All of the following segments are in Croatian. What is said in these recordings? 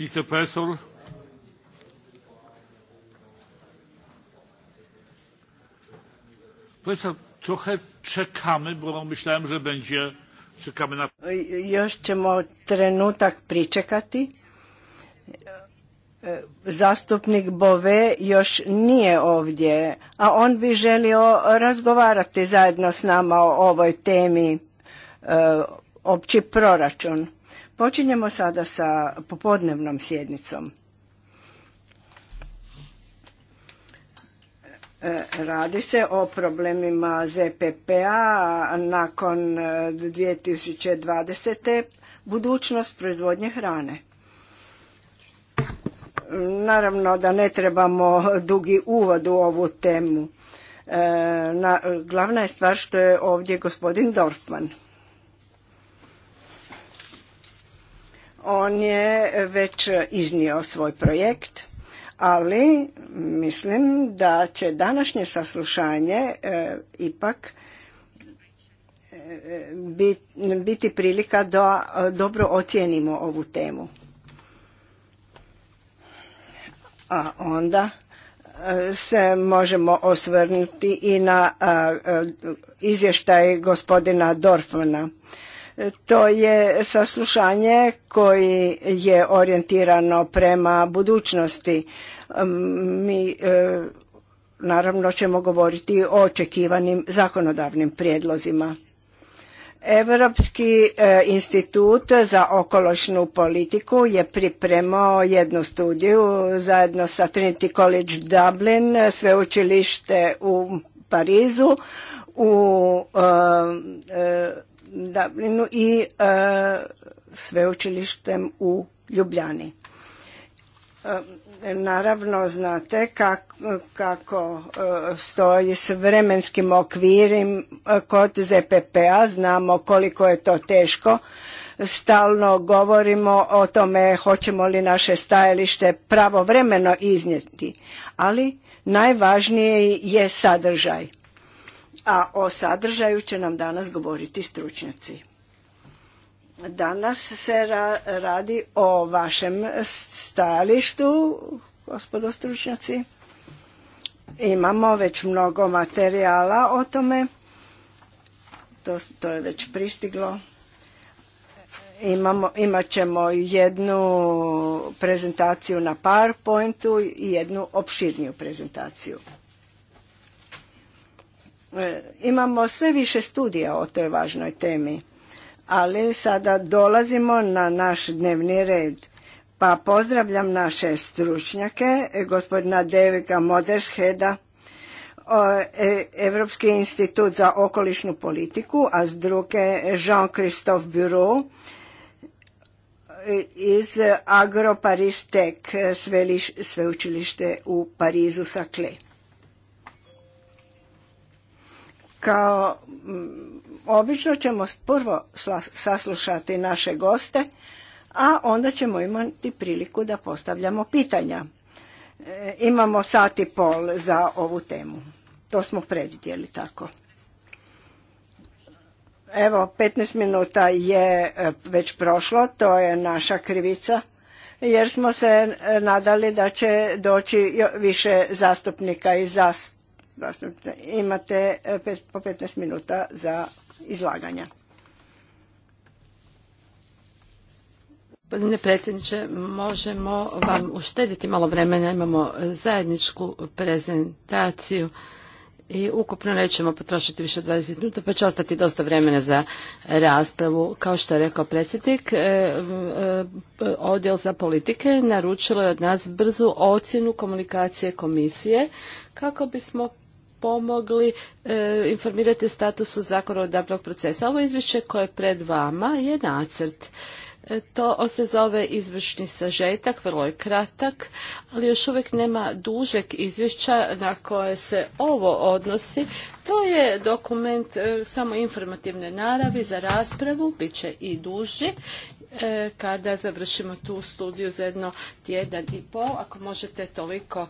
Mr. E, još ćemo trenutak pričekati. E, zastupnik Bove još nije ovdje, a on bi želio razgovarati zajedno s nama o ovoj temi e, opći proračun. Počinjemo sada sa popodnevnom sjednicom. E, radi se o problemima ZPP-a nakon 2020. E, budućnost proizvodnje hrane. Naravno da ne trebamo dugi uvod u ovu temu. E, glavna je stvar što je ovdje gospodin Dorfman. On je već iznio svoj projekt, ali mislim da će današnje saslušanje e, ipak e, biti prilika da dobro ocijenimo ovu temu. A onda e, se možemo osvrnuti i na izvještaj gospodina Dorfmana to je saslušanje koji je orijentirano prema budućnosti. Mi e, naravno ćemo govoriti o očekivanim zakonodavnim prijedlozima. Europski e, institut za okološnu politiku je pripremao jednu studiju zajedno sa Trinity College Dublin, sveučilište u Parizu, u e, Dublinu i e, sveučilištem u Ljubljani. E, naravno znate kako e, stoji s vremenskim okvirim kod ZPP-a, znamo koliko je to teško. Stalno govorimo o tome hoćemo li naše stajalište pravovremeno iznijeti, ali najvažnije je sadržaj a o sadržaju će nam danas govoriti stručnjaci. Danas se radi o vašem stajalištu, gospodo stručnjaci. Imamo već mnogo materijala o tome. To, je već pristiglo. Imamo, imat ćemo jednu prezentaciju na PowerPointu i jednu opširniju prezentaciju. E, imamo sve više studija o toj važnoj temi, ali sada dolazimo na naš dnevni red. Pa pozdravljam naše stručnjake, e, gospodina Devika Modersheda, Europski institut za okolišnu politiku, a s druge Jean-Christophe Bureau e, iz Agro Paris Tech sveučilište u Parizu sa Sakle. Kao mm, obično ćemo prvo saslušati naše goste, a onda ćemo imati priliku da postavljamo pitanja. E, imamo sat i pol za ovu temu. To smo predvidjeli tako. Evo, 15 minuta je e, već prošlo, to je naša krivica, jer smo se e, nadali da će doći više zastupnika i zastupnika zastupnice. Imate eh, po 15 minuta za izlaganja. Gospodine predsjedniče, možemo vam uštediti malo vremena, imamo zajedničku prezentaciju i ukupno nećemo potrošiti više 20 minuta, pa će ostati dosta vremena za raspravu. Kao što je rekao predsjednik, eh, eh, odjel za politike naručilo je od nas brzu ocjenu komunikacije komisije kako bismo pomogli e, informirati informirati statusu zakonodavnog procesa. Ovo izvješće koje je pred vama je nacrt. E, to se zove izvršni sažetak, vrlo je kratak, ali još uvijek nema dužeg izvješća na koje se ovo odnosi. To je dokument e, samo informativne naravi za raspravu, bit će i duži kada završimo tu studiju za jedno tjedan i pol. Ako možete toliko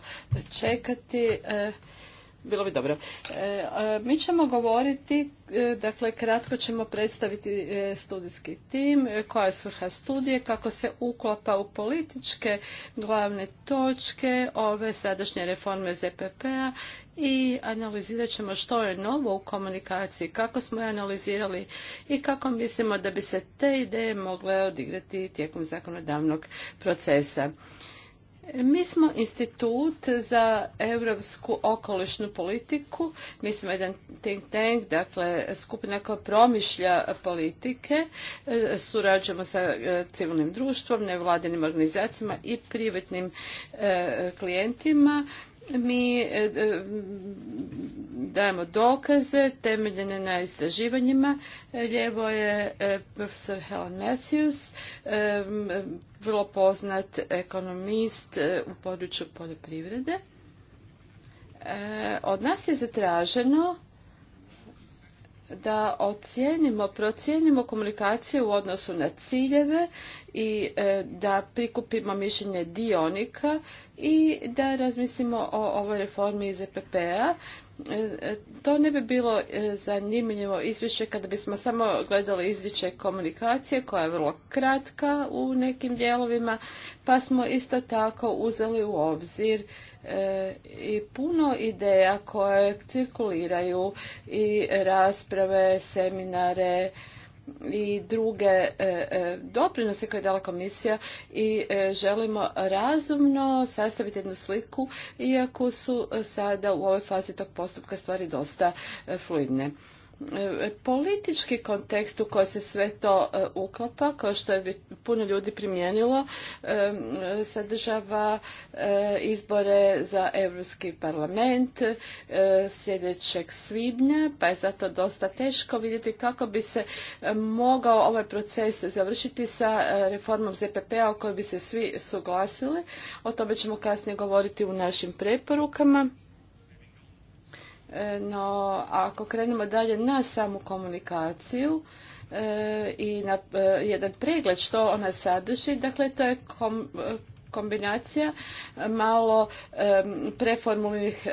čekati, bilo bi dobro. E, mi ćemo govoriti, e, dakle kratko ćemo predstaviti e, studijski tim, koja je svrha studije, kako se uklapa u političke glavne točke ove sadašnje reforme ZPP-a i analizirat ćemo što je novo u komunikaciji, kako smo je analizirali i kako mislimo da bi se te ideje mogle odigrati tijekom zakonodavnog procesa. Mi smo institut za europsku okolišnu politiku, mi smo jedan think tank, dakle skupina koja promišlja politike, e, surađujemo sa e, civilnim društvom, nevladinim organizacijama i privatnim e, klijentima mi e, e, dajemo dokaze temeljene na istraživanjima. Lijevo je e, profesor Helen Matthews, vrlo poznat ekonomist u području poljoprivrede. Od nas je zatraženo da ocijenimo, procijenimo komunikaciju u odnosu na ciljeve i e, da prikupimo mišljenje dionika i da razmislimo o ovoj reformi iz EPP-a. E, e, to ne bi bilo zanimljivo izvješće kada bismo samo gledali izvješće komunikacije koja je vrlo kratka u nekim dijelovima, pa smo isto tako uzeli u obzir E, i puno ideja koje cirkuliraju i rasprave, seminare i druge e, e, doprinose koje je dala komisija i želimo razumno sastaviti jednu sliku iako su sada u ovoj fazi tog postupka stvari dosta fluidne. E, politički kontekst u koji se sve to e, uklapa, kao što je puno ljudi primijenilo, e, sadržava izbore za Europski parlament sljedećeg svibnja, pa je zato dosta teško vidjeti kako bi se mogao ovaj proces završiti sa reformom ZPP-a o kojoj bi se svi suglasili. O tome ćemo kasnije govoriti u našim preporukama. E, no, ako krenemo dalje na samu komunikaciju e, i na e, jedan pregled što ona sadrži, dakle to je kombinacija malo e, preformulnih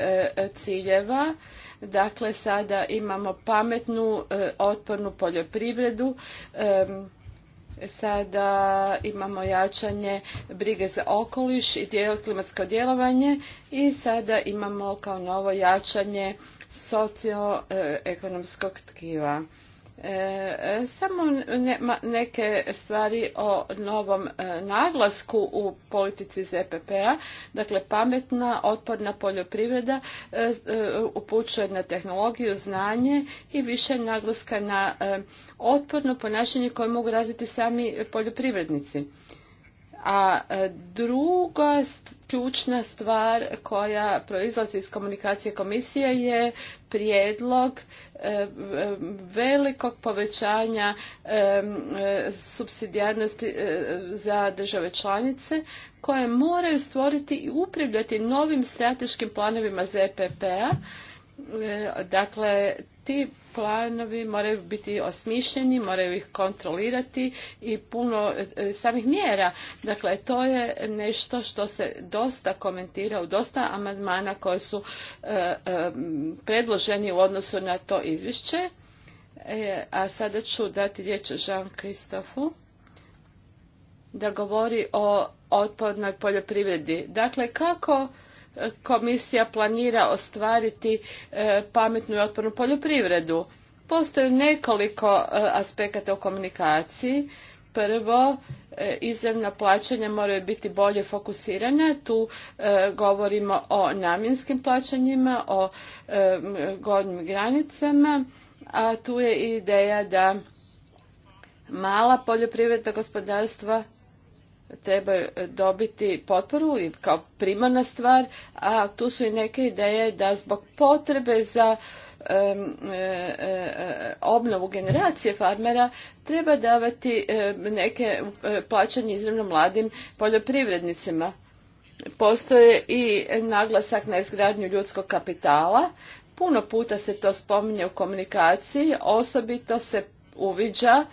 ciljeva. Dakle, sada imamo pametnu, otpornu poljoprivredu, Sada imamo jačanje brige za okoliš i klimatsko djelovanje i sada imamo kao novo jačanje socioekonomskog e, tkiva. E, samo neke stvari o novom e, naglasku u politici ZPP-a, dakle pametna, otporna poljoprivreda e, e, upućuje na tehnologiju, znanje i više naglaska na otporno ponašanje koje mogu razviti sami poljoprivrednici. A druga ključna stvar koja proizlazi iz komunikacije komisije je prijedlog E, velikog povećanja e, e, subsidijarnosti za države članice koje moraju stvoriti i upravljati novim strateškim planovima ZPP-a. Dakle, ti planovi moraju biti osmišljeni, moraju ih kontrolirati i puno e, samih mjera. Dakle, to je nešto što se dosta komentira u dosta amandmana koji su e, e, predloženi u odnosu na to izvješće. a sada ću dati riječ Jean Kristofu da govori o otpornoj poljoprivredi. Dakle, kako komisija planira ostvariti e, pametnu i otpornu poljoprivredu. Postoje nekoliko e, aspekata u komunikaciji. Prvo, e, izravna plaćanja moraju biti bolje fokusirana. Tu govorimo o namjenskim plaćanjima, o e, granicama, a tu je ideja da mala poljoprivredna gospodarstva Treba e, dobiti potporu i kao primarna stvar, a tu su i neke ideje da zbog potrebe za e, e, obnovu generacije farmera treba davati neke plaćanje izravno mladim poljoprivrednicima. Postoje i naglasak na izgradnju ljudskog kapitala. Puno puta se to spominje u komunikaciji, osobito se uviđa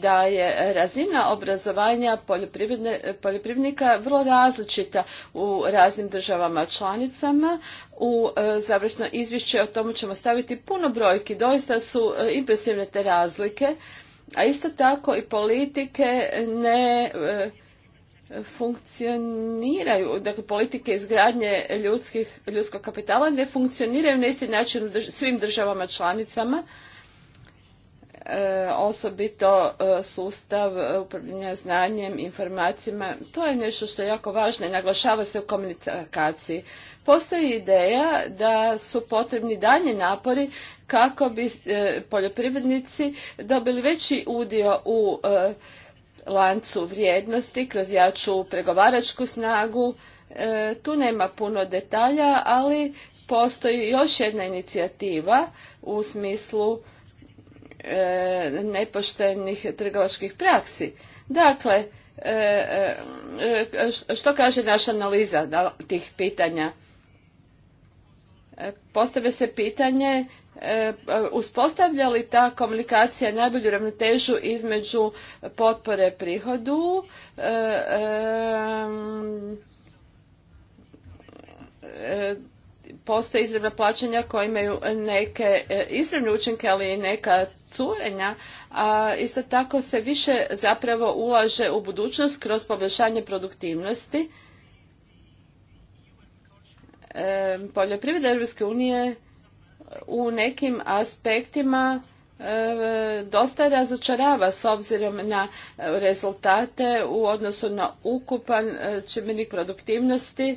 da je razina obrazovanja poljoprivrednika vrlo različita u raznim državama članicama. U e, završno izvješće o tomu ćemo staviti puno brojki. Doista su e, impresivne te razlike, a isto tako i politike ne e, funkcioniraju, dakle politike izgradnje ljudskih, ljudskog kapitala ne funkcioniraju na isti način u svim državama članicama E, osobito e, sustav e, upravljanja znanjem, informacijama. To je nešto što je jako važno i naglašava se u komunikaciji. Postoji ideja da su potrebni dalje napori kako bi poljoprivrednici dobili veći udio u lancu vrijednosti kroz jaču pregovaračku snagu. Tu nema puno detalja, ali postoji još jedna inicijativa u smislu E, nepoštenih trgovačkih praksi. Dakle, e, e, što kaže naša analiza tih pitanja? Postave se pitanje uspostavlja li ta komunikacija najbolju ravnotežu između potpore prihodu postoje izravna plaćanja koja imaju neke e, izravne učinke, ali i neka curenja, a isto tako se više zapravo ulaže u budućnost kroz poboljšanje produktivnosti. E, poljoprivreda Europske unije u nekim aspektima e, dosta razočarava s obzirom na rezultate u odnosu na ukupan čimbenik produktivnosti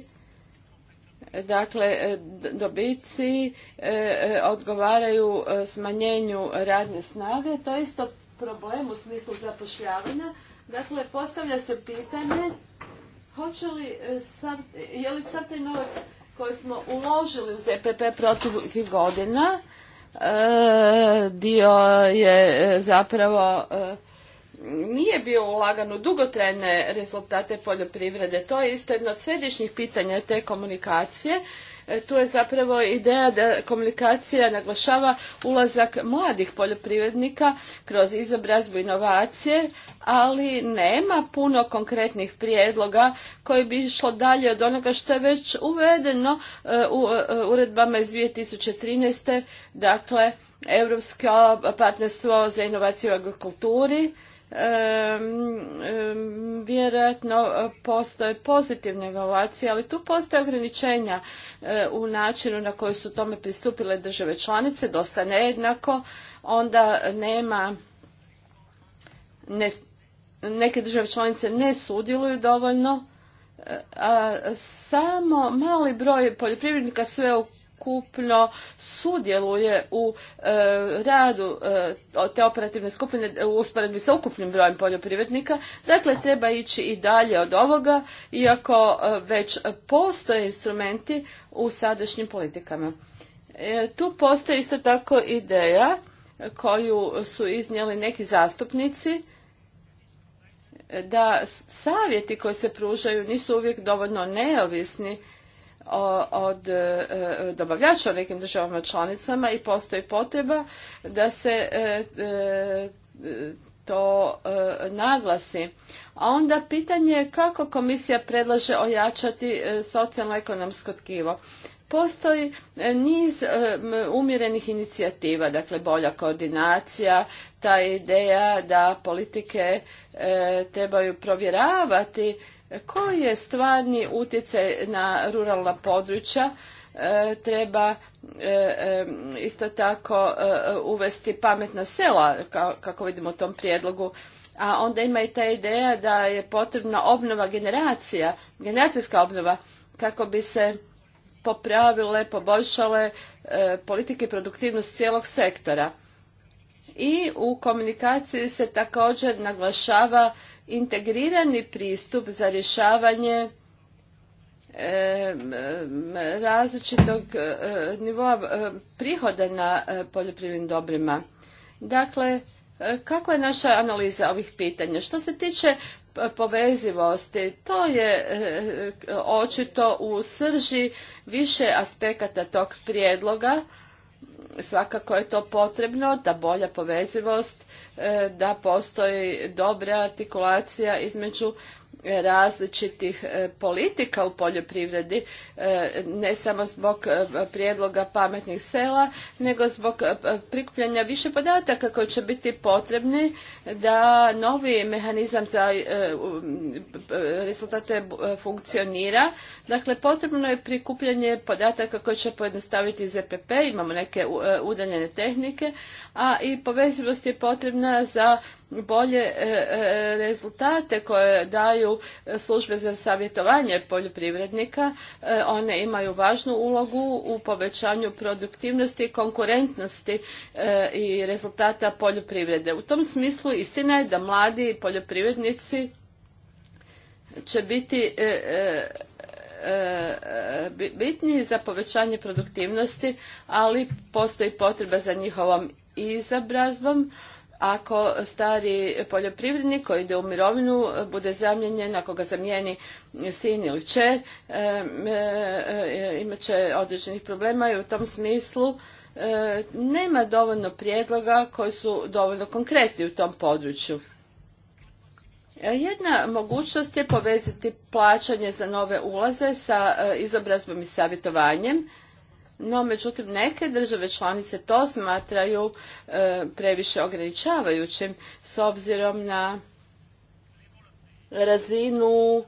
Dakle, e, dobici e, e, odgovaraju smanjenju radne snage. To je isto problem u smislu zapošljavanja. Dakle, postavlja se pitanje hoće li je li sad taj novac koji smo uložili u ZPP protiv godina, dio je zapravo nije bio ulagan u dugotrajne rezultate poljoprivrede. To je isto jedno od središnjih pitanja te komunikacije. E, tu je zapravo ideja da komunikacija naglašava ulazak mladih poljoprivrednika kroz izobrazbu inovacije, ali nema puno konkretnih prijedloga koji bi išlo dalje od onoga što je već uvedeno e, u e, uredbama iz 2013. Dakle, Europsko partnerstvo za inovaciju u agrikulturi, vjerojatno postoje pozitivne evaluacije, ali tu postoje ograničenja e, u načinu na koji su tome pristupile države članice, dosta nejednako, onda nema neke države članice ne sudjeluju dovoljno, e, a samo mali broj poljoprivrednika sve u ukupno sudjeluje u e, radu e, te operativne skupine u usporedbi sa ukupnim brojem poljoprivrednika. Dakle, treba ići i dalje od ovoga, iako e, već postoje instrumenti u sadašnjim politikama. Tu postoji isto tako ideja koju su iznijeli neki zastupnici da savjeti koji se pružaju nisu uvijek dovoljno neovisni od e, e, dobavljača u nekim državama članicama i postoji potreba da se e, to naglasi. A onda pitanje je kako komisija predlaže ojačati socijalno-ekonomsko tkivo postoji niz umjerenih inicijativa, dakle bolja koordinacija, ta ideja da politike trebaju provjeravati koji je stvarni utjecaj na ruralna područja? E, treba e, e, isto tako uvesti pametna sela, kako vidimo u tom prijedlogu. A onda ima i ta ideja da je potrebna obnova generacija, generacijska obnova, kako bi se popravile, poboljšale politike i produktivnost cijelog sektora. I u komunikaciji se također naglašava integrirani pristup za rješavanje različitog e, nivoa e, prihoda na e, poljoprivrednim dobrima. Dakle, kakva je naša analiza ovih pitanja? Što se tiče povezivosti, to je očito u srži više aspekata tog prijedloga, svakako je to potrebno da bolja povezivost e, da postoji dobra artikulacija između E, različitih e, politika u poljoprivredi, e, ne samo zbog prijedloga pametnih sela, nego zbog prikupljanja više podataka koji će biti potrebni da novi mehanizam za rezultate funkcionira. Dakle, potrebno je prikupljanje podataka koje će pojednostaviti ZPP, imamo neke udaljene tehnike, a i povezivost je potrebna za bolje e, e, rezultate koje daju službe za savjetovanje poljoprivrednika. E, one imaju važnu ulogu u povećanju produktivnosti, i konkurentnosti i rezultata poljoprivrede. U tom smislu istina je da mladi poljoprivrednici će biti bitniji za povećanje produktivnosti, ali postoji potreba za njihovom izobrazbom ako stari poljoprivrednik koji ide u mirovinu bude zamijenjen, ako ga zamijeni sin ili čer, imat će određenih problema i u tom smislu nema dovoljno prijedloga koji su dovoljno konkretni u tom području. Jedna mogućnost je povezati plaćanje za nove ulaze sa eh, izobrazbom i savjetovanjem no, međutim, neke države članice to smatraju e, previše ograničavajućim s obzirom na razinu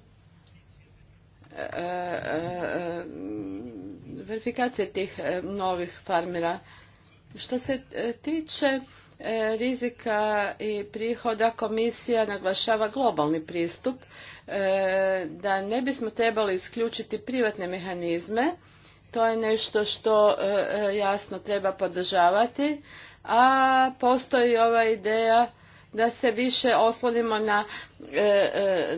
e, e, verifikacije tih novih farmera. Što se tiče rizika i prihoda komisija naglašava globalni pristup, da ne bismo trebali isključiti privatne mehanizme, to je nešto što e, e, jasno treba podržavati, a postoji ova ideja da se više oslonimo na e,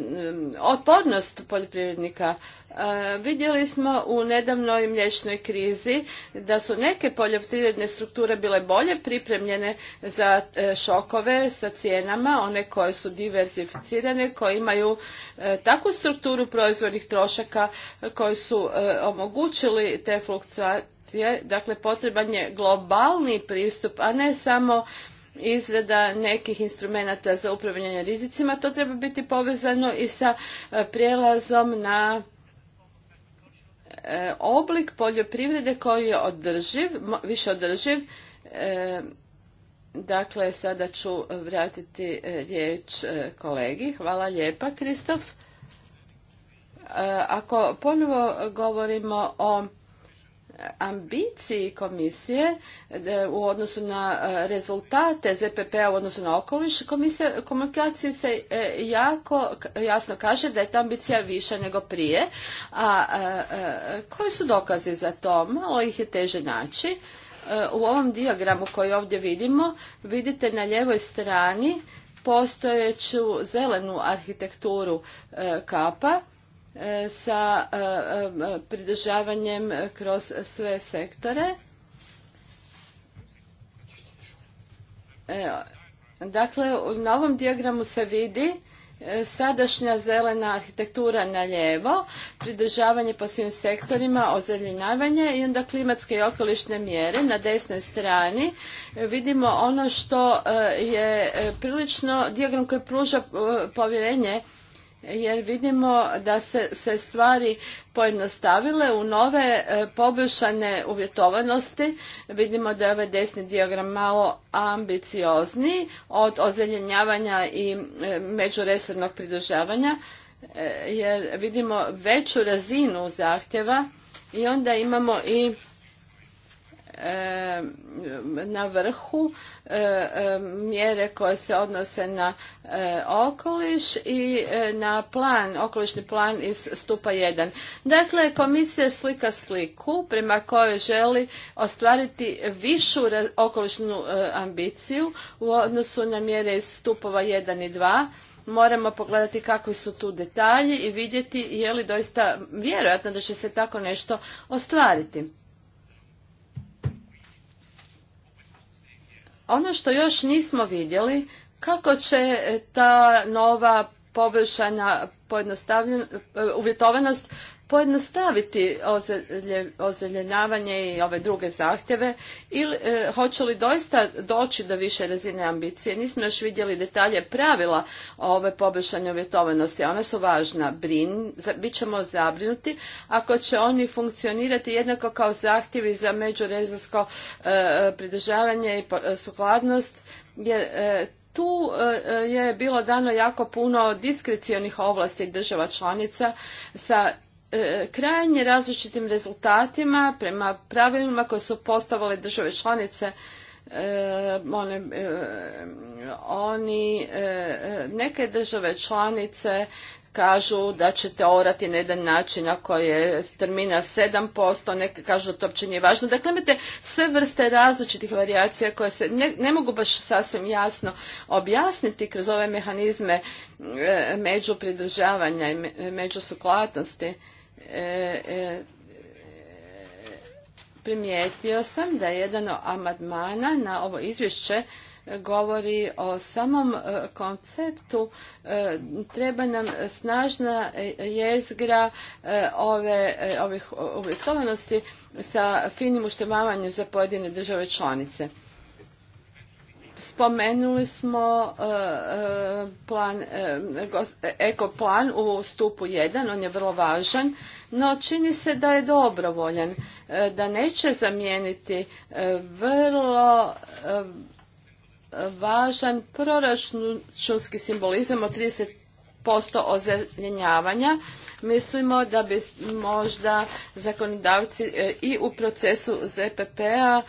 otpornost poljoprivrednika E, vidjeli smo u nedavnoj mlječnoj krizi da su neke poljoprivredne strukture bile bolje pripremljene za e, šokove sa cijenama, one koje su diversificirane, koje imaju e, takvu strukturu proizvodnih trošaka koji su omogućili te fluktuacije. Dakle, potreban je globalni pristup, a ne samo izrada nekih instrumenata za upravljanje rizicima. To treba biti povezano i sa prijelazom na E, oblik poljoprivrede koji je održiv, više održiv, e, Dakle, sada ću vratiti e, riječ kolegi. Hvala lijepa, Kristof. Ako ponovo govorimo o ambiciji komisije e, u odnosu na e, rezultate ZPP-a u odnosu na okoliš, komisija komunikaciji se e, jako jasno kaže da je ta ambicija viša nego prije. A, koji su dokazi za to? Malo ih je teže naći. u ovom dijagramu koji ovdje vidimo, vidite na ljevoj strani postojeću zelenu arhitekturu kapa, E, sa e, e, pridržavanjem kroz sve sektore. Dakle, na ovom dijagramu se vidi sadašnja zelena arhitektura na lijevo, pridržavanje po svim sektorima, ozeljavanje i onda klimatske i okolišne mjere. Na desnoj strani vidimo ono što je prilično dijagram koji pruža povjerenje jer vidimo da se, se stvari pojednostavile u nove e, poboljšane uvjetovanosti. Vidimo da je ovaj desni diagram malo ambiciozni od ozeljenjavanja i e, međuresornog pridržavanja e, jer vidimo veću razinu zahtjeva i onda imamo i E, na vrhu e, e, mjere koje se odnose na okoliš i na plan, okolišni plan iz stupa 1. Dakle, komisija slika sliku prema kojoj želi ostvariti višu okolišnu ambiciju u odnosu na mjere iz stupova 1 i 2 moramo pogledati kakvi su tu detalji i vidjeti je li doista vjerojatno da će se tako nešto ostvariti. Ono što još nismo vidjeli, kako će e, ta nova poboljšana e, uvjetovanost pojednostaviti ozeljenjavanje i ove druge zahtjeve ili e, hoće li doista doći do više razine ambicije. Nismo još vidjeli detalje pravila ove poboljšanje uvjetovanosti, ona su važna. Brin, bit ćemo zabrinuti ako će oni funkcionirati jednako kao zahtjevi za međurezorsko e, pridržavanje i e, sukladnost, jer tu je bilo dano jako puno diskrecionih ovlasti država članica sa E, krajnje različitim rezultatima prema pravilima koje su postavile države članice e, e, oni neke države članice kažu da ćete orati na jedan način ako je termina 7%, neke kažu da to uopće nije važno. Dakle, imate sve vrste različitih varijacija koje se ne, mogu baš sasvim jasno objasniti kroz ove mehanizme međupridržavanja i među E, e, primijetio sam da jedan od amadmana na ovo izvješće govori o samom e, konceptu treba nam snažna jezgra ove, ovih uvjetovanosti sa finim uštevavanjem za pojedine države članice. Spomenuli smo plan, ekoplan u stupu 1, on je vrlo važan no čini se da je dobrovoljen, e, da neće zamijeniti e, vrlo e, važan proračunski simbolizam od 30% ozeljenjavanja. Mislimo da bi možda zakonodavci i u procesu ZPP-a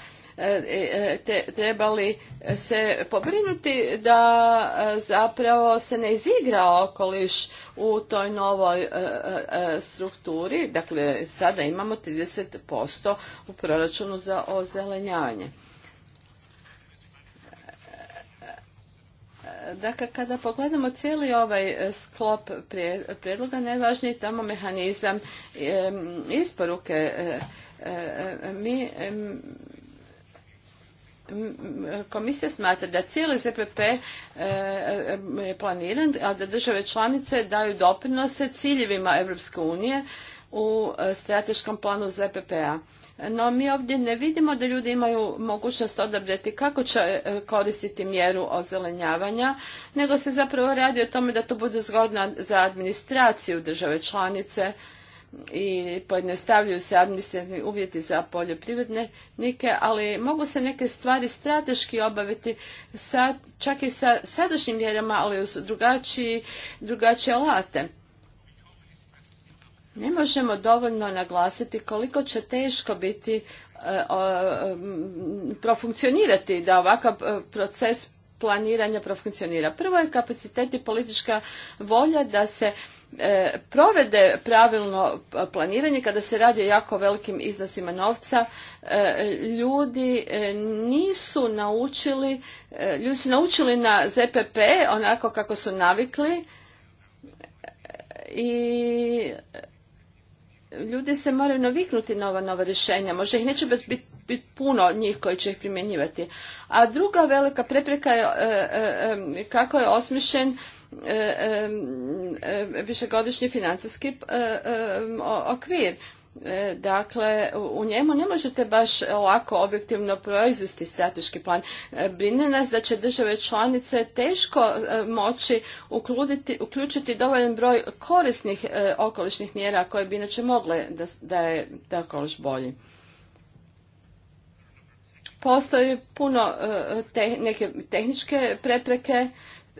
trebali se pobrinuti da e, zapravo se ne izigra okoliš u toj novoj e, e, strukturi. Dakle, sada imamo 30% u proračunu za ozelenjavanje. Dakle, kada pogledamo cijeli ovaj sklop prijedloga, najvažniji je tamo mehanizam isporuke. Mi komisija smatra da cijeli ZPP e, e, je planiran, a da države članice daju doprinose ciljevima Europske unije u e, strateškom planu ZPP-a. No mi ovdje ne vidimo da ljudi imaju mogućnost odabrati kako će koristiti mjeru ozelenjavanja, nego se zapravo radi o tome da to bude zgodno za administraciju države članice, i pojednostavljuju se administrativni uvjeti za poljoprivrednike, ali mogu se neke stvari strateški obaviti sa, čak i sa sadašnjim mjerama, ali uz drugačiji, drugačije alate. Ne možemo dovoljno naglasiti koliko će teško biti e, profunkcionirati da ovakav e, proces planiranja profunkcionira. Prvo je kapacitet i politička volja da se E, provede pravilno planiranje kada se radi o jako velikim iznosima novca e, ljudi e, nisu naučili ljudi su naučili na ZPP onako kako su navikli i ljudi se moraju naviknuti na ova nova rješenja. Možda ih neće biti bit puno njih koji će ih primjenjivati. A druga velika prepreka je kako je osmišljen E, e, višegodišnji financijski e, okvir. Dakle, u njemu ne možete baš lako objektivno proizvesti strateški plan. Brine nas da će države članice teško moći uključiti dovoljan broj korisnih okolišnih mjera koje bi inače mogle da, je okoliš bolji. Postoji puno neke tehničke prepreke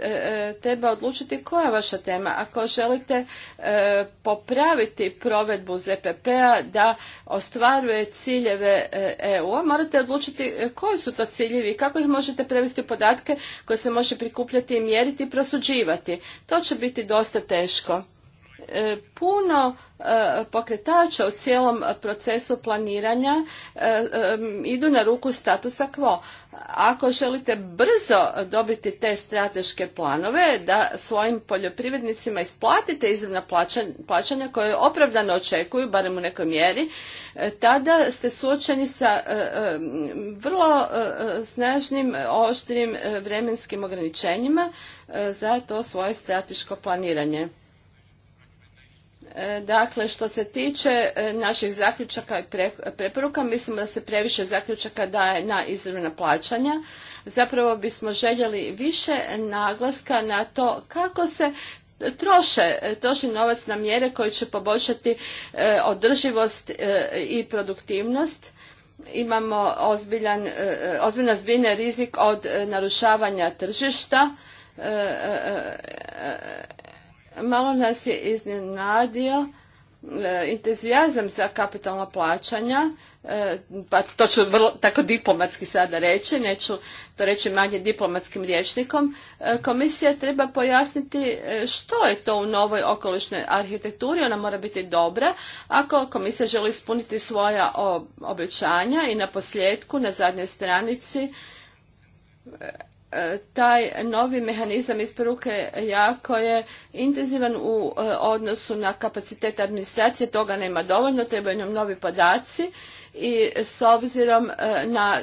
E, e, treba odlučiti koja je vaša tema. Ako želite e, popraviti provedbu ZPP-a da ostvaruje ciljeve EU-a, morate odlučiti koji su to ciljevi i kako ih možete prevesti podatke koje se može prikupljati i mjeriti i prosuđivati. To će biti dosta teško. E, puno e, pokretača u cijelom procesu planiranja e, idu na ruku statusa quo. Ako želite brzo dobiti te strateške planove da svojim poljoprivrednicima isplatite izravna plaćanja koje opravdano očekuju, barem u nekoj mjeri, tada ste suočeni sa vrlo snažnim, oštrim vremenskim ograničenjima za to svoje strateško planiranje. E, dakle, što se tiče e, naših zaključaka i preporuka, mislimo da se previše zaključaka daje na izravna plaćanja. Zapravo bismo željeli više naglaska na to kako se troše, e, troši novac na mjere koje će poboljšati održivost i produktivnost. Imamo ozbiljan, ozbiljna rizik od narušavanja tržišta malo nas je iznenadio e, entuzijazam za kapitalna plaćanja, e, pa to ću vrlo, tako diplomatski sada reći, neću to reći manje diplomatskim rječnikom, e, komisija treba pojasniti što je to u novoj okolišnoj arhitekturi, ona mora biti dobra, ako komisija želi ispuniti svoja obećanja i na posljedku, na zadnjoj stranici, E, taj novi mehanizam isporuke jako je intenzivan u e, odnosu na kapacitet administracije, toga nema dovoljno, trebaju nam novi podaci i s obzirom e, na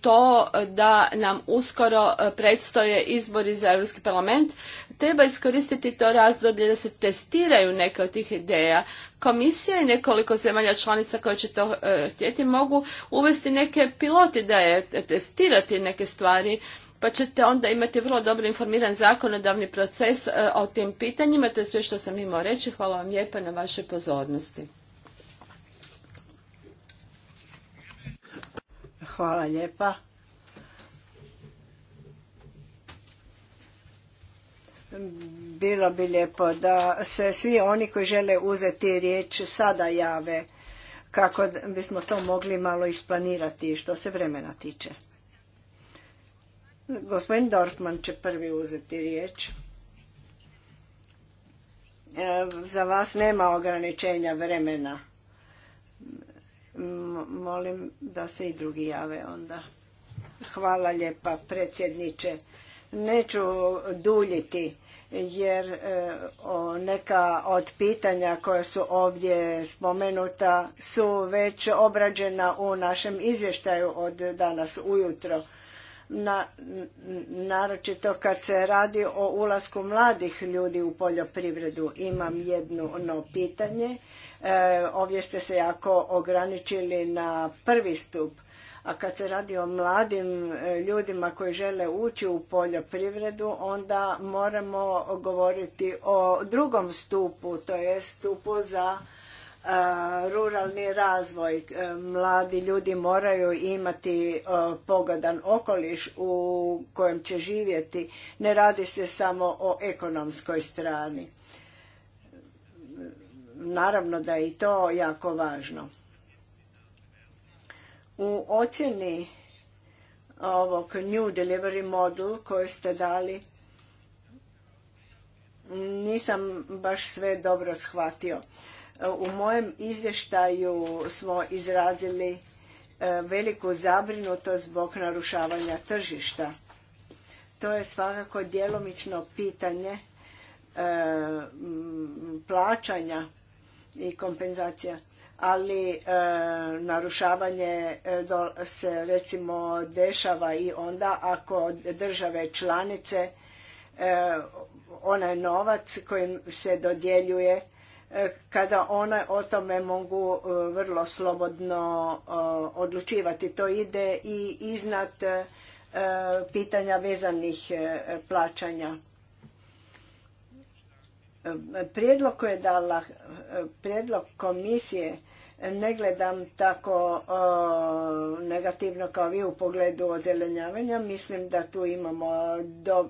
to da nam uskoro predstoje izbori za Europski parlament, treba iskoristiti to razdoblje da se testiraju neke od tih ideja. Komisija i nekoliko zemalja članica koje će to htjeti mogu uvesti neke da je testirati neke stvari pa ćete onda imati vrlo dobro informiran zakonodavni proces e, o tim pitanjima. To je sve što sam imao reći. Hvala vam lijepa na vašoj pozornosti. Hvala lijepa. Bilo bi lijepo da se svi oni koji žele uzeti riječ sada jave kako bismo to mogli malo isplanirati što se vremena tiče. Gospodin Dorfman će prvi uzeti riječ. E, za vas nema ograničenja vremena. molim da se i drugi jave onda. Hvala lijepa predsjedniče. Neću duljiti jer e, neka od pitanja koja su ovdje spomenuta su već obrađena u našem izvještaju od danas ujutro naročito kad se radi o ulasku mladih ljudi u poljoprivredu. Imam jedno pitanje. E, ovdje ste se jako ograničili na prvi stup. A kad se radi o mladim e, ljudima koji žele ući u poljoprivredu, onda moramo govoriti o drugom stupu, to je stupu za ruralni razvoj. E, mladi ljudi moraju imati e, pogodan okoliš u kojem će živjeti. Ne radi se samo o ekonomskoj strani. Naravno da je i to jako važno. U ocjeni ovog New Delivery Model koji ste dali, nisam baš sve dobro shvatio. U mojem izvještaju smo izrazili e, veliku zabrinutost zbog narušavanja tržišta. To je svakako djelomično pitanje e, plaćanja i kompenzacija, ali e, narušavanje se recimo dešava i onda ako države članice onaj novac kojim se dodjeljuje E, kada one o tome mogu e, vrlo slobodno e, odlučivati. To ide i iznad pitanja vezanih plaćanja. Prijedlog koji je dala prijedlog komisije ne gledam tako negativno kao vi u pogledu ozelenjavanja. Mislim da tu imamo do,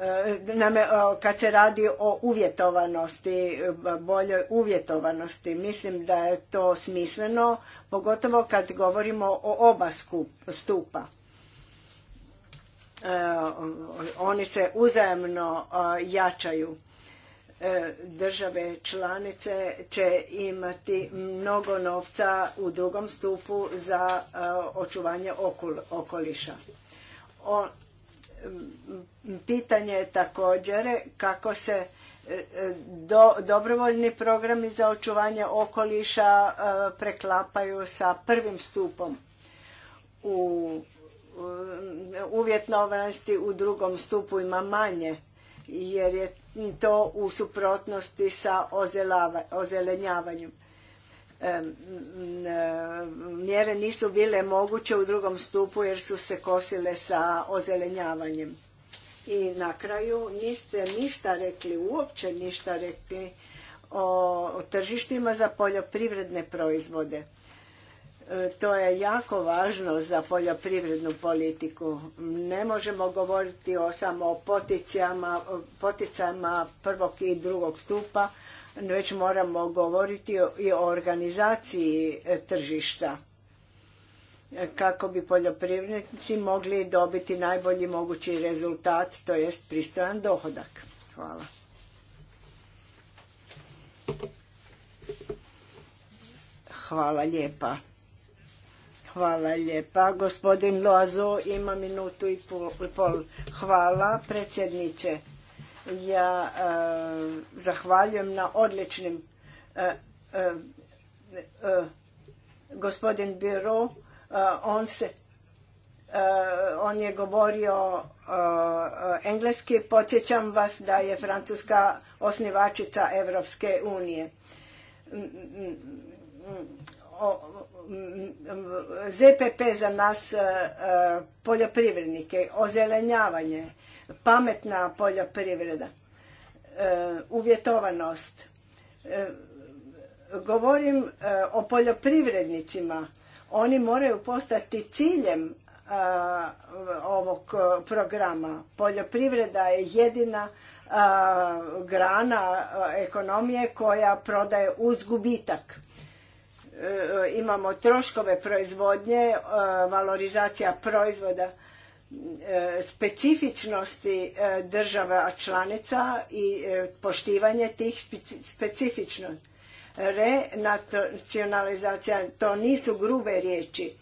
E, e, kad se radi o uvjetovanosti, e, boljoj uvjetovanosti, mislim da je to smisleno, pogotovo kad govorimo o oba stupa. Oni se uzajemno jačaju. Države članice će imati mnogo novca u drugom stupu za očuvanje okoliša. Pitanje je također kako se e, dobrovoljni programi za očuvanje okoliša e, preklapaju sa prvim stupom u e, uvjetnovanosti u drugom stupu ima manje jer je to u suprotnosti sa ozelenjavanjem mjere nisu bile moguće u drugom stupu jer su se kosile sa ozelenjavanjem. I na kraju niste ništa rekli, uopće ništa rekli o tržištima za poljoprivredne proizvode. E, to je jako važno za poljoprivrednu politiku. Ne možemo govoriti o samo o poticama prvog i drugog stupa, već moramo govoriti i o organizaciji e, tržišta e, kako bi poljoprivrednici mogli dobiti najbolji mogući rezultat, to jest pristojan dohodak. Hvala. Hvala lijepa. Hvala lijepa. Gospodin Loazo ima minutu i pol. Hvala predsjedniče. Ja zahvaljujem na odličnim gospodin Biro, on se on je govorio engleski, podsjećam vas da je Francuska osnivačica Evropske unije. ZPP za nas poljoprivrednike, ozelenjavanje, pametna poljoprivreda, e, uvjetovanost. E, govorim e, o poljoprivrednicima. Oni moraju postati ciljem ovog programa. Poljoprivreda je jedina grana ekonomije koja prodaje uz gubitak imamo troškove proizvodnje, valorizacija proizvoda, E, specifičnosti e, država članica i e, poštivanje tih specifičnosti. Renacionalizacija, to nisu grube riječi.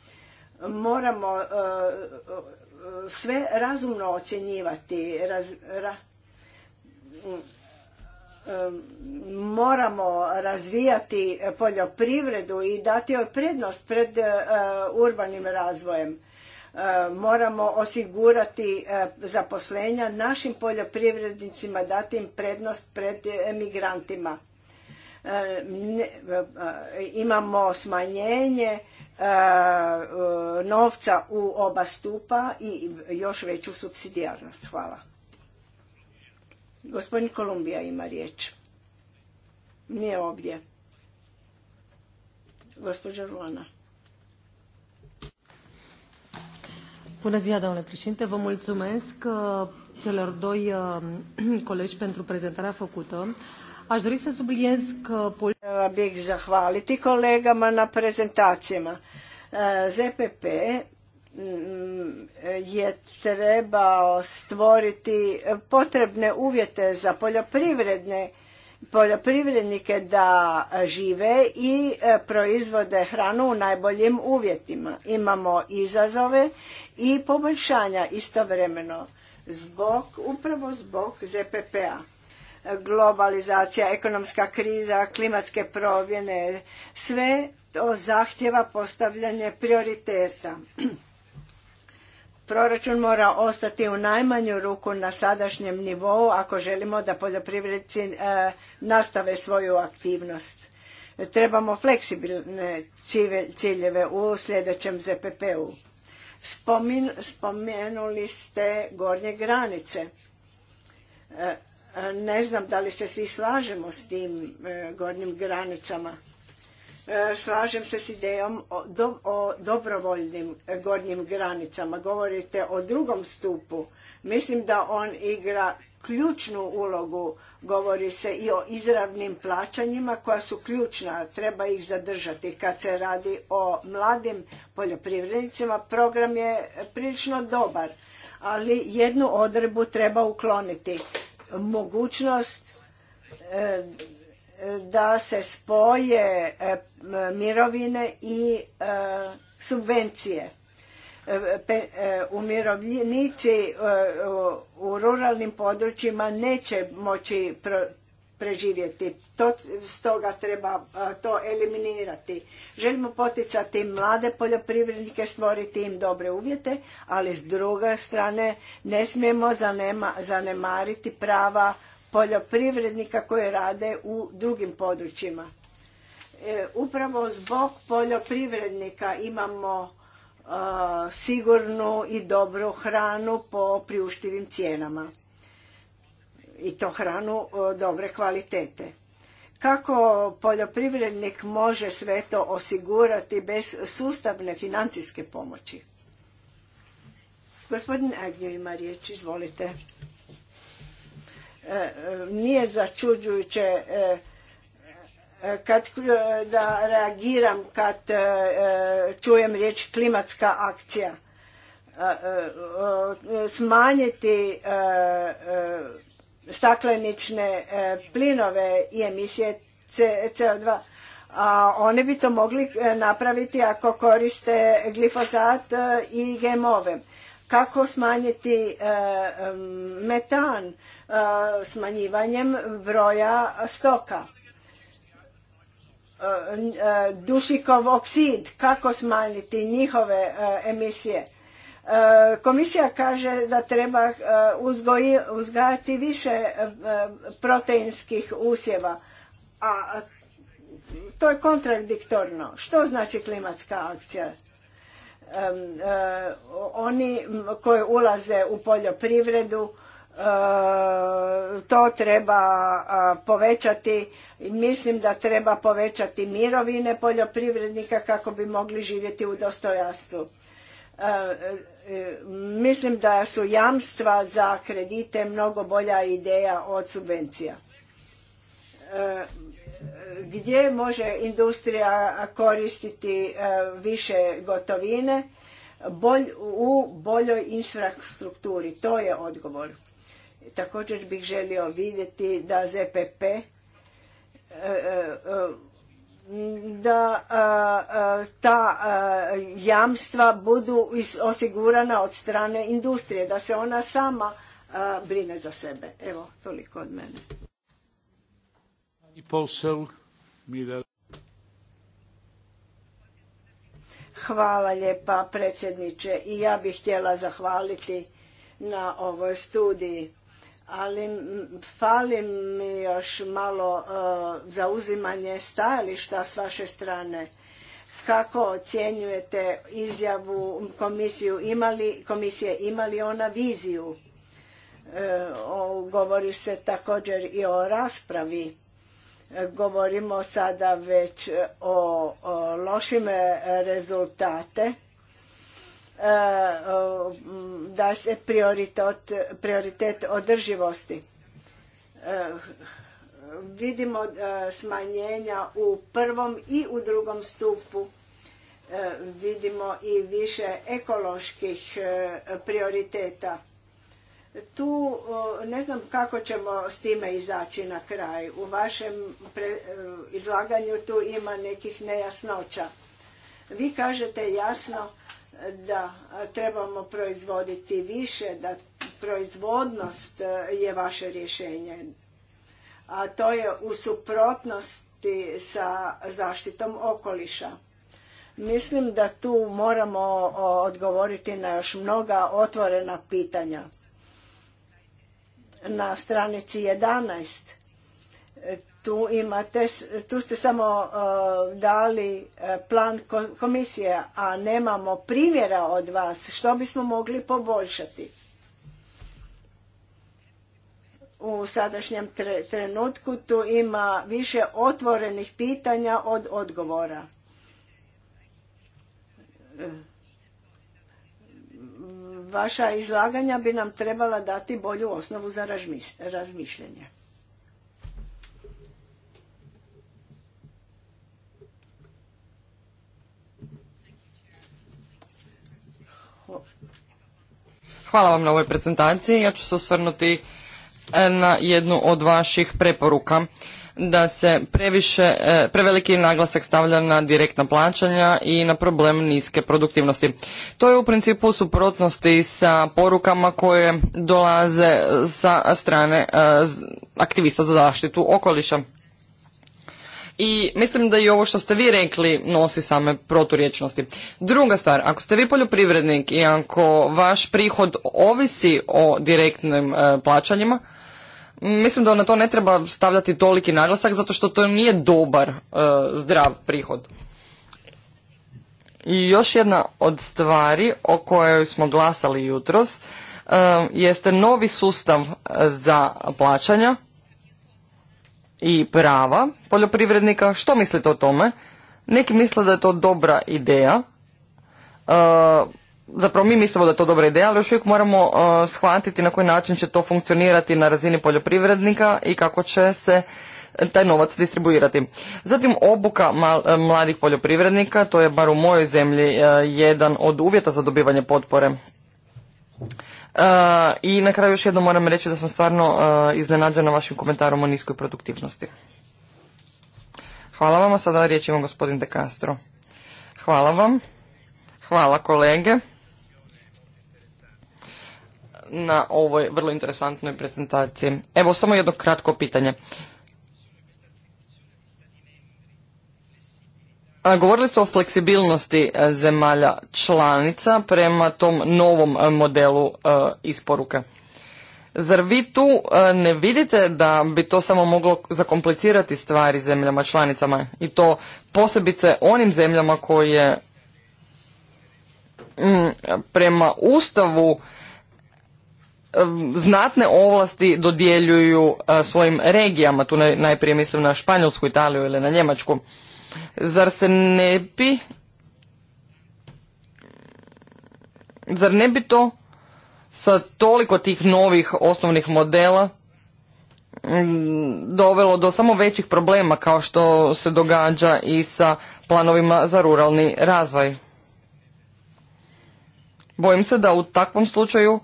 Moramo sve razumno ocjenjivati. moramo razvijati poljoprivredu i dati joj prednost pred urbanim razvojem E, moramo osigurati e, zaposlenja našim poljoprivrednicima, dati im prednost pred emigrantima. E, imamo smanjenje novca u oba stupa i još veću subsidijarnost. Hvala. Gospodin Kolumbija ima riječ. Nije ovdje. Gospođa Ruana. Bună ziua, domnule președinte. Vă mulțumesc uh, celor doi uh, colegi pentru prezentarea făcută. Aș dori să subliniez că... Bih zahvaliti kolegama na prezentacijama. Uh, ZPP mm, je trebao stvoriti potrebne uvjete za poljoprivredne poljoprivrednike da žive i e, proizvode hranu u najboljim uvjetima. Imamo izazove i poboljšanja istovremeno zbog, upravo zbog ZPP-a. Globalizacija, ekonomska kriza, klimatske promjene, sve to zahtjeva postavljanje prioriteta. Proračun mora ostati u najmanju ruku na sadašnjem nivou ako želimo da poljoprivrednici e, nastave svoju aktivnost. Trebamo fleksibilne ciljeve u sljedećem ZPP-u. Spomenuli ste gornje granice. E, e, ne znam da li se svi slažemo s tim gornjim granicama slažem se s idejom o, dobrovoljnim e, gornjim granicama. Govorite o drugom stupu. Mislim da on igra ključnu ulogu. Govori se i o izravnim plaćanjima koja su ključna. Treba ih zadržati. Kad se radi o mladim poljoprivrednicima, program je prilično dobar. Ali jednu odrebu treba ukloniti. Mogućnost e, da se spoje e, mirovine i e, subvencije. E, umirovljenici u ruralnim područjima neće moći preživjeti. stoga treba to eliminirati. Želimo poticati mlade poljoprivrednike, stvoriti im dobre uvjete, ali s druge strane ne smijemo zanemariti prava poljoprivrednika koji rade u drugim područjima. E, upravo zbog poljoprivrednika imamo e, sigurnu i dobru hranu po priuštivim cijenama i to hranu e, dobre kvalitete. Kako poljoprivrednik može sve to osigurati bez sustavne financijske pomoći? Gospodin Agnjo ima riječ, izvolite. E, e, nije začuđujuće e, kad, da reagiram kad čujem riječ klimatska akcija. Smanjiti staklenične plinove i emisije CO2 a one bi to mogli napraviti ako koriste glifosat i GMove. Kako smanjiti metan? smanjivanjem broja stoka. Dušikov oksid, kako smanjiti njihove emisije. Komisija kaže da treba uzgajati više proteinskih usjeva, a to je kontradiktorno. Što znači klimatska akcija? E, oni koji ulaze u poljoprivredu, E, to treba e, povećati mislim da treba povećati mirovine poljoprivrednika kako bi mogli živjeti u dostojanstvu e, mislim da su jamstva za kredite mnogo bolja ideja od subvencija gdje može industrija koristiti više gotovine u boljoj infrastrukturi to je odgovor Također bih želio vidjeti da ZPP e, e, e, da ta jamstva budu osigurana od strane industrije, da se ona sama brine za sebe. Evo, toliko od mene. Hvala lijepa predsjedniče i ja bih htjela zahvaliti na ovoj studiji ali fali mi još malo e, zauzimanje stajališta s vaše strane. Kako ocjenjujete izjavu komisiju imali, komisije imali ona viziju? E, govori se također i o raspravi. E, govorimo sada već o, o rezultate E, da se prioritet, prioritet održivosti. E, vidimo e, smanjenja u prvom i u drugom stupu. Vidimo i više ekoloških prioriteta. Tu ne znam kako ćemo s time izaći na kraj. U vašem izlaganju tu ima nekih nejasnoća. Vi kažete jasno da trebamo proizvoditi više, da proizvodnost e, je vaše rješenje. A to je u suprotnosti sa zaštitom okoliša. Mislim da tu moramo odgovoriti na još mnoga otvorena pitanja. Na stranici 11 tu imate, tu ste samo e, dali e, plan komisije, a nemamo primjera od vas što bismo mogli poboljšati. U sadašnjem trenutku tu ima više otvorenih pitanja od odgovora. Vaša izlaganja bi nam trebala dati bolju osnovu za razmišljanje. Hvala vam na ovoj prezentaciji. Ja ću se osvrnuti e, na jednu od vaših preporuka da se previše, e, preveliki naglasak stavlja na direktna plaćanja i na problem niske produktivnosti. To je u principu suprotnosti sa porukama koje dolaze sa strane e, aktivista za zaštitu okoliša. I mislim da i ovo što ste vi rekli nosi same proturječnosti. Druga stvar, ako ste vi poljoprivrednik i ako vaš prihod ovisi o direktnim e, plaćanjima, mislim da na to ne treba stavljati toliki naglasak zato što to nije dobar e, zdrav prihod. I još jedna od stvari o kojoj smo glasali jutros e, jeste novi sustav za plaćanja i prava poljoprivrednika. Što mislite o tome? Neki misle da je to dobra ideja. E, zapravo mi mislimo da je to dobra ideja, ali još uvijek moramo e, shvatiti na koji način će to funkcionirati na razini poljoprivrednika i kako će se taj novac distribuirati. Zatim obuka e, mladih poljoprivrednika, to je bar u mojoj zemlji e, jedan od uvjeta za dobivanje potpore. E, I na kraju još jednom moram reći da sam stvarno e, iznenađena vašim komentarom o niskoj produktivnosti. Hvala vam, a sada riječ ima gospodin De Castro. Hvala vam. Hvala kolege na ovoj vrlo interesantnoj prezentaciji. Evo samo jedno kratko pitanje. Govorili ste o fleksibilnosti e, zemalja članica prema tom novom e, modelu e, isporuke. Zar vi tu ne vidite da bi to samo moglo zakomplicirati stvari zemljama članicama i to posebice onim zemljama koje mm, prema Ustavu znatne ovlasti dodjeljuju svojim regijama, tu najprije mislim na Španjolsku, Italiju ili na Njemačku. Zar se ne bi... Zar ne bi to sa toliko tih novih osnovnih modela mm, dovelo do samo većih problema kao što se događa i sa planovima za ruralni razvoj. Bojim se da u takvom slučaju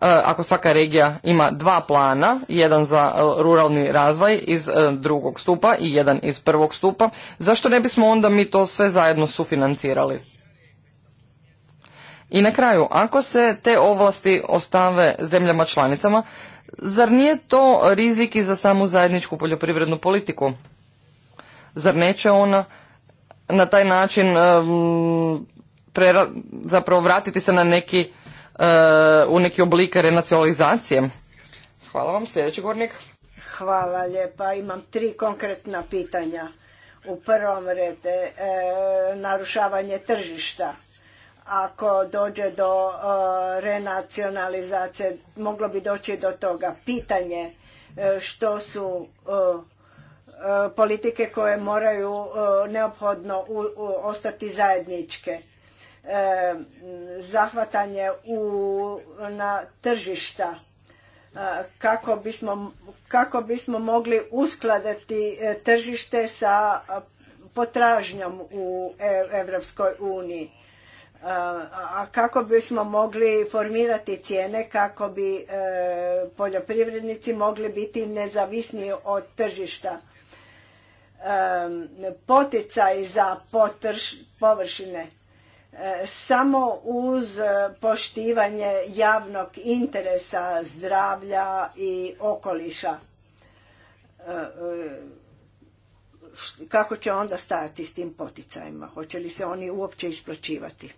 Eh, ako svaka regija ima dva plana, jedan za eh, ruralni razvoj iz eh, drugog stupa i jedan iz prvog stupa, zašto ne bismo onda mi to sve zajedno sufinancirali? I na kraju, ako se te ovlasti ostave zemljama članicama, zar nije to rizik i za samu zajedničku poljoprivrednu politiku? Zar neće ona na taj način zapravo vratiti se na neki Eh, u neki oblik renacionalizacije? Hvala vam, sljedeći govornik. Hvala lijepa, imam tri konkretna pitanja. U prvom redu eh, narušavanje tržišta. Ako dođe do eh, renacionalizacije, moglo bi doći do toga. Pitanje što su politike koje moraju neophodno ostati zajedničke zahvatanje u, na tržišta kako bismo, kako bismo mogli uskladati e, tržište sa potražnjom u Europskoj uniji a kako bismo mogli formirati cijene kako bi e, poljoprivrednici mogli biti nezavisni od tržišta poticaj za potrš, površine samo uz poštivanje javnog interesa zdravlja i okoliša. E, e, kako će onda stajati s tim poticajima? Hoće li se oni uopće isplaćivati?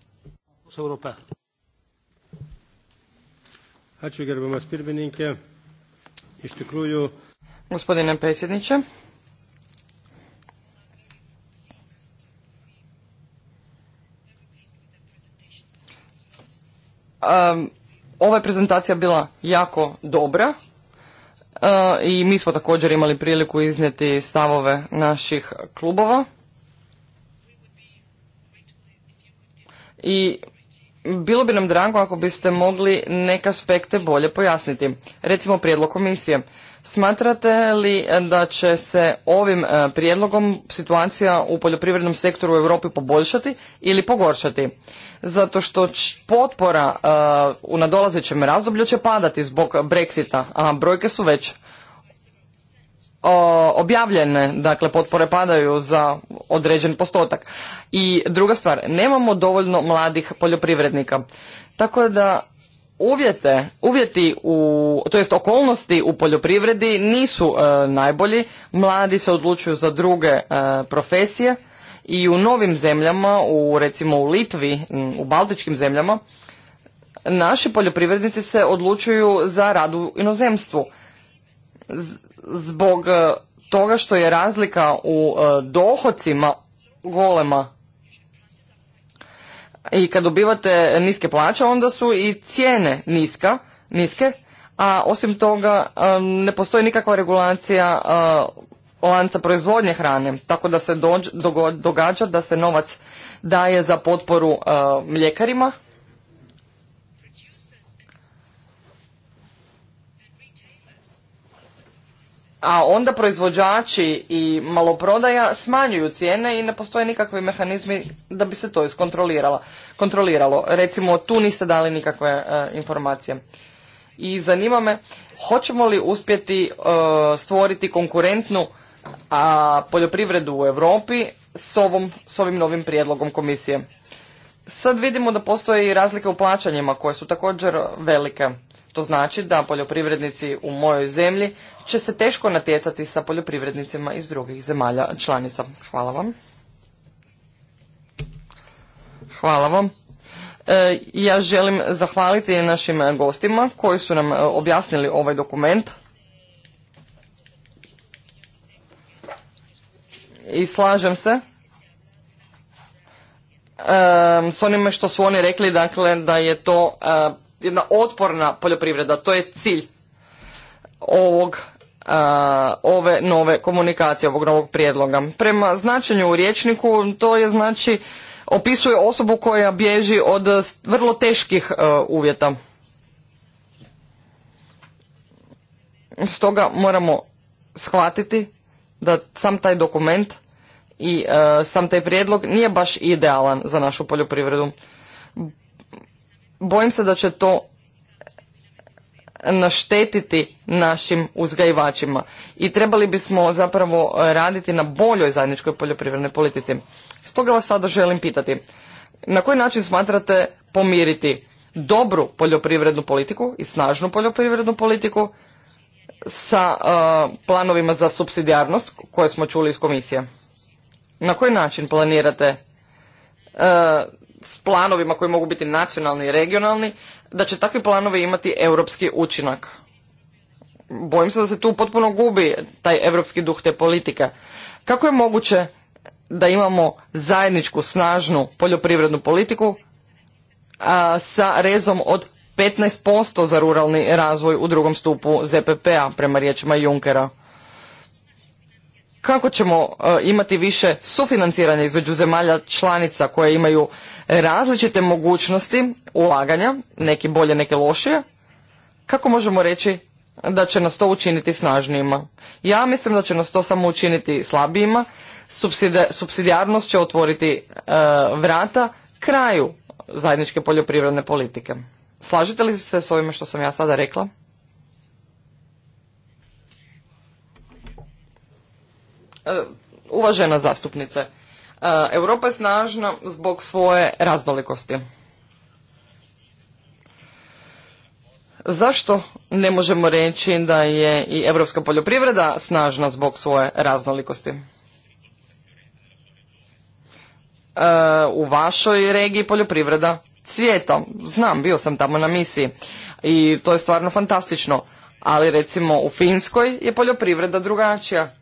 Gospodine predsjedniče, Um, ova je prezentacija bila jako dobra e, i mi smo također imali priliku iznijeti stavove naših klubova. I bilo bi nam drago ako biste mogli neke aspekte bolje pojasniti. Recimo prijedlog komisije. Smatrate li e, da će se ovim e, prijedlogom situacija u poljoprivrednom sektoru u Europi poboljšati ili pogoršati? Zato što potpora e, u nadolazećem razdoblju će padati zbog Brexita, a brojke su već objavljene, dakle potpore padaju za određen postotak. I druga stvar, nemamo dovoljno mladih poljoprivrednika. Tako da uvjete, uvjeti u, to jest okolnosti u poljoprivredi nisu e, najbolji, mladi se odlučuju za druge e, profesije i u novim zemljama, u recimo u Litvi, u baltičkim zemljama, naši poljoprivrednici se odlučuju za rad u inozemstvu. Z zbog e, toga što je razlika u e, dohocima golema i kad dobivate niske plaće onda su i cijene niska, niske, a osim toga e, ne postoji nikakva regulacija lanca proizvodnje hrane, tako da se događa da se novac daje za potporu mljekarima, a onda proizvođači i maloprodaja smanjuju cijene i ne postoje nikakvi mehanizmi da bi se to iskontroliralo. Recimo, tu niste dali nikakve e, informacije. I zanima me, hoćemo li uspjeti e, stvoriti konkurentnu a, poljoprivredu u Europi s, s ovim novim prijedlogom komisije? Sad vidimo da postoje i razlike u plaćanjima koje su također velike. To znači da poljoprivrednici u mojoj zemlji će se teško natjecati sa poljoprivrednicima iz drugih zemalja članica. Hvala vam. Hvala vam. E, ja želim zahvaliti našim gostima koji su nam e, objasnili ovaj dokument. I slažem se e, s onime što su oni rekli, dakle, da je to jedna otporna poljoprivreda, to je cilj ovog ove nove komunikacije, ovog novog prijedloga. Prema značenju u riječniku to je znači opisuje osobu koja bježi od vrlo teških uvjeta. Stoga moramo shvatiti da sam taj dokument i sam taj prijedlog nije baš idealan za našu poljoprivredu bojim se da će to naštetiti našim uzgajivačima i trebali bismo zapravo raditi na boljoj zajedničkoj poljoprivrednoj politici. Stoga vas sada želim pitati, na koji način smatrate pomiriti dobru poljoprivrednu politiku i snažnu poljoprivrednu politiku sa e, planovima za subsidijarnost koje smo čuli iz komisije? Na koji način planirate e, s planovima koji mogu biti nacionalni i regionalni, da će takvi planovi imati europski učinak. Bojim se da se tu potpuno gubi taj europski duh te politike. Kako je moguće da imamo zajedničku snažnu poljoprivrednu politiku a, sa rezom od 15% za ruralni razvoj u drugom stupu ZPP-a prema riječima Junkera? kako ćemo e, imati više sufinanciranja između zemalja članica koje imaju različite mogućnosti ulaganja, neki bolje, neke lošije, kako možemo reći da će nas to učiniti snažnijima? Ja mislim da će nas to samo učiniti slabijima. Subsidijarnost će otvoriti e, vrata kraju zajedničke poljoprivredne politike. Slažete li se s ovime što sam ja sada rekla? E, uvažena zastupnice, e, Europa je snažna zbog svoje raznolikosti. Zašto ne možemo reći da je i europska poljoprivreda snažna zbog svoje raznolikosti? E, u vašoj regiji poljoprivreda cvijeta. Znam, bio sam tamo na misiji i to je stvarno fantastično. Ali recimo u Finskoj je poljoprivreda drugačija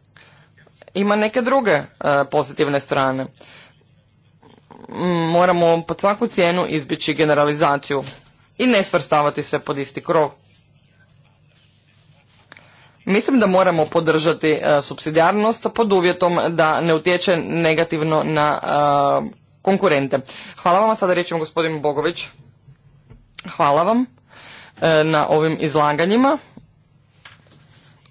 ima neke druge e, pozitivne strane. Mm, moramo pod svaku cijenu izbjeći generalizaciju i ne svrstavati se pod isti krov. Mislim da moramo podržati e, subsidijarnost pod uvjetom da ne utječe negativno na e, konkurente. Hvala vam, sada rećemo gospodin Bogović. Hvala vam na ovim izlaganjima.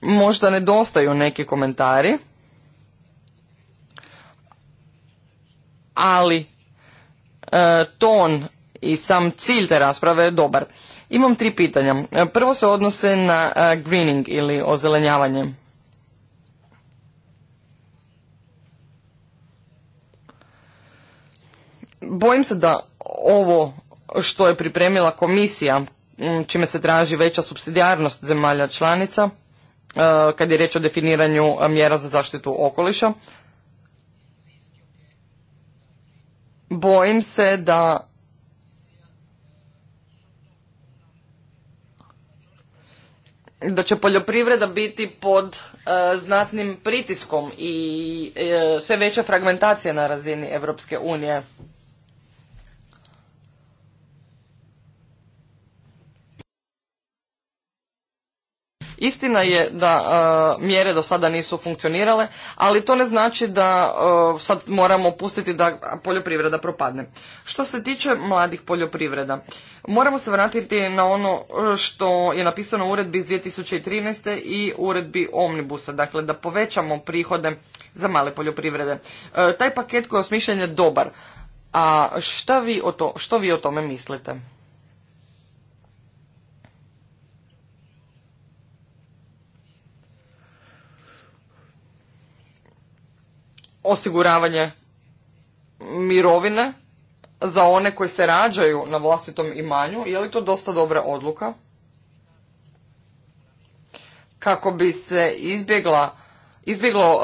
Možda nedostaju neki komentari. ali e, ton i sam cilj te rasprave je dobar. Imam tri pitanja. E, prvo se odnose na e, greening ili ozelenjavanje. Bojim se da ovo što je pripremila komisija, čime se traži veća subsidijarnost zemalja članica, kad je reč o definiranju mjera za zaštitu okoliša, bojim se da da će poljoprivreda biti pod e, znatnim pritiskom i e, sve veća fragmentacija na razini Europske unije. Istina je da e, mjere do sada nisu funkcionirale, ali to ne znači da e, sad moramo pustiti da poljoprivreda propadne. Što se tiče mladih poljoprivreda, moramo se vratiti na ono e, što je napisano u uredbi iz 2013. i uredbi Omnibusa, dakle da povećamo prihode za male poljoprivrede. taj paket koji je osmišljen je dobar. A šta to, što vi o tome mislite? osiguravanje mirovine za one koji se rađaju na vlastitom imanju, je li to dosta dobra odluka? Kako bi se izbjegla, izbjeglo,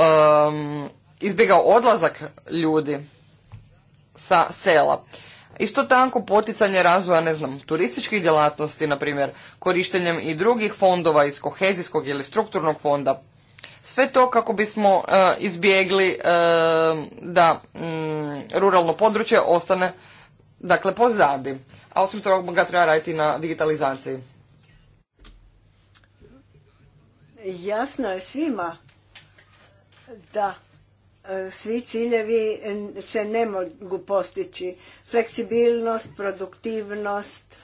izbjegao odlazak ljudi sa sela. Isto tako poticanje razvoja, ne znam, turističkih djelatnosti, na primjer, korištenjem i drugih fondova iz kohezijskog ili strukturnog fonda. Sve to kako bismo e, izbjegli e, da mm, ruralno područje ostane dakle pozadi. A osim toga treba raditi na digitalizaciji. Jasno je svima da e, svi ciljevi se ne mogu postići. Fleksibilnost, produktivnost,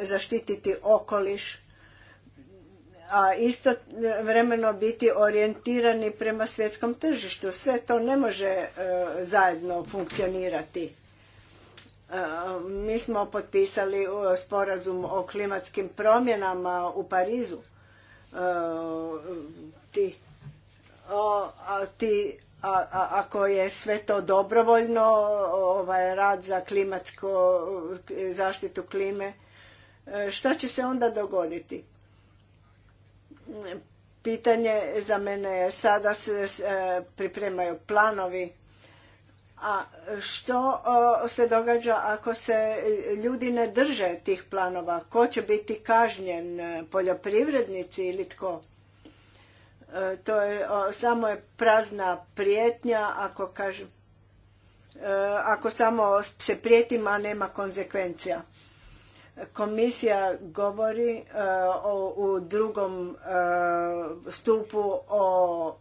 zaštititi okoliš a isto vremeno biti orijentirani prema svjetskom tržištu. Sve to ne može e, zajedno funkcionirati. E, mi smo potpisali e, sporazum o klimatskim promjenama u Parizu. Ti, a, ti a, ako je sve to dobrovoljno, ovaj rad za klimatsko zaštitu klime, šta će se onda dogoditi? pitanje za mene je sada se e, pripremaju planovi a što se događa ako se ljudi ne drže tih planova? Ko će biti kažnjen? E, poljoprivrednici ili tko? E, to je samo je prazna prijetnja ako kažem ako samo se prijetima nema konsekvencija. Komisija govori e, u drugom e, stupu o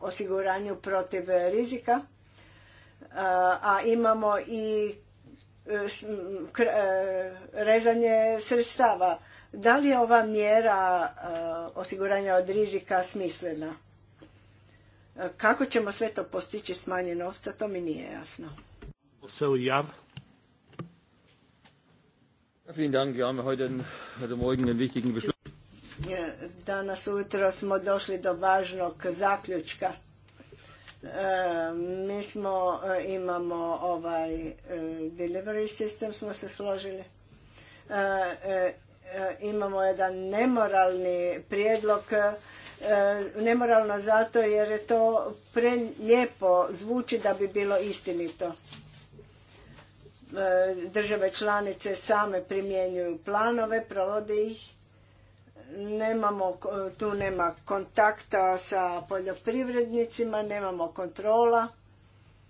osiguranju protiv rizika, e, a imamo i rezanje sredstava. Da li je ova mjera osiguranja od rizika smislena? Kako ćemo sve to postići s manje novca, to mi nije jasno. Danas ujutro smo došli do važnog zaključka. E, mi smo, e, imamo ovaj e, delivery system, smo se složili. imamo jedan nemoralni prijedlog, nemoralno zato jer je to prelijepo zvuči da bi bilo istinito države članice same primjenjuju planove, provode ih. Nemamo, tu nema kontakta sa poljoprivrednicima, nemamo kontrola.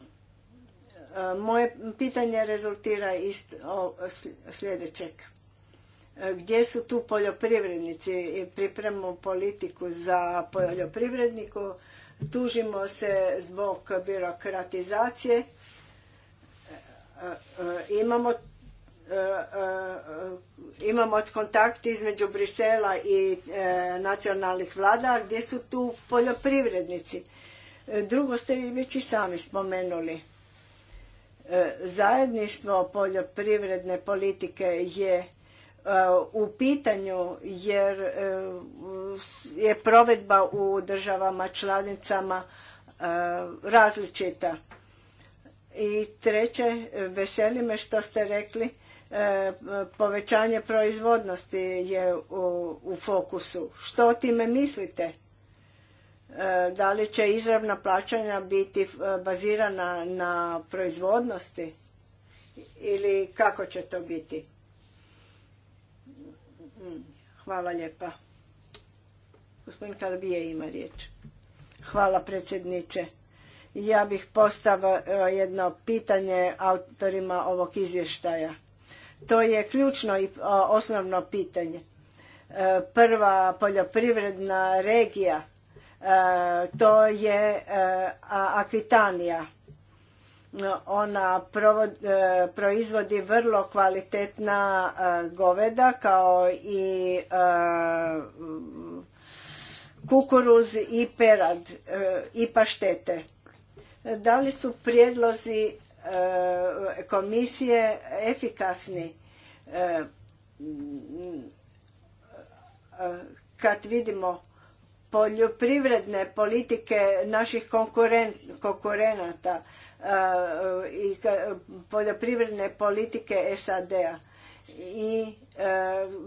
E, moje pitanje rezultira iz sljedećeg. E, gdje su tu poljoprivrednici? Pripremamo politiku za poljoprivredniku, tužimo se zbog birokratizacije E, e, e, imamo kontakt između Brisela i nacionalnih vlada gdje su tu poljoprivrednici. Drugo ste vi već i sami spomenuli. Zajedništvo poljoprivredne politike je u pitanju jer je provedba u državama članicama različita i treće, veseli me što ste rekli, e, povećanje proizvodnosti je u, fokusu. Što o time mislite? E, da li će izravna plaćanja biti e, bazirana na proizvodnosti ili kako će to biti? Hvala lijepa. Gospodin Kalbije ima riječ. Hvala predsjedniče. Ja bih postavila e, jedno pitanje autorima ovog izvještaja. To je ključno i osnovno pitanje. E, prva poljoprivredna regija, e, to je Akvitanija. Ona proizvodi vrlo kvalitetna goveda kao i kukuruz i perad i paštete da li su prijedlozi e, komisije efikasni? E, kad vidimo poljoprivredne politike naših konkurenata e, i poljoprivredne politike SAD-a i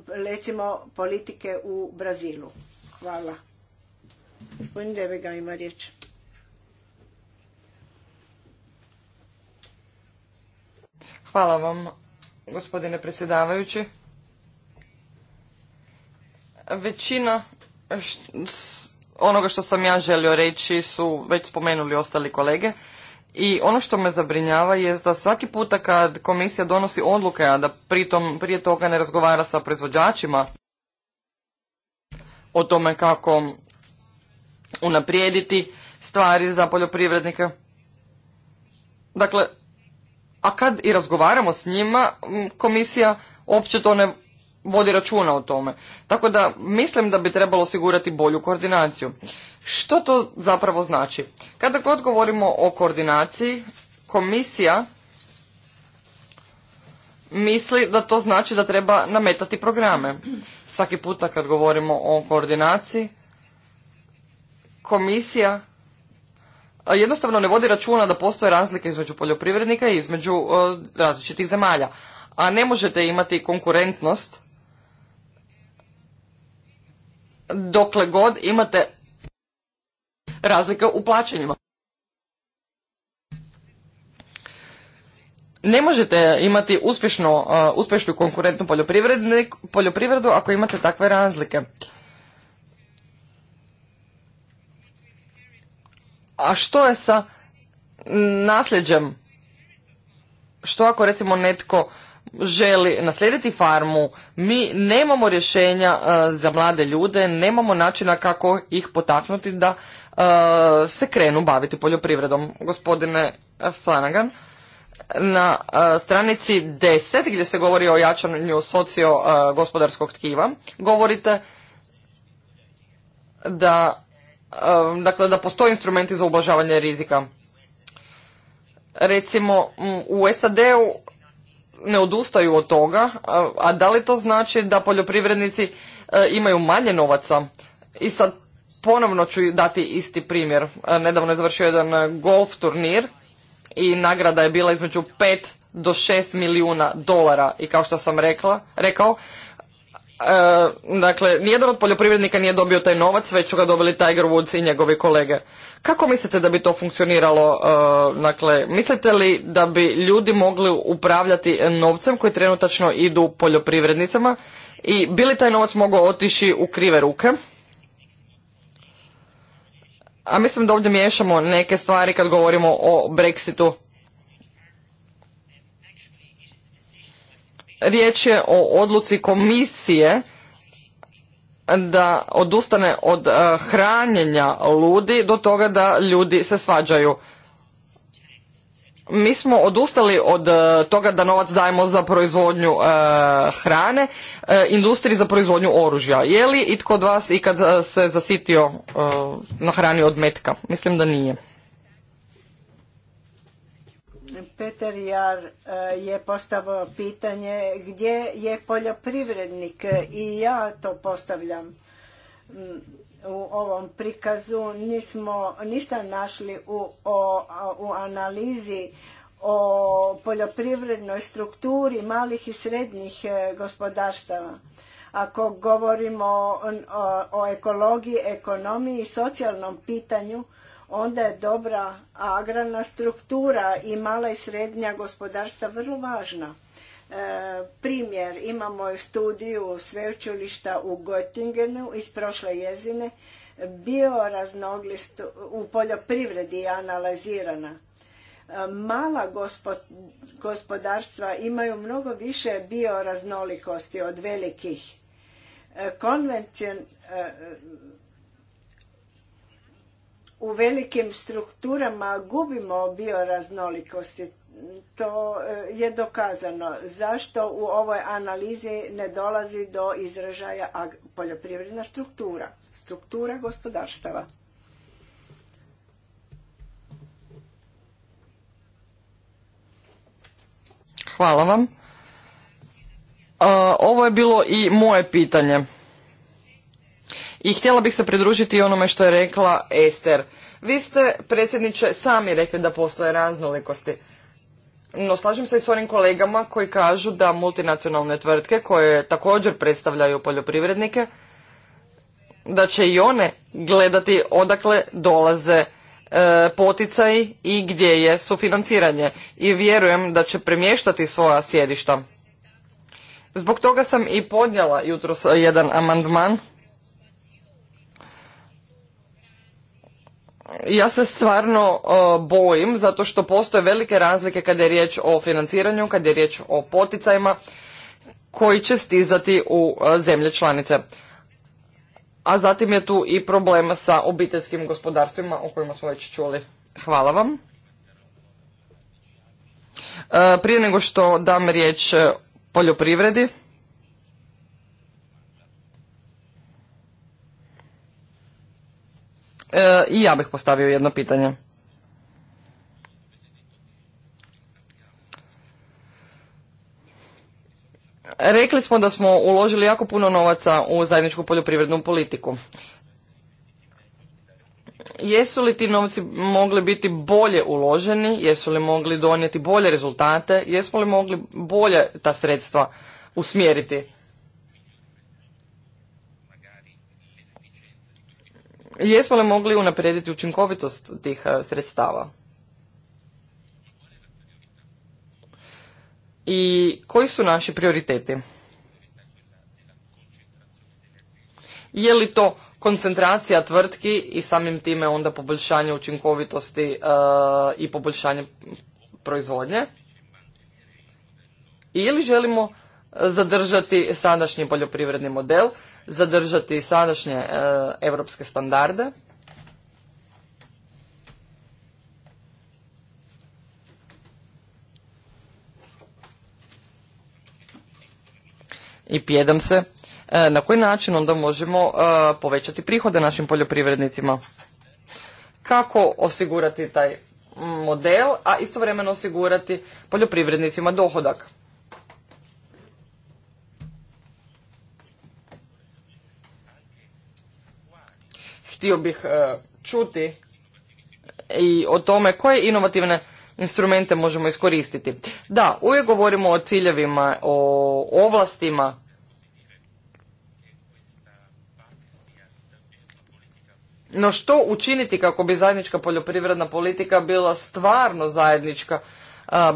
recimo politike u Brazilu. Hvala. Gospodin Devega ima riječ. Hvala vam, gospodine predsjedavajući. Većina onoga što sam ja želio reći su već spomenuli ostali kolege. I ono što me zabrinjava je da svaki puta kad komisija donosi odluke, a da pritom prije toga ne razgovara sa proizvođačima o tome kako unaprijediti stvari za poljoprivrednike. Dakle, a kad i razgovaramo s njima, komisija opće to ne vodi računa o tome. Tako da mislim da bi trebalo osigurati bolju koordinaciju. Što to zapravo znači? Kada god govorimo o koordinaciji, komisija misli da to znači da treba nametati programe. Svaki puta kad govorimo o koordinaciji, komisija jednostavno ne vodi računa da postoje razlike između poljoprivrednika i između e, različitih zemalja. A ne možete imati konkurentnost dokle god imate razlike u plaćanjima. Ne možete imati uspješno, e, uspješnu konkurentnu poljoprivredu ako imate takve razlike. A što je sa nasljeđem? Što ako recimo netko želi naslijediti farmu, mi nemamo rješenja e, za mlade ljude, nemamo načina kako ih potaknuti da e, se krenu baviti poljoprivredom. Gospodine Flanagan, na e, stranici 10 gdje se govori o jačanju socio-gospodarskog tkiva, govorite da dakle da postoje instrumenti za ublažavanje rizika. Recimo u SAD-u ne odustaju od toga, a da li to znači da poljoprivrednici e, imaju manje novaca? I sad ponovno ću dati isti primjer. E, nedavno je završio jedan e, golf turnir i nagrada je bila između 5 do 6 milijuna dolara i kao što sam rekla, rekao, E, dakle, nijedan od poljoprivrednika nije dobio taj novac, već su ga dobili Tiger Woods i njegovi kolege. Kako mislite da bi to funkcioniralo? E, dakle, mislite li da bi ljudi mogli upravljati novcem koji trenutačno idu poljoprivrednicama i bi li taj novac mogao otići u krive ruke? A mislim da ovdje miješamo neke stvari kad govorimo o Brexitu riječ je o odluci komisije da odustane od eh, hranjenja ludi do toga da ljudi se svađaju. Mi smo odustali od eh, toga da novac dajemo za proizvodnju eh, hrane, industriji za proizvodnju oružja. Je li itko od vas ikad se zasitio na hrani od metka? Mislim da nije. Peter Jar e, je postavio pitanje gdje je poljoprivrednik e, i ja to postavljam mm, u ovom prikazu nismo ništa našli u, u analizi o poljoprivrednoj strukturi malih i srednjih e, gospodarstava. Ako govorimo o, o ekologiji, ekonomiji i socijalnom pitanju, onda je dobra agrarna struktura i mala i srednja gospodarstva vrlo važna. E, primjer, imamo studiju sveučilišta u Göttingenu iz prošle jezine, bioraznoglist u poljoprivredi je analizirana. E, mala gospodarstva imaju mnogo više bioraznolikosti od velikih. E, e u velikim strukturama gubimo bioraznolikosti. To eh, je dokazano. Zašto u ovoj analizi ne dolazi do izražaja poljoprivredna struktura, struktura gospodarstava? Hvala vam. Ovo je bilo i moje pitanje. I htjela bih se pridružiti onome što je rekla Ester. Vi ste, predsjedniče, sami rekli da postoje raznolikosti. No slažem se i s onim kolegama koji kažu da multinacionalne tvrtke koje također predstavljaju poljoprivrednike, da će i one gledati odakle dolaze e, poticaji i gdje je sufinanciranje. I vjerujem da će premještati svoja sjedišta. Zbog toga sam i podnijela jutros jedan amandman ja se stvarno e, bojim zato što postoje velike razlike kada je riječ o financiranju, kada je riječ o poticajima koji će stizati u e, zemlje članice. A zatim je tu i problem sa obiteljskim gospodarstvima o kojima smo već čuli. Hvala vam. E, prije nego što dam riječ poljoprivredi, E, i ja bih postavio jedno pitanje. Rekli smo da smo uložili jako puno novaca u zajedničku poljoprivrednu politiku. Jesu li ti novci mogli biti bolje uloženi, jesu li mogli donijeti bolje rezultate, jesmo li mogli bolje ta sredstva usmjeriti? jesmo li mogli unaprijediti učinkovitost tih e, sredstava? I koji su naši prioriteti? Je li to koncentracija tvrtki i samim time onda poboljšanje učinkovitosti e, i poboljšanje proizvodnje? Ili želimo zadržati sadašnji poljoprivredni model zadržati sadašnje europske standarde i pjedam se e, na koji način onda možemo e, povećati prihode našim poljoprivrednicima kako osigurati taj model a istovremeno osigurati poljoprivrednicima dohodak htio bih e, čuti i o tome koje inovativne instrumente možemo iskoristiti. Da, uvijek govorimo o ciljevima, o ovlastima. No što učiniti kako bi zajednička poljoprivredna politika bila stvarno zajednička e,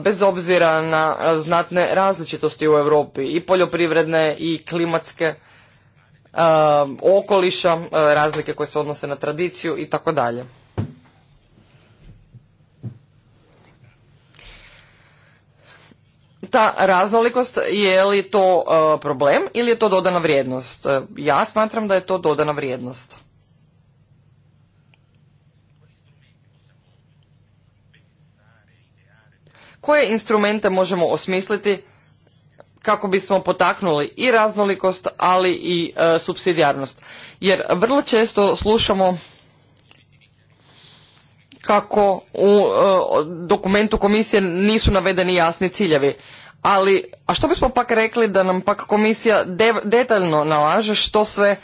bez obzira na znatne različitosti u Europi i poljoprivredne i klimatske Um, okoliša, uh, razlike koje se odnose na tradiciju i tako dalje. Ta raznolikost je li to uh, problem ili je to dodana vrijednost? Ja smatram da je to dodana vrijednost. Koje instrumente možemo osmisliti kako bismo potaknuli i raznolikost, ali i e, subsidijarnost. Jer vrlo često slušamo kako u e, dokumentu komisije nisu navedeni jasni ciljevi. Ali, a što bismo pak rekli da nam pak komisija detaljno nalaže što sve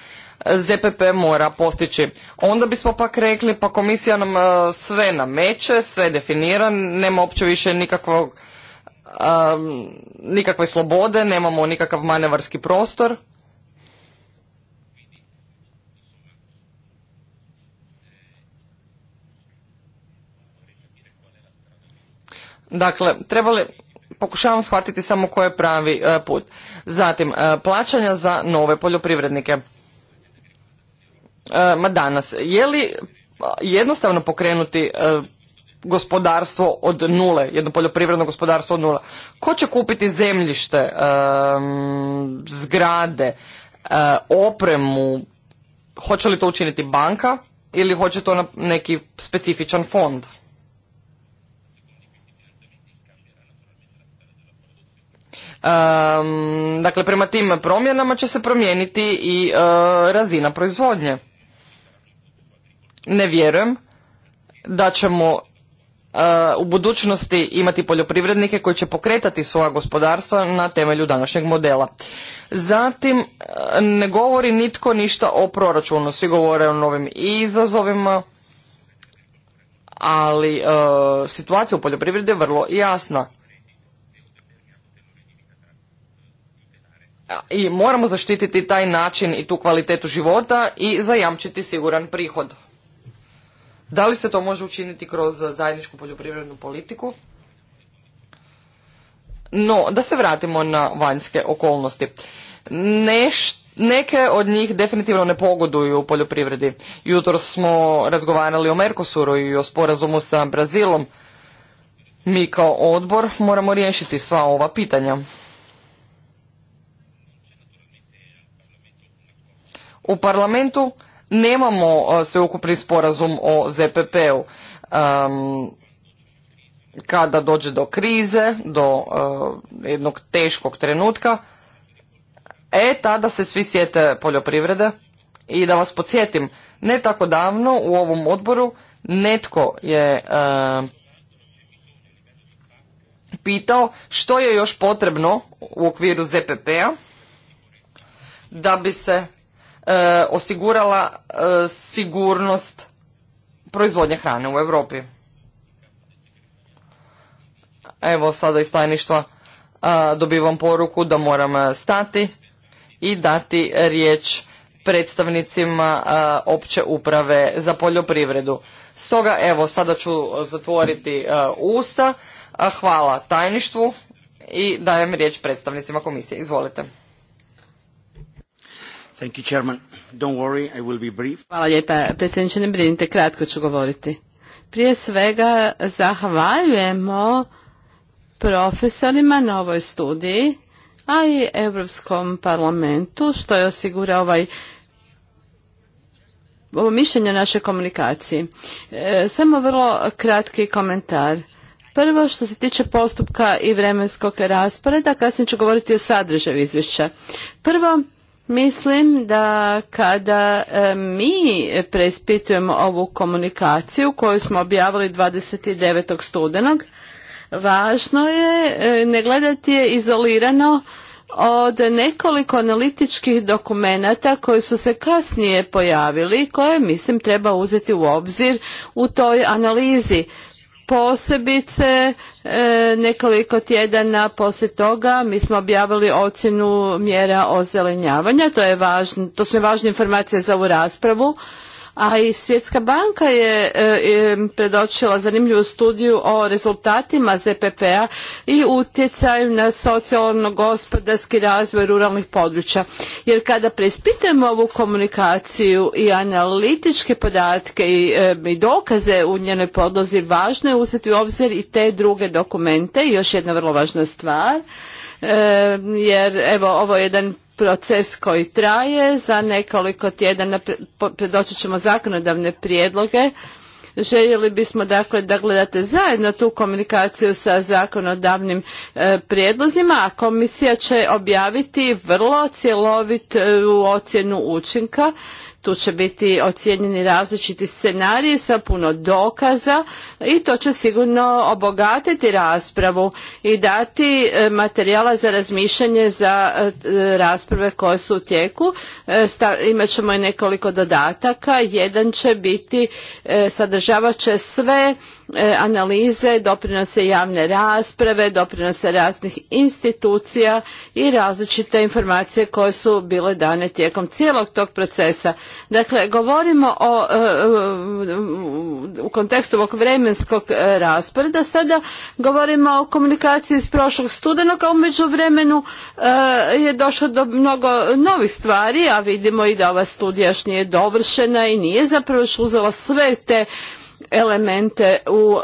ZPP mora postići. Onda bismo pak rekli pa komisija nam e, sve nameće, sve definira, nema uopće više nikakvog um, nikakve slobode, nemamo nikakav manevarski prostor. Dakle, trebali, pokušavam shvatiti samo koji je pravi e, put. Zatim, e, plaćanja za nove poljoprivrednike. E, ma danas, je li jednostavno pokrenuti gospodarstvo od nule, jedno poljoprivredno gospodarstvo od nula. Ko će kupiti zemljište, zgrade, eh, opremu, hoće li to učiniti banka ili hoće to na neki specifičan fond? dakle, prema tim promjenama će se promijeniti i eh, razina proizvodnje. Ne vjerujem da ćemo E, u budućnosti imati poljoprivrednike koji će pokretati svoja gospodarstva na temelju današnjeg modela. Zatim, e, ne govori nitko ništa o proračunu, svi govore o novim izazovima, ali e, situacija u poljoprivredi je vrlo jasna. I moramo zaštititi taj način i tu kvalitetu života i zajamčiti siguran prihod. Da li se to može učiniti kroz zajedničku poljoprivrednu politiku? No, da se vratimo na vanjske okolnosti. neke od njih definitivno ne pogoduju u poljoprivredi. Jutro smo razgovarali o Mercosuru i o sporazumu sa Brazilom. Mi kao odbor moramo riješiti sva ova pitanja. U parlamentu nemamo uh, sveukupni sporazum o ZPP-u. Um, kada dođe do krize, do uh, jednog teškog trenutka, e tada se svi sjete poljoprivrede i da vas podsjetim, ne tako davno u ovom odboru netko je uh, pitao što je još potrebno u okviru ZPP-a da bi se E, osigurala e, sigurnost proizvodnje hrane u Europi. Evo sada iz tajništva e, dobivam poruku da moram stati i dati riječ predstavnicima opće uprave za poljoprivredu. Stoga evo sada ću zatvoriti usta. Hvala tajništvu i dajem riječ predstavnicima komisije. Izvolite. Hvala lijepa, predsjedniče, ne brinite, kratko ću govoriti. Prije svega zahvaljujemo profesorima na ovoj studiji, a i Europskom parlamentu, što je osigurao ovaj ovo mišljenje o našoj komunikaciji. E, samo vrlo kratki komentar. Prvo što se tiče postupka i vremenskog rasporeda, kasnije ću govoriti o sadržaju izvješća. Prvo, Mislim da kada e, mi prespitujemo ovu komunikaciju koju smo objavili 29. studenog, važno je e, ne gledati je izolirano od nekoliko analitičkih dokumenata koji su se kasnije pojavili koje mislim treba uzeti u obzir u toj analizi posebice e, nekoliko tjedana poslije toga mi smo objavili ocjenu mjera ozelenjavanja. To, je to su važne informacije za ovu raspravu a i Svjetska banka je e, e, predočila zanimljivu studiju o rezultatima ZPP-a i utjecaju na socijalno-gospodarski razvoj ruralnih područja. Jer kada preispitujemo ovu komunikaciju i analitičke podatke i, e, i dokaze u njenoj podlozi, važno je uzeti u obzir i te druge dokumente. I još jedna vrlo važna stvar jer evo ovo je jedan proces koji traje. Za nekoliko tjedana predoći ćemo zakonodavne prijedloge. Željeli bismo dakle da gledate zajedno tu komunikaciju sa zakonodavnim e, prijedlozima, a komisija će objaviti vrlo cjelovitu e, ocjenu učinka tu će biti ocijenjeni različiti scenariji sa puno dokaza i to će sigurno obogatiti raspravu i dati e, materijala za razmišljanje za e, rasprave koje su u tijeku. E, imat ćemo i nekoliko dodataka. Jedan će biti, sadržavat će sve E, analize, doprinose javne rasprave, doprinose raznih institucija i različite informacije koje su bile dane tijekom cijelog tog procesa. Dakle, govorimo o, e, u kontekstu ovog vremenskog e, rasporeda, sada govorimo o komunikaciji iz prošlog studenog, a umeđu vremenu je došlo do mnogo novih stvari, a vidimo i da ova studija još nije dovršena i nije zapravo još uzela sve te elemente e, u,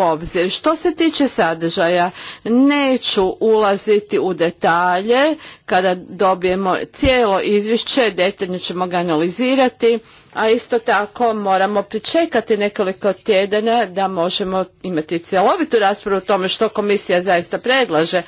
obzir. Što se tiče sadržaja, neću ulaziti u detalje kada dobijemo cijelo izvješće, detaljno ćemo ga analizirati, a isto tako moramo pričekati nekoliko tjedana da možemo imati cjelovitu raspravu o tome što komisija zaista predlaže.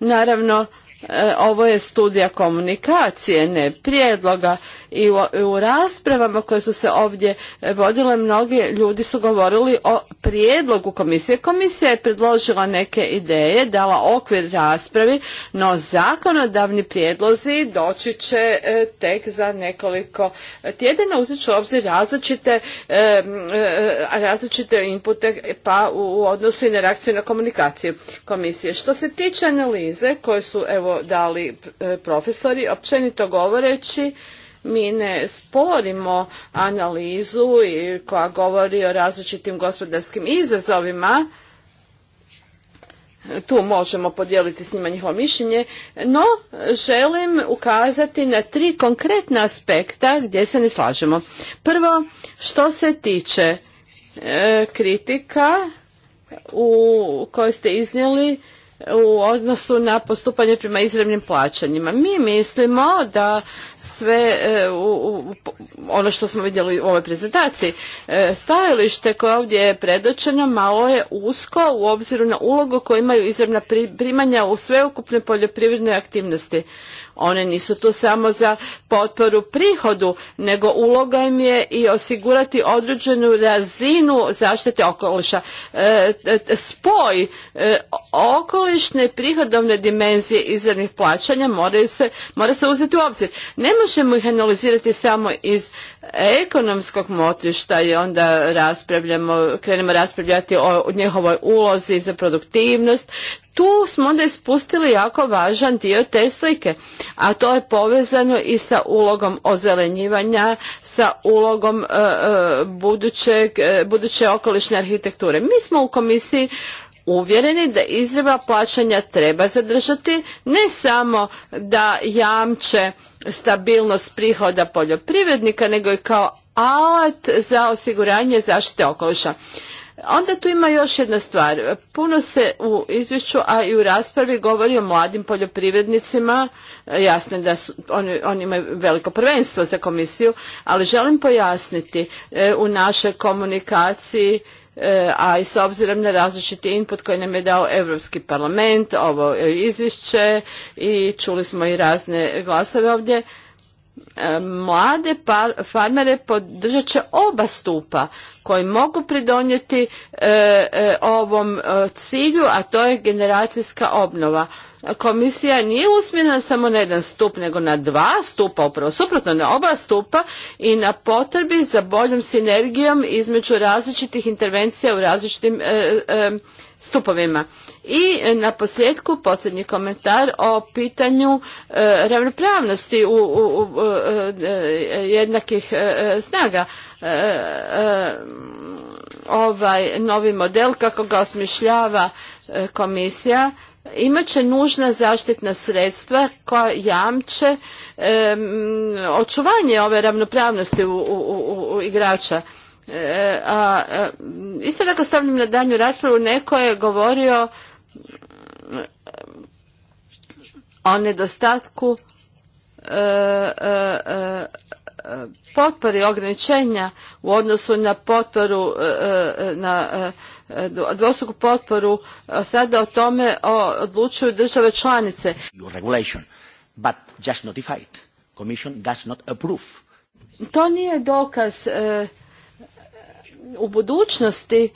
Naravno, e, ovo je studija komunikacije, ne prijedloga i u, raspravama koje su se ovdje vodile mnogi ljudi su govorili o prijedlogu komisije. Komisija je predložila neke ideje, dala okvir raspravi, no zakonodavni prijedlozi doći će e, tek za nekoliko tjedana uzet ću obzir različite, e, e, različite inpute pa u odnosu i na reakciju na komunikaciju komisije. Što se tiče analize koje su evo dali profesori, općenito govoreći mi ne sporimo analizu koja govori o različitim gospodarskim izazovima, tu možemo podijeliti s njima njihovo mišljenje, no želim ukazati na tri konkretna aspekta gdje se ne slažemo. Prvo, što se tiče e, kritika u koje ste iznijeli u odnosu na postupanje prema izravnim plaćanjima. Mi mislimo da sve e, ono što smo vidjeli u ovoj prezentaciji. E, stajalište koje ovdje je predočeno malo je usko u obziru na ulogu koju imaju izravna primanja u sveukupnoj poljoprivrednoj aktivnosti. One nisu tu samo za potporu prihodu, nego uloga im je i osigurati određenu razinu zaštite okoliša. E, spoj okolišne prihodovne dimenzije izravnih plaćanja mora se uzeti u obzir. Ne možemo ih analizirati samo iz ekonomskog motišta i onda raspravljamo, krenemo raspravljati o njihovoj ulozi za produktivnost. Tu smo onda ispustili jako važan dio te slike, a to je povezano i sa ulogom ozelenjivanja, sa ulogom e, e, budućeg, e, buduće okolišne arhitekture. Mi smo u komisiji uvjereni da izreba plaćanja treba zadržati, ne samo da jamče stabilnost prihoda poljoprivrednika, nego i kao alat za osiguranje zaštite okoliša. Onda tu ima još jedna stvar. Puno se u izvješću, a i u raspravi govori o mladim poljoprivrednicima. Jasno je da su, oni, imaju veliko prvenstvo za komisiju, ali želim pojasniti e, u našoj komunikaciji E, a i s obzirom na različiti input koji nam je dao Europski parlament, ovo izvješće i čuli smo i razne glasove ovdje, e, mlade farmere podržat će oba stupa koji mogu pridonijeti e, ovom cilju, a to je generacijska obnova komisija nije usmjerena samo na jedan stup, nego na dva stupa, upravo suprotno na oba stupa i na potrebi za boljom sinergijom između različitih intervencija u različitim e, e, stupovima. I e, na posljedku posljednji komentar o pitanju ravnopravnosti u, jednakih snaga. Ovaj novi model kako ga osmišljava komisija imat će nužna zaštitna sredstva koja jamče očuvanje ove ravnopravnosti u, igrača. E, isto tako stavljam na danju raspravu, neko je govorio o nedostatku e, e, potpori ograničenja u odnosu na potporu na E, dvostruku potporu, e, sada o tome odlučuju države članice. To nije dokaz e, u budućnosti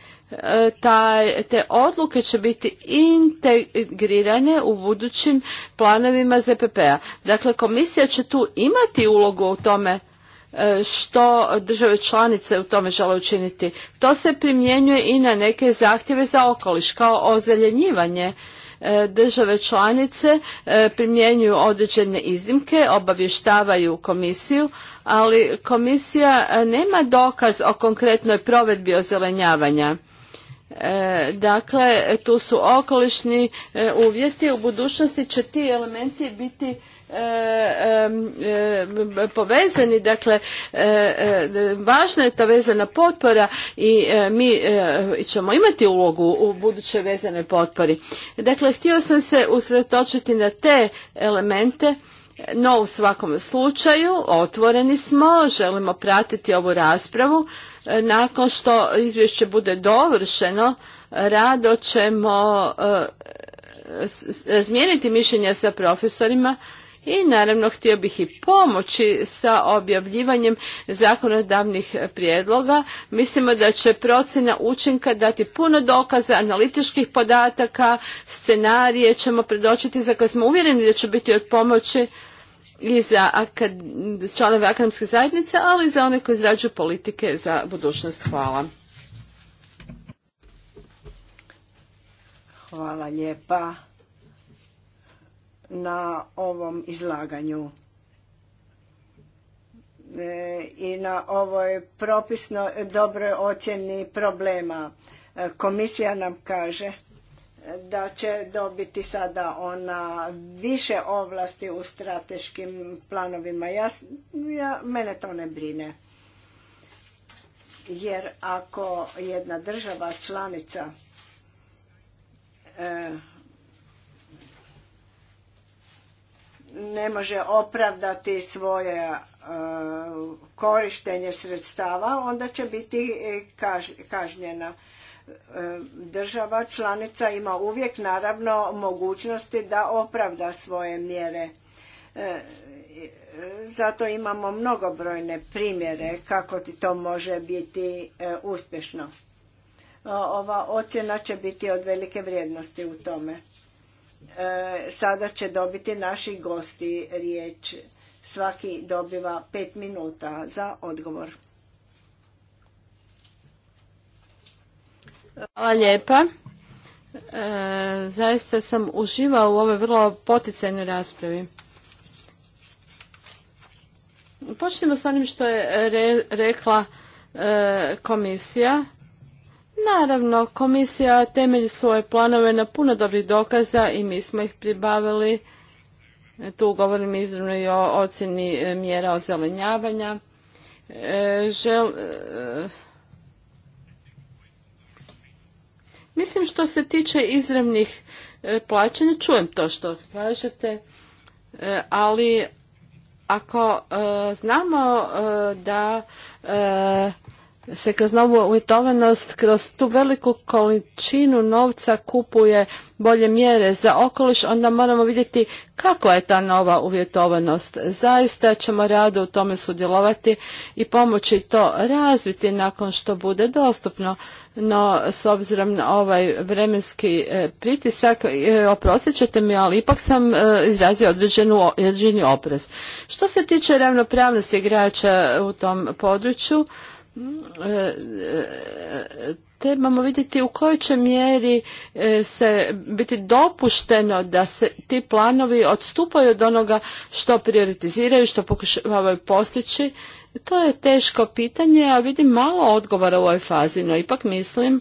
taj, te odluke će biti integrirane u budućim planovima ZPP-a. Dakle, komisija će tu imati ulogu u tome E, što države članice u tome žele učiniti. To se primjenjuje i na neke zahtjeve za okoliš, kao ozeljenjivanje e, države članice e, primjenjuju određene iznimke, obavještavaju komisiju, ali komisija nema dokaz o konkretnoj provedbi ozelenjavanja. Dakle, tu su okolišni uvjeti, u budućnosti će ti elementi biti E, e, povezani, dakle e, važna je ta vezana potpora i mi ćemo imati ulogu u budućoj vezanoj potpori. Dakle, htio sam se usretočiti na te elemente no u svakom slučaju otvoreni smo, želimo pratiti ovu raspravu. Nakon što izvješće bude dovršeno, rado ćemo razmijeniti mišljenja sa profesorima i naravno htio bih i pomoći sa objavljivanjem zakonodavnih prijedloga. Mislimo da će procjena učinka dati puno dokaza, analitičkih podataka, scenarije ćemo predočiti za koje smo uvjereni da će biti od pomoći i za članove akademske zajednice, ali i za one koji izrađuju politike za budućnost. Hvala. Hvala lijepa na ovom izlaganju e, i na ovoj propisno dobroj ocjeni problema. E, komisija nam kaže e, da će dobiti sada ona više ovlasti u strateškim planovima. Ja, mene to ne brine. Jer ako jedna država članica ne može opravdati svoje e, korištenje sredstava, onda će biti e, kažnjena. E, država članica ima uvijek naravno mogućnosti da opravda svoje mjere. Zato imamo mnogobrojne primjere kako ti to može biti uspješno. Ova ocjena će biti od velike vrijednosti u tome. E, sada će dobiti naši gosti riječ. Svaki dobiva pet minuta za odgovor. Hvala lijepa. E, zaista sam uživao u ovoj vrlo poticajnoj raspravi. Počnemo s onim što je rekla e, komisija. Naravno, komisija temelji svoje planove na puno dobrih dokaza i mi smo ih pribavili. Tu govorim izravno i o ocjeni e, mjera ozelenjavanja. E, e, mislim što se tiče izravnih plaćanja, čujem to što kažete, ali ako znamo da se kroz novu uvjetovanost, kroz tu veliku količinu novca kupuje bolje mjere za okoliš, onda moramo vidjeti kako je ta nova uvjetovanost. Zaista ćemo rado u tome sudjelovati i pomoći to razviti nakon što bude dostupno. No, s obzirom na ovaj vremenski e, pritisak, e, oprostit ćete mi, ali ipak sam e, izrazio određeni oprez. Što se tiče ravnopravnosti igrača u tom području, trebamo vidjeti u kojoj će mjeri e, se biti dopušteno da se ti planovi odstupaju od onoga što prioritiziraju, što pokušavaju postići. To je teško pitanje, a vidim malo odgovora u ovoj fazi, no ipak mislim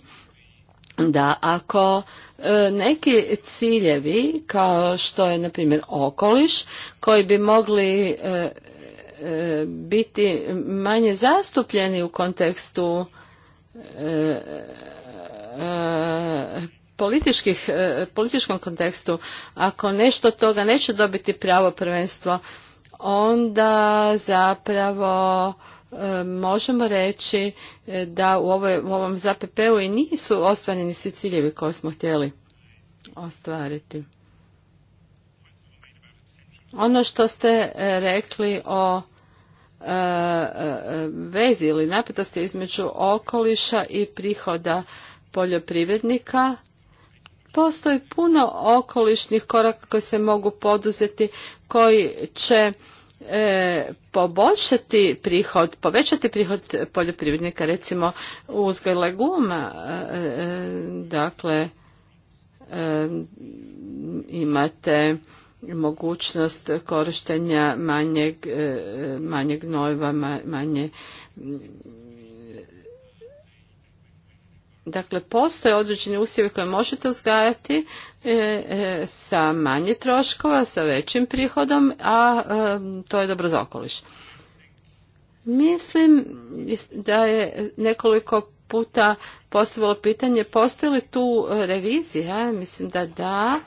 da ako e, neki ciljevi kao što je na primjer okoliš koji bi mogli e, biti manje zastupljeni u kontekstu e, e, e, političkom kontekstu. Ako nešto toga neće dobiti pravo prvenstvo, onda zapravo možemo reći da u, ovom ZPP-u i nisu ostvareni svi ciljevi koje smo htjeli ostvariti. Ono što ste e, rekli o e, e, vezi ili napetosti između okoliša i prihoda poljoprivrednika, postoji puno okolišnih koraka koji se mogu poduzeti, koji će poboljšati prihod, povećati prihod poljoprivrednika, recimo uzgoj leguma, dakle imate mogućnost korištenja manjeg, e, manjeg nojva, manje... Mm, dakle, postoje određeni usjevi koje možete uzgajati e, e, sa manje troškova, sa većim prihodom, a to je dobro za okoliš. Mislim da je nekoliko puta postavilo pitanje postoji li tu revizija, mislim da da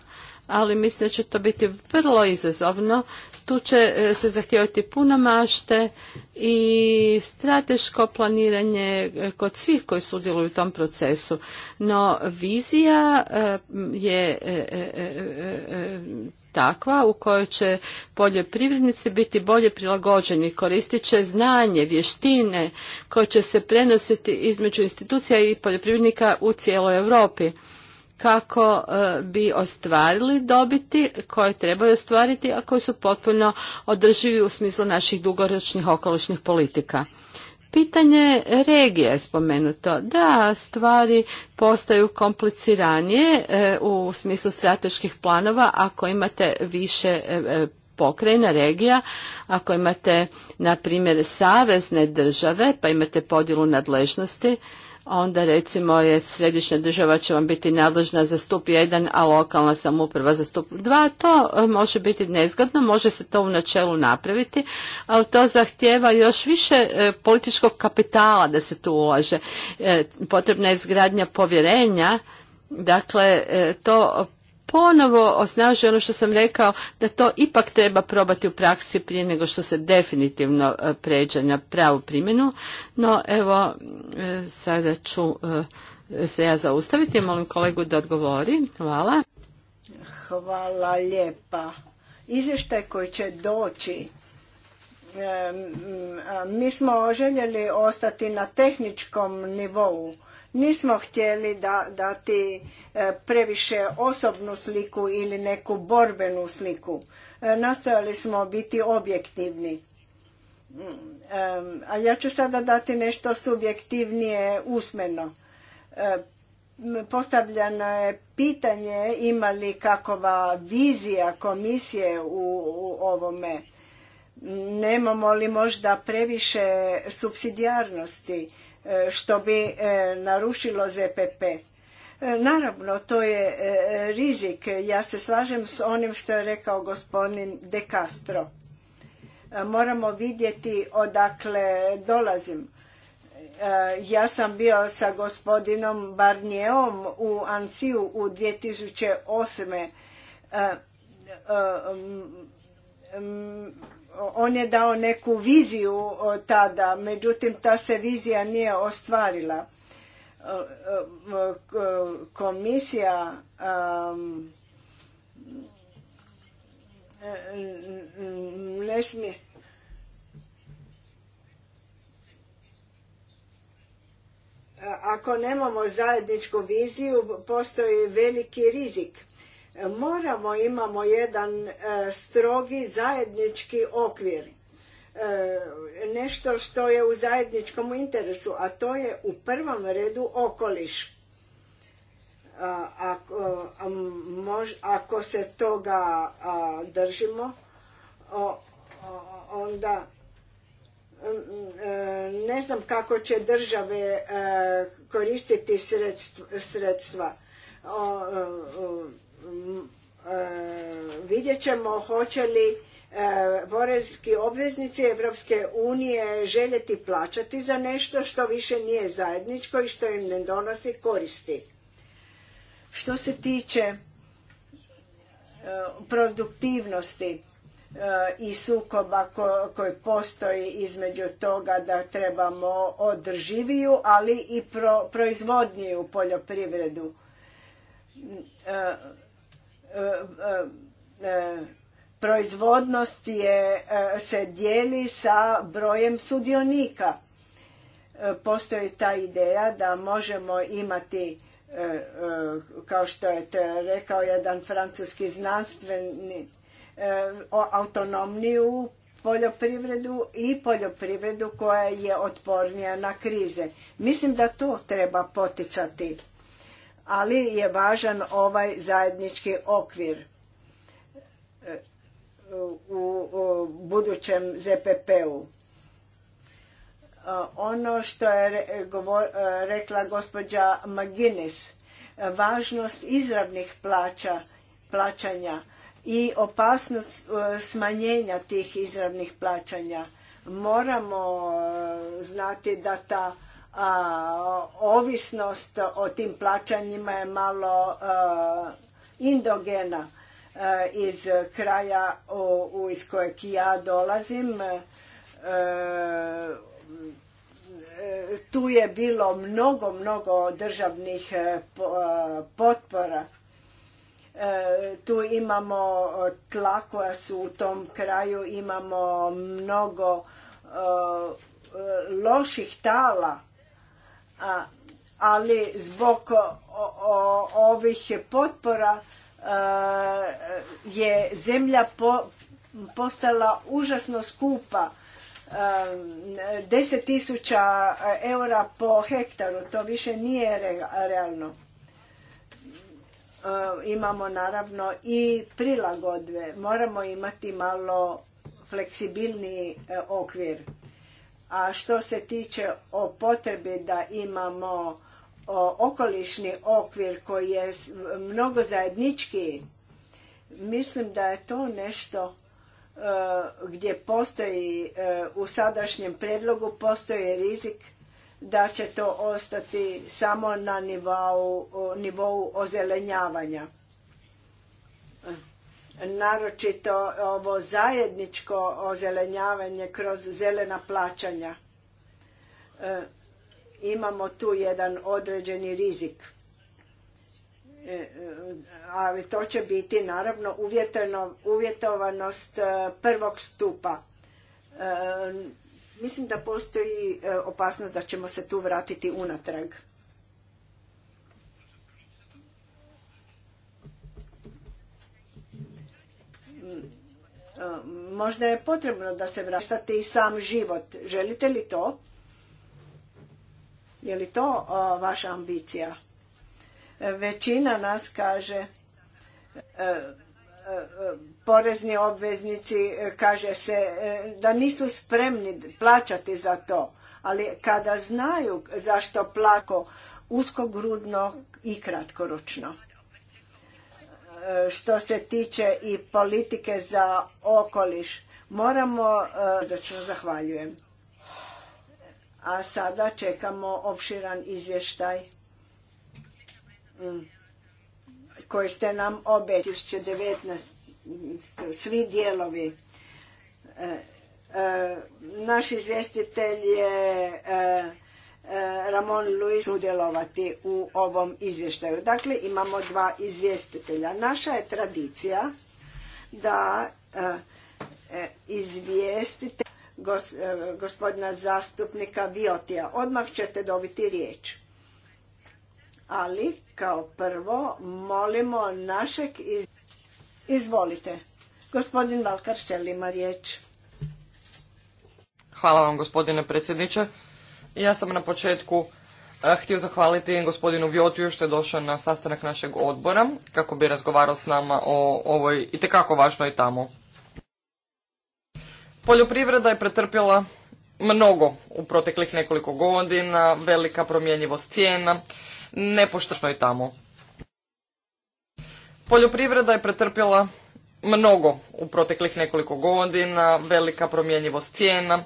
ali mislim da će to biti vrlo izazovno. Tu će e, se zahtijevati puno mašte i strateško planiranje e, kod svih koji sudjeluju u tom procesu. No vizija e, je takva u kojoj će poljoprivrednici biti bolje prilagođeni, koristit će znanje, vještine koje će se prenositi između institucija i poljoprivrednika u cijeloj Europi kako e, bi ostvarili dobiti koje trebaju ostvariti, a koji su potpuno održivi u smislu naših dugoročnih okolišnih politika. Pitanje regije je spomenuto. Da, stvari postaju kompliciranije e, u smislu strateških planova ako imate više e, pokrajina, regija, ako imate, na primjer, savezne države, pa imate podjelu nadležnosti, onda recimo je središnja država će vam biti nadležna za stup 1, a lokalna samouprava za stup 2. To e, može biti nezgodno, može se to u načelu napraviti, ali to zahtjeva još više e, političkog kapitala da se tu ulaže. E, potrebna je zgradnja povjerenja, dakle to ponovo osnažuje ono što sam rekao da to ipak treba probati u praksi prije nego što se definitivno e, pređe na pravu primjenu. No evo e, sada ću e, se ja zaustaviti. molim kolegu da odgovori. Hvala. Hvala lijepa. Izvještaj koji će doći mi smo željeli ostati na tehničkom nivou Nismo htjeli da dati e, previše osobnu sliku ili neku borbenu sliku. E, nastojali smo biti objektivni. Mm, a ja ću sada dati nešto subjektivnije usmeno. E, postavljeno je pitanje ima li kakova vizija komisije u, u ovome nemamo li možda previše subsidijarnosti E, što bi e, narušilo ZPP. E, naravno, to je rizik. Ja se slažem s onim što je rekao gospodin De Castro. Moramo vidjeti odakle dolazim. Ja sam bio sa gospodinom Barnijevom u Ansiju u 2008 on je dao neku viziju tada, međutim ta se vizija nije ostvarila. E, e, e, komisija ne smije ako nemamo zajedničku viziju postoji veliki rizik moramo, imamo jedan e, strogi zajednički okvir. E, nešto što je u zajedničkom interesu, a to je u prvom redu okoliš. E, ako, se toga držimo, onda mm, ne znam kako će države koristiti sredstva. sredstva Mm, e, vidjet ćemo hoće li e, porezni obveznici Evropske unije željeti plaćati za nešto što više nije zajedničko i što im ne donosi koristi. Što se tiče e, produktivnosti i sukoba koji postoji između toga da trebamo održiviju, ali i proizvodniju poljoprivredu E, e, proizvodnost je, e, se dijeli sa brojem sudionika. Postoji ta ideja da možemo imati, kao što je rekao jedan francuski znanstveni, autonomniju poljoprivredu i poljoprivredu koja je otpornija na krize. Mislim da to treba poticati ali je važan ovaj zajednički okvir u budućem ZPP-u. Ono što je rekla gospođa Maginis, važnost izravnih plaća, plaćanja i opasnost e, smanjenja tih izravnih plaćanja. Moramo e, znati da ta a ovisnost o tim plaćanjima je malo indogena iz kraja iz kojeg ja dolazim. tu je bilo mnogo, mnogo državnih potpora. Tu imamo tla koja su u tom kraju, imamo mnogo loših tala ali zbog ovih potpora e, je zemlja postala užasno skupa. 10.000 e, eura po hektaru, to više nije realno. E, imamo naravno i prilagodbe. Moramo imati malo fleksibilniji okvir. A što se tiče o potrebi da imamo okolišni okvir koji je mnogo zajednički, mislim da je to nešto e, gdje postoji e, u sadašnjem predlogu postoji rizik da će to ostati samo na nivou, nivou ozelenjavanja naročito ovo zajedničko ozelenjavanje kroz zelena plaćanja. E, imamo tu jedan određeni rizik. E, e, ali to će biti naravno uvjetovanost prvog stupa. mislim da postoji opasnost da ćemo se tu vratiti unatrag. E, možda je potrebno da se vrastati i sam život. Želite li to? Je li to e, vaša ambicija? E, većina nas kaže, porezni obveznici kaže se da nisu spremni plaćati za to, ali kada znaju zašto plako, uskogrudno i kratkoročno što se tiče i politike za okoliš. Moramo, e, da zahvaljujem. A sada čekamo opširan izvještaj mm, koji ste nam obet 2019. Svi dijelovi. E, e, naš izvjestitelj je Ramon Luis udjelovati u ovom izvještaju. Dakle, imamo dva izvjestitelja. Naša je tradicija da e, e, izvijestite e, gospodina zastupnika Viotija. Odmah ćete dobiti riječ. Ali, kao prvo, molimo našeg Izvolite. Gospodin Valkar Selima, riječ. Hvala vam, gospodine predsjedniče. Ja sam na početku eh, htio zahvaliti gospodinu Vjotiju što je došao na sastanak našeg odbora kako bi razgovarao s nama o ovoj itekako važnoj tamo. Poljoprivreda je pretrpjela mnogo u proteklih nekoliko godina, velika promjenjivost cijena, nepoštačno je tamo. Poljoprivreda je pretrpjela mnogo u proteklih nekoliko godina, velika promjenjivost cijena,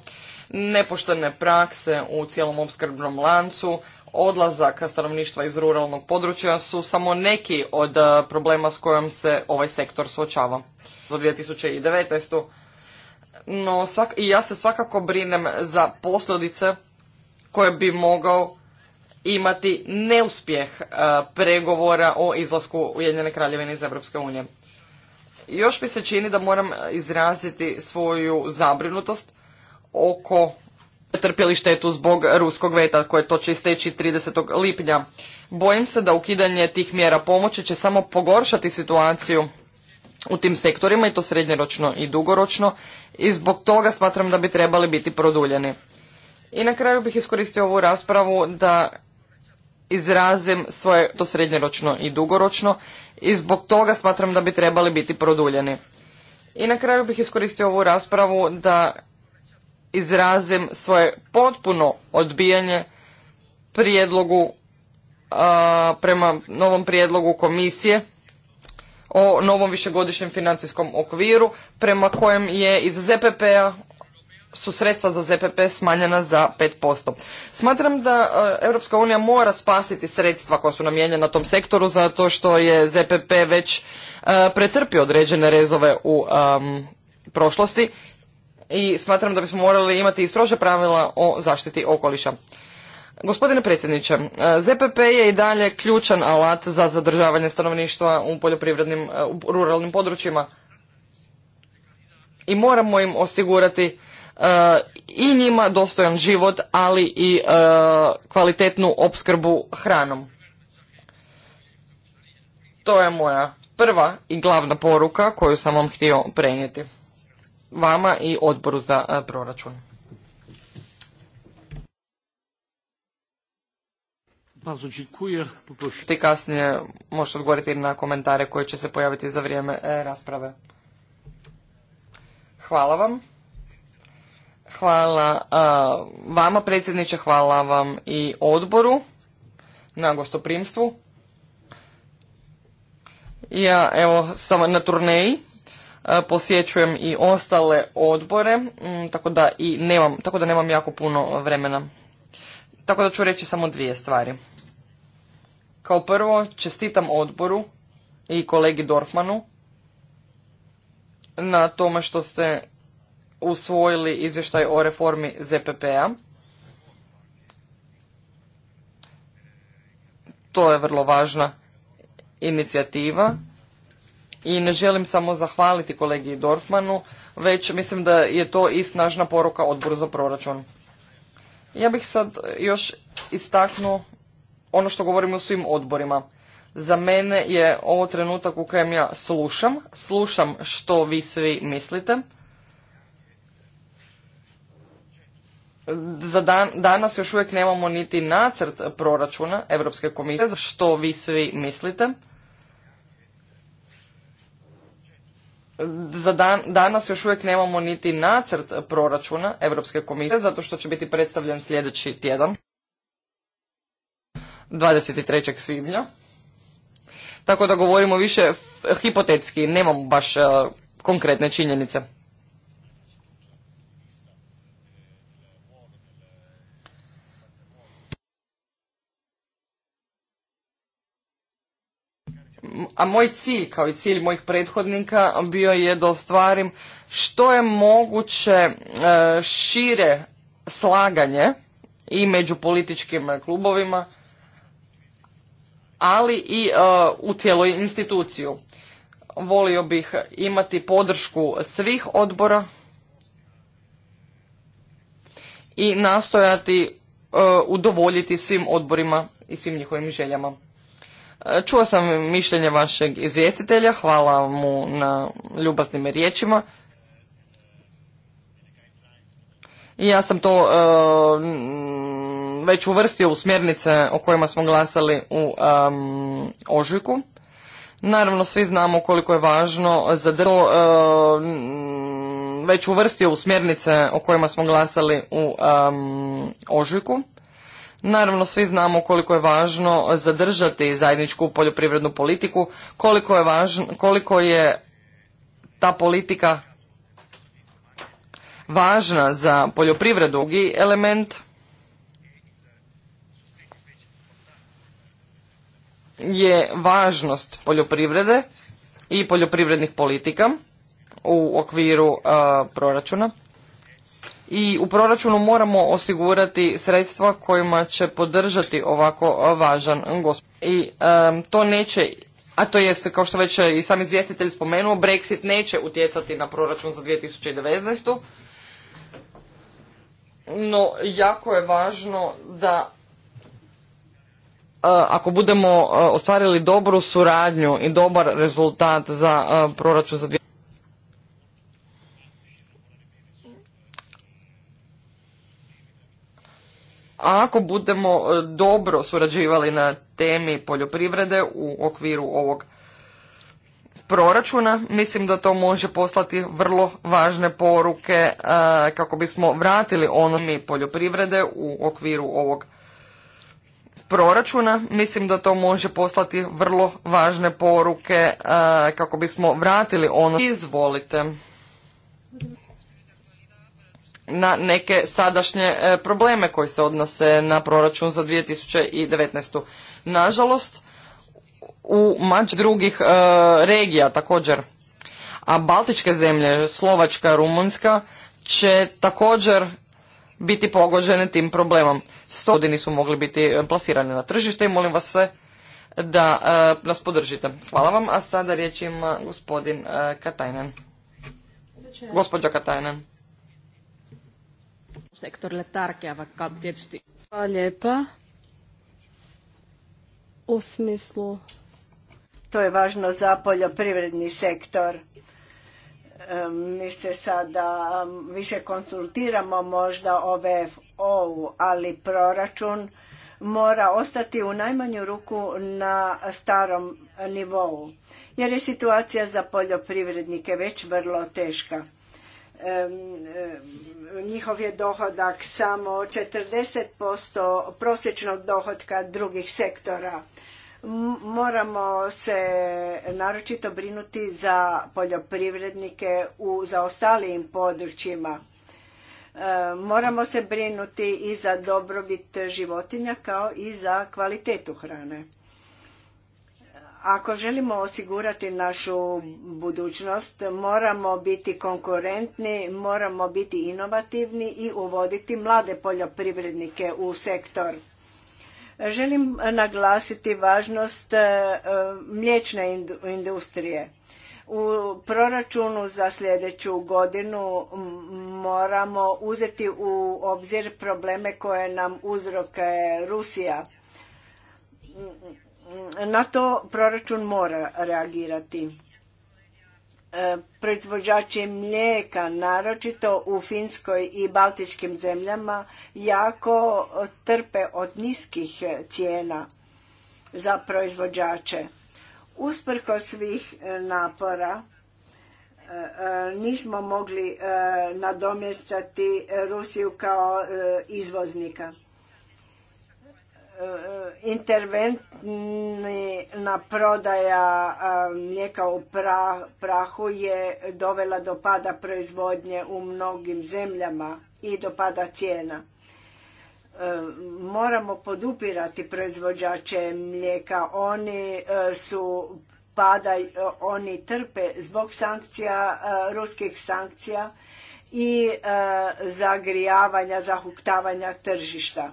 nepoštene prakse u cijelom opskrbnom lancu, odlazaka stanovništva iz ruralnog područja su samo neki od e, problema s kojom se ovaj sektor suočava za 2019. No, svak, i ja se svakako brinem za posljedice koje bi mogao imati neuspjeh e, pregovora o izlasku Ujedinjene kraljevine iz Europske unije. Još mi se čini da moram izraziti svoju zabrinutost oko trpjeli štetu zbog ruskog veta koje to će isteći 30. lipnja. Bojim se da ukidanje tih mjera pomoći će samo pogoršati situaciju u tim sektorima i to srednjeročno i dugoročno i zbog toga smatram da bi trebali biti produljeni. I na kraju bih iskoristio ovu raspravu da izrazim svoje to srednjeročno i dugoročno i zbog toga smatram da bi trebali biti produljeni. I na kraju bih iskoristio ovu raspravu da izrazim svoje potpuno odbijanje prijedlogu prema novom prijedlogu komisije o novom višegodišnjem financijskom okviru prema kojem je iz ZPP-a su sredstva za ZPP smanjena za 5%. Smatram da Europska unija mora spasiti sredstva koja su namijenjena tom sektoru zato što je ZPP već pretrpio određene rezove u prošlosti i smatram da bismo morali imati i strože pravila o zaštiti okoliša. Gospodine predsjedniče, e, ZPP je i dalje ključan alat za zadržavanje stanovništva u poljoprivrednim, e, u ruralnim područjima i moramo im osigurati e, i njima dostojan život, ali i kvalitetnu opskrbu hranom. To je moja prva i glavna poruka koju sam vam htio prenijeti vama i odboru za e, proračun. Ti kasnije možete odgovoriti na komentare koje će se pojaviti za vrijeme e, rasprave. Hvala vam. Hvala e, vama predsjedniče, hvala vam i odboru na gostoprimstvu. Ja evo sam na turneji E, posjećujem i ostale odbore, mm, tako da i nemam, tako da nemam jako puno vremena. Tako da ću reći samo dvije stvari. Kao prvo, čestitam odboru i kolegi Dorfmanu na tome što ste usvojili izvještaj o reformi ZPP-a. To je vrlo važna inicijativa i ne želim samo zahvaliti kolegi Dorfmanu, već mislim da je to i snažna poruka odboru za proračun. Ja bih sad još istaknuo ono što govorim u svim odborima. Za mene je ovo trenutak u kojem ja slušam, slušam što vi svi mislite. Za dan, danas još uvijek nemamo niti nacrt proračuna Europske komisije, što vi svi mislite. za dan, danas još uvijek nemamo niti nacrt proračuna Europske komisije, zato što će biti predstavljen sljedeći tjedan, 23. svibnja. Tako da govorimo više hipotetski, nemamo baš e, konkretne činjenice. a moj cilj kao i cilj mojih prethodnika bio je da ostvarim što je moguće e, šire slaganje i među političkim klubovima, ali i e, u cijeloj instituciju. Volio bih imati podršku svih odbora i nastojati e, udovoljiti svim odborima i svim njihovim željama. Čuo sam mišljenje vašeg izvjestitelja, hvala mu na ljubaznim riječima. I ja sam to e, već uvrstio u smjernice o kojima smo glasali u um, ožujku. Naravno, svi znamo koliko je važno za uh, već uvrstio u smjernice o kojima smo glasali u um, ožujku. Naravno, svi znamo koliko je važno zadržati zajedničku poljoprivrednu politiku, koliko je, koliko je ta politika važna za poljoprivredu. Drugi element je važnost poljoprivrede i poljoprivrednih politika u okviru e, proračuna i u proračunu moramo osigurati sredstva kojima će podržati ovako važan gospodin. I to neće, a to jest kao što već i sam izvjestitelj spomenuo, Brexit neće utjecati na proračun za 2019. No, jako je važno da e, ako budemo e, ostvarili dobru suradnju i dobar rezultat za e, proračun za 2019 ako budemo e, dobro surađivali na temi poljoprivrede u okviru ovog proračuna, mislim da to može poslati vrlo važne poruke e, kako bismo vratili ono mi poljoprivrede u okviru ovog proračuna. Mislim da to može poslati vrlo važne poruke e, kako bismo vratili ono. Izvolite na neke sadašnje e, probleme koji se odnose na proračun za 2019. Nažalost, u mač drugih e, regija također, a Baltičke zemlje, Slovačka, Rumunjska, će također biti pogođene tim problemom. Stodini su mogli biti e, plasirani na tržište i molim vas sve da nas podržite. Hvala vam, a sada riječ ima gospodin Katajnen. Gospođa Katajnen. Sektor tärkeä, Hvala lijepa. U smislu... To je važno za poljoprivredni sektor. Mi se sada više konsultiramo možda o vfo ali proračun mora ostati u najmanju ruku na starom nivou, jer je situacija za poljoprivrednike već vrlo teška njihov je dohodak samo 40% prosječnog dohodka drugih sektora. Moramo se naročito brinuti za poljoprivrednike u zaostalijim područjima. E, moramo se brinuti i za dobrobit životinja kao i za kvalitetu hrane. Ako želimo osigurati našu budućnost, moramo biti konkurentni, moramo biti inovativni i uvoditi mlade poljoprivrednike u sektor. Želim naglasiti važnost e, mliječne industrije. U proračunu za sljedeću godinu moramo uzeti u obzir probleme koje nam uzroka Rusija na to proračun mora reagirati. E, proizvođači mlijeka, naročito u Finskoj i Baltičkim zemljama, jako trpe od niskih cijena za proizvođače. Usprko svih e, napora e, nismo mogli nadomjestati Rusiju kao izvoznika Eh, na prodaja eh, mlijeka u prahu je dovela do pada proizvodnje u mnogim zemljama i do pada cijena. Eh, moramo podupirati proizvođače mlijeka. Oni su pada, oni trpe zbog sankcija, ruskih sankcija i zagrijavanja, zahuktavanja tržišta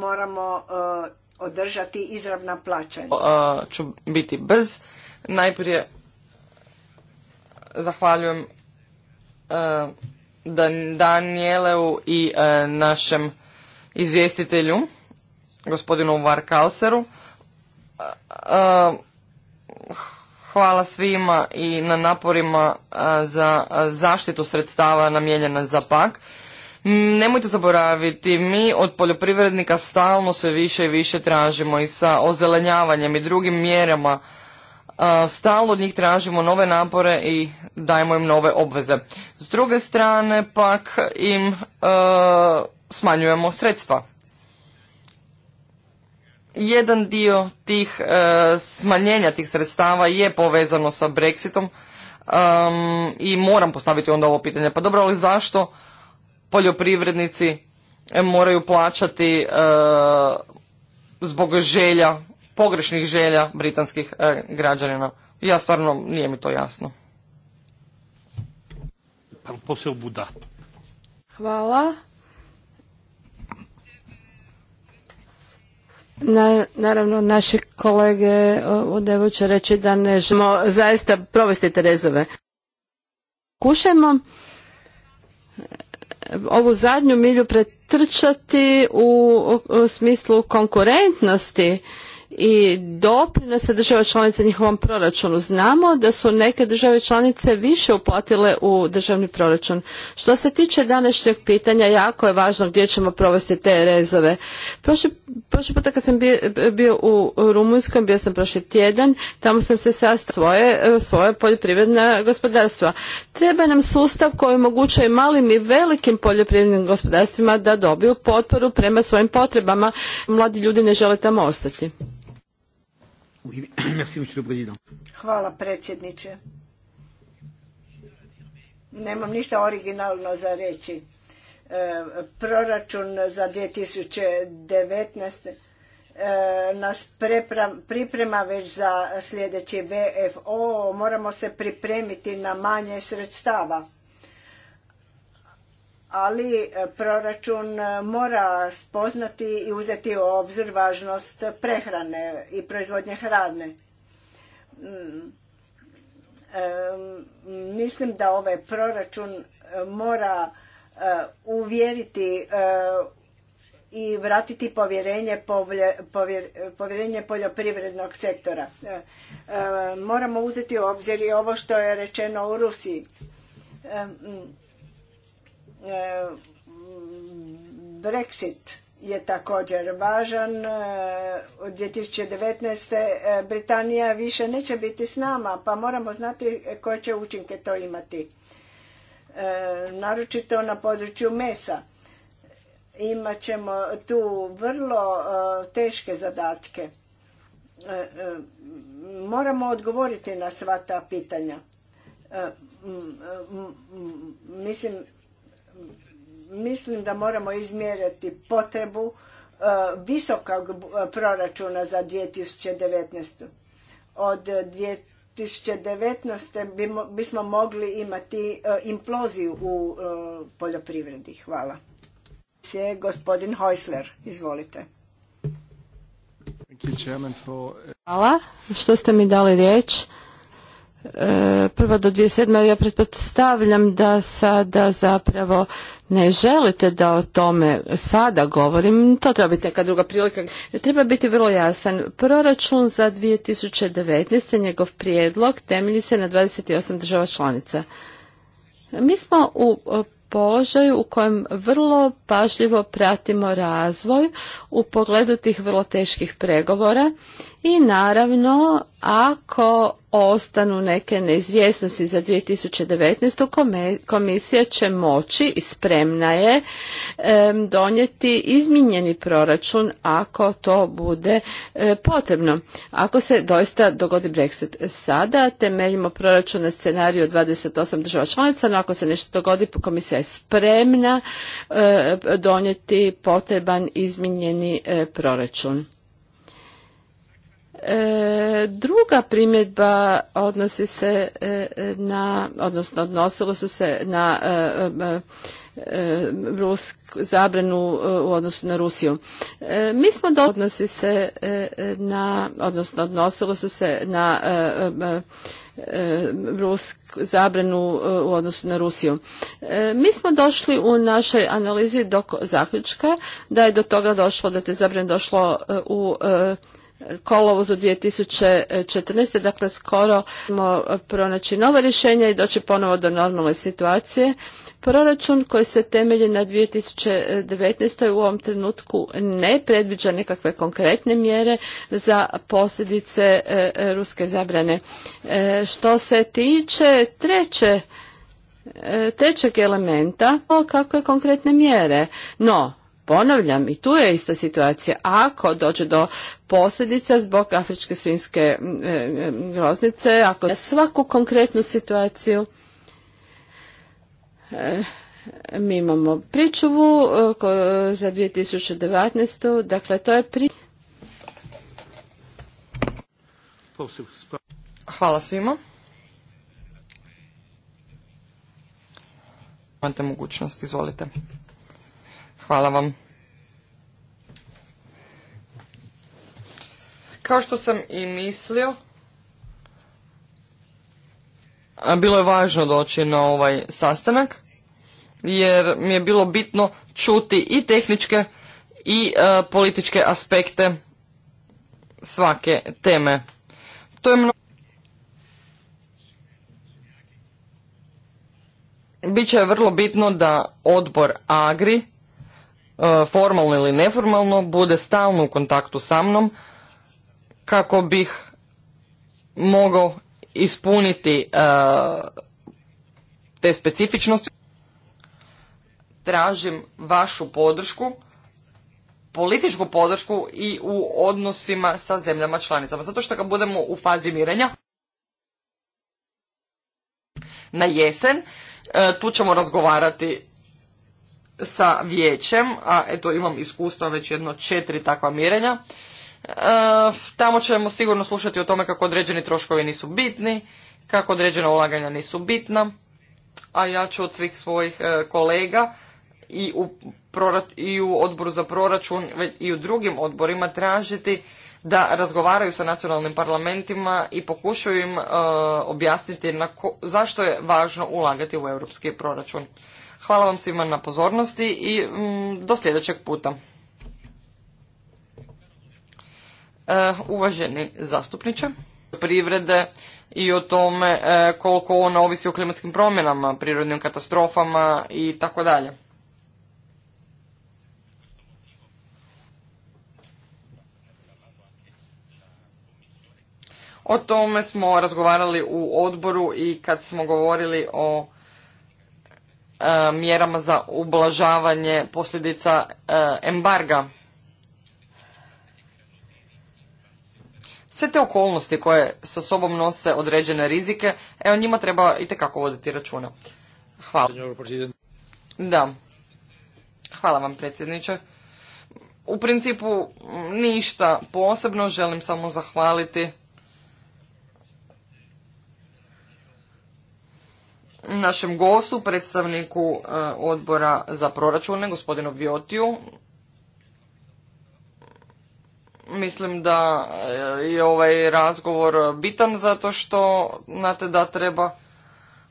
moramo e, održati izravna plaćanja. Ću biti brz. Najprije zahvaljujem e, Danijeleu i e, našem izvjestitelju, gospodinu Varkalseru. Hvala svima i na naporima za zaštitu sredstava namijenjena za pak. Mm, nemojte zaboraviti, mi od poljoprivrednika stalno sve više i više tražimo i sa ozelenjavanjem i drugim mjerama. Stalno od njih tražimo nove napore i dajemo im nove obveze. S druge strane pak im e, smanjujemo sredstva. Jedan dio tih e, smanjenja tih sredstava je povezano sa Brexitom i moram postaviti onda ovo pitanje. Pa dobro, ali zašto poljoprivrednici moraju plaćati e, zbog želja, pogrešnih želja britanskih građana. E, građanina. Ja stvarno nije mi to jasno. Hvala. Na, naravno, naše kolege u Devu će reći da ne želimo zaista provesti te rezove. Kušajmo ovu zadnju milju pretrčati u, smislu konkurentnosti i doprinose država članica njihovom proračunu. Znamo da su neke države članice više uplatile u državni proračun. Što se tiče današnjeg pitanja, jako je važno gdje ćemo provesti te rezove. Prošli, puta kad sam bio, u Rumunjskom, bio sam prošli tjedan, tamo sam se sastao svoje, svoje poljoprivredna gospodarstva. Treba nam sustav koji omogućuje malim i velikim poljoprivrednim gospodarstvima da dobiju potporu prema svojim potrebama. Mladi ljudi ne žele tamo ostati. Hvala predsjedniče. Nemam ništa originalno za reći. E, proračun za 2019 e, nas priprema već za sljedeći VFO, moramo se pripremiti na manje sredstava ali e, proračun e, mora spoznati i uzeti u obzir važnost prehrane i proizvodnje hrane. Mm, mislim da ovaj proračun e, mora uvjeriti i vratiti povjerenje, povjerenje poljoprivrednog sektora. Moramo uzeti u obzir i ovo što je rečeno u Rusiji mm, E, Brexit je također važan. E, od 2019. E, Britanija više neće biti s nama, pa moramo znati koje će učinke to imati. Naročito na području mesa. Imat ćemo tu vrlo teške zadatke. Moramo odgovoriti na sva ta pitanja. Mislim, mislim da moramo izmjeriti potrebu e, visokog e, proračuna za 2019. Od 2019. bismo mogli imati e, imploziju u poljoprivredi. Hvala. gospodin Hojsler, izvolite. Uh, Hvala što ste mi dali riječ. Prva do 27. ja pretpostavljam da sada zapravo ne želite da o tome sada govorim, to treba biti neka druga prilika. Treba biti vrlo jasan. Proračun za 2019. njegov prijedlog temelji se na 28 država članica. Mi smo u položaju u kojem vrlo pažljivo pratimo razvoj u pogledu tih vrlo teških pregovora i naravno ako ostanu neke neizvjesnosti za 2019. komisija će moći i spremna je donijeti izmijenjeni proračun ako to bude e, potrebno. Ako se doista dogodi Brexit sada, temeljimo proračun na scenariju 28 država članica, no ako se nešto dogodi, komisija je spremna e, donijeti potreban izmijenjeni e, proračun. E, druga primjedba odnosi se e, na, odnosno odnosilo su se na e, e, e rusk, zabranu u odnosu na Rusiju. Mi smo do odnosi se na, odnosno odnosilo su se na rusk, zabranu u odnosu na Rusiju. Mi smo došli u našoj analizi do zaključka da je do toga došlo, da te zabrane došlo u kolovozu 2014. Dakle, skoro ćemo pronaći nova rješenja i doći ponovo do normalne situacije. Proračun koji se temelji na 2019. u ovom trenutku ne predviđa nekakve konkretne mjere za posljedice e, ruske zabrane. E, što se tiče treće e, trećeg elementa, kakve konkretne mjere. No, Ponavljam, i tu je ista situacija. Ako dođe do posljedica zbog afričke svinske e, groznice, ako svaku konkretnu situaciju e, mi imamo pričuvu e, za 2019. Dakle, to je pri... Hvala svima. Imate mogućnost, izvolite. Hvala vam. Kao što sam i mislio, bilo je važno doći na ovaj sastanak, jer mi je bilo bitno čuti i tehničke i e, političke aspekte svake teme. To je Biće je vrlo bitno da odbor Agri E, formalno ili neformalno bude stalno u kontaktu sa mnom kako bih mogao ispuniti e, te specifičnosti. Tražim vašu podršku, političku podršku i u odnosima sa zemljama članicama. Zato što kad budemo u fazi miranja na jesen, e, tu ćemo razgovarati sa vijećem, a eto imam iskustva već jedno četiri takva mjerenja, e, tamo ćemo sigurno slušati o tome kako određeni troškovi nisu bitni, kako određena ulaganja nisu bitna, a ja ću od svih svojih e, kolega i u, i u odboru za proračun i u drugim odborima tražiti da razgovaraju sa nacionalnim parlamentima i pokušaju im e, objasniti na zašto je važno ulagati u europski proračun. Hvala vam svima na pozornosti i mm, do sljedećeg puta. E, uvaženi zastupniče, privrede i o tome e, koliko ona ovisi o klimatskim promjenama, prirodnim katastrofama i tako dalje. O tome smo razgovarali u odboru i kad smo govorili o E, mjerama za ublažavanje posljedica e, embarga. Sve te okolnosti koje sa sobom nose određene rizike, evo njima treba i tekako voditi računa. Hvala. Da. Hvala vam predsjedniče. U principu ništa posebno, želim samo zahvaliti našem gostu, predstavniku e, odbora za proračune, gospodinu Biotiju. Mislim da e, je ovaj razgovor bitan zato što, znate, da treba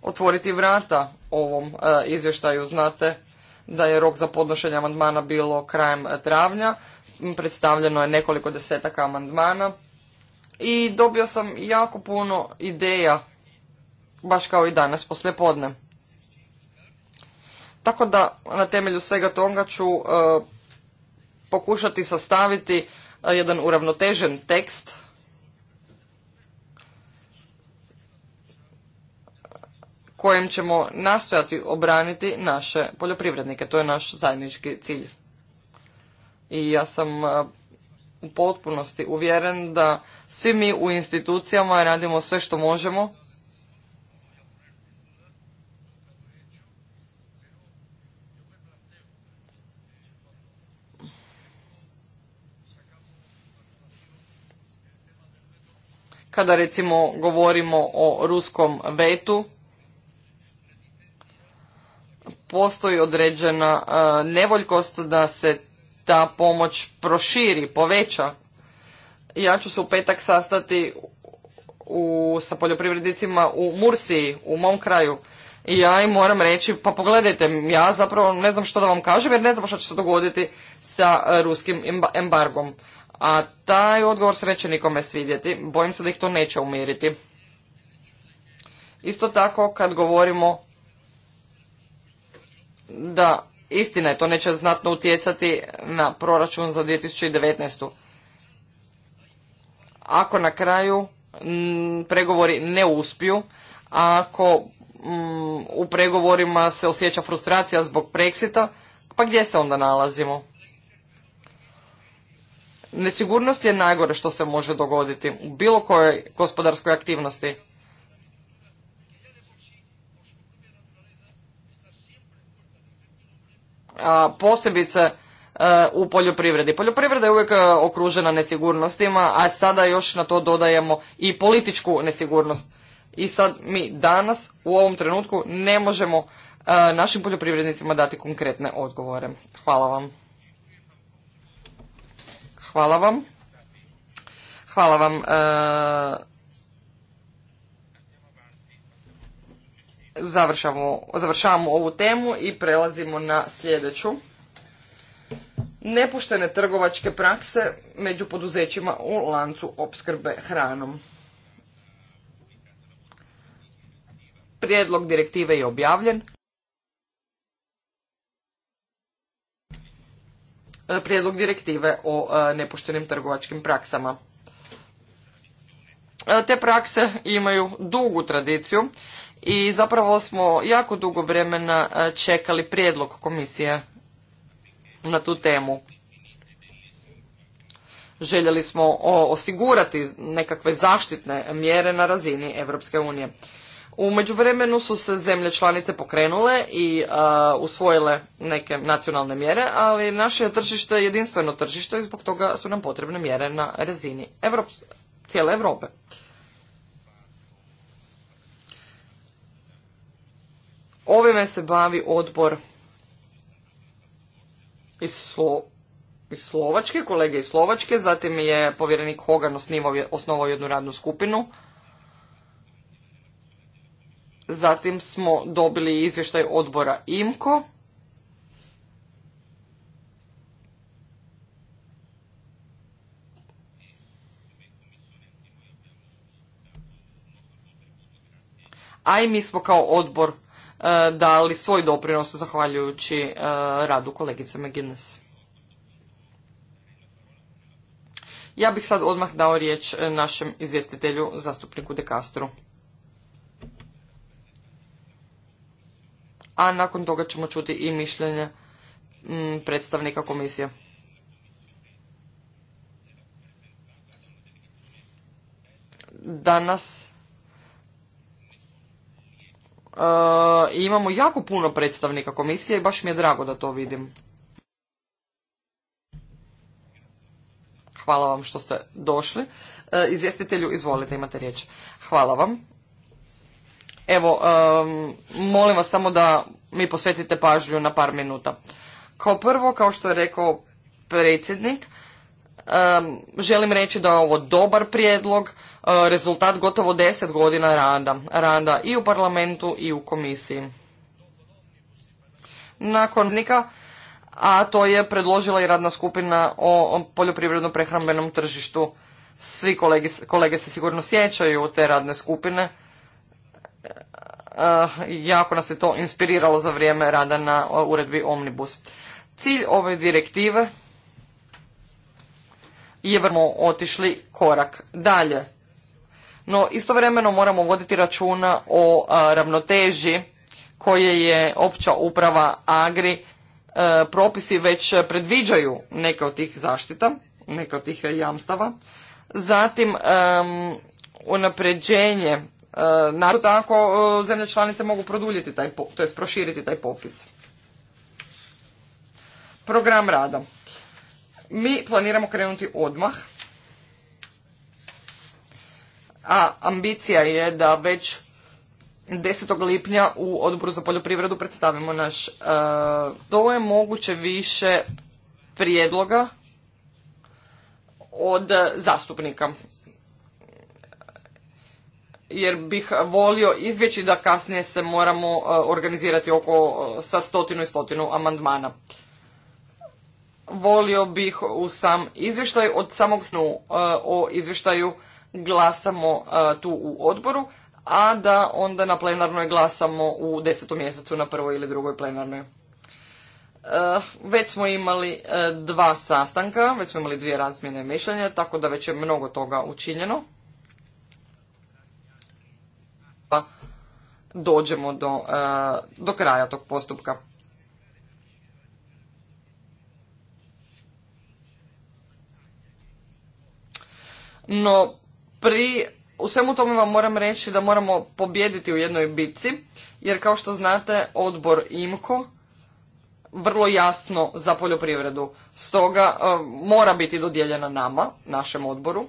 otvoriti vrata ovom e, izvještaju. Znate da je rok za podnošenje amandmana bilo krajem travnja, predstavljeno je nekoliko desetaka amandmana i dobio sam jako puno ideja baš kao i danas poslije podne. Tako da na temelju svega toga ću e, pokušati sastaviti e, jedan uravnotežen tekst kojem ćemo nastojati obraniti naše poljoprivrednike. To je naš zajednički cilj. I ja sam e, u potpunosti uvjeren da svi mi u institucijama radimo sve što možemo kada recimo govorimo o ruskom vetu, postoji određena e, nevoljkost da se ta pomoć proširi, poveća. Ja ću se u petak sastati u, sa poljoprivrednicima u Mursiji, u mom kraju. I ja im moram reći, pa pogledajte, ja zapravo ne znam što da vam kažem jer ne znam što će se dogoditi sa e, ruskim embargom. A taj odgovor se neće nikome svidjeti. Bojim se da ih to neće umiriti. Isto tako kad govorimo da istina je, to neće znatno utjecati na proračun za 2019. Ako na kraju mm, pregovori ne uspiju, ako mm, u pregovorima se osjeća frustracija zbog preksita, pa gdje se onda nalazimo? Nesigurnost je najgore što se može dogoditi u bilo kojoj gospodarskoj aktivnosti. A posebice e, u poljoprivredi. Poljoprivreda je uvijek e, okružena nesigurnostima, a sada još na to dodajemo i političku nesigurnost. I sad mi danas u ovom trenutku ne možemo e, našim poljoprivrednicima dati konkretne odgovore. Hvala vam. Hvala vam. Hvala vam. E, završamo, završavamo ovu temu i prelazimo na sljedeću. Nepuštene trgovačke prakse među poduzećima u lancu opskrbe hranom. Prijedlog direktive je objavljen. E, prijedlog direktive o e, nepoštenim trgovačkim praksama. E, te prakse imaju dugu tradiciju i zapravo smo jako dugo vremena čekali prijedlog komisije na tu temu. Željeli smo osigurati nekakve zaštitne mjere na razini Europske unije. U međuvremenu su se zemlje članice pokrenule i uh, usvojile neke nacionalne mjere, ali naše tržište je jedinstveno tržište i zbog toga su nam potrebne mjere na razini Evrop, cijele Europe. Ovime se bavi odbor iz, iz Slovačke, kolege iz Slovačke, zatim je povjerenik Hogan osnovao jednu radnu skupinu Zatim smo dobili izvještaj odbora IMKO. A i mi smo kao odbor e, dali svoj doprinos zahvaljujući e, radu kolegice McGinnis. Ja bih sad odmah dao riječ našem izvjestitelju, zastupniku De a nakon toga ćemo čuti i mišljenje mm, predstavnika komisije. Danas e, imamo jako puno predstavnika komisije i baš mi je drago da to vidim. Hvala vam što ste došli. E, izvjestitelju, izvolite, imate riječ. Hvala vam. Evo, molim vas samo da mi posvetite pažnju na par minuta. Kao prvo, kao što je rekao predsjednik, želim reći da je ovo dobar prijedlog, e, rezultat gotovo deset godina rada, rada i u parlamentu i u komisiji. Nakon nika, a to je predložila i radna skupina o, poljoprivredno-prehrambenom tržištu. Svi kolege se sigurno sjećaju te radne skupine Eh, jako nas je to inspiriralo za vrijeme rada na uredbi Omnibus. Cilj ove direktive je vrlo otišli korak dalje. No istovremeno moramo voditi računa o eh, ravnoteži koje je opća uprava Agri eh, propisi već predviđaju neke od tih zaštita, neke od tih jamstava. Zatim unapređenje E, Naravno tako e, zemlje članice mogu produljiti taj, to jest proširiti taj popis. Program rada. Mi planiramo krenuti odmah, a ambicija je da već 10. lipnja u odboru za poljoprivredu predstavimo naš. E, to je moguće više prijedloga od zastupnika jer bih volio izbjeći da kasnije se moramo e, organizirati oko e, sa stotinu i stotinu amandmana. Volio bih u sam izvještaj od samog snu e, o izvještaju glasamo tu u odboru, a da onda na plenarnoj glasamo u desetom mjesecu na prvoj ili drugoj plenarnoj. Već smo imali dva sastanka, već smo imali dvije razmjene mišljenja, tako da već je mnogo toga učinjeno. dođemo do, e, do kraja tog postupka. No, pri, u svemu tome vam moram reći da moramo pobijediti u jednoj bitci, jer kao što znate, odbor IMKO vrlo jasno za poljoprivredu. Stoga e, mora biti dodijeljena nama, našem odboru.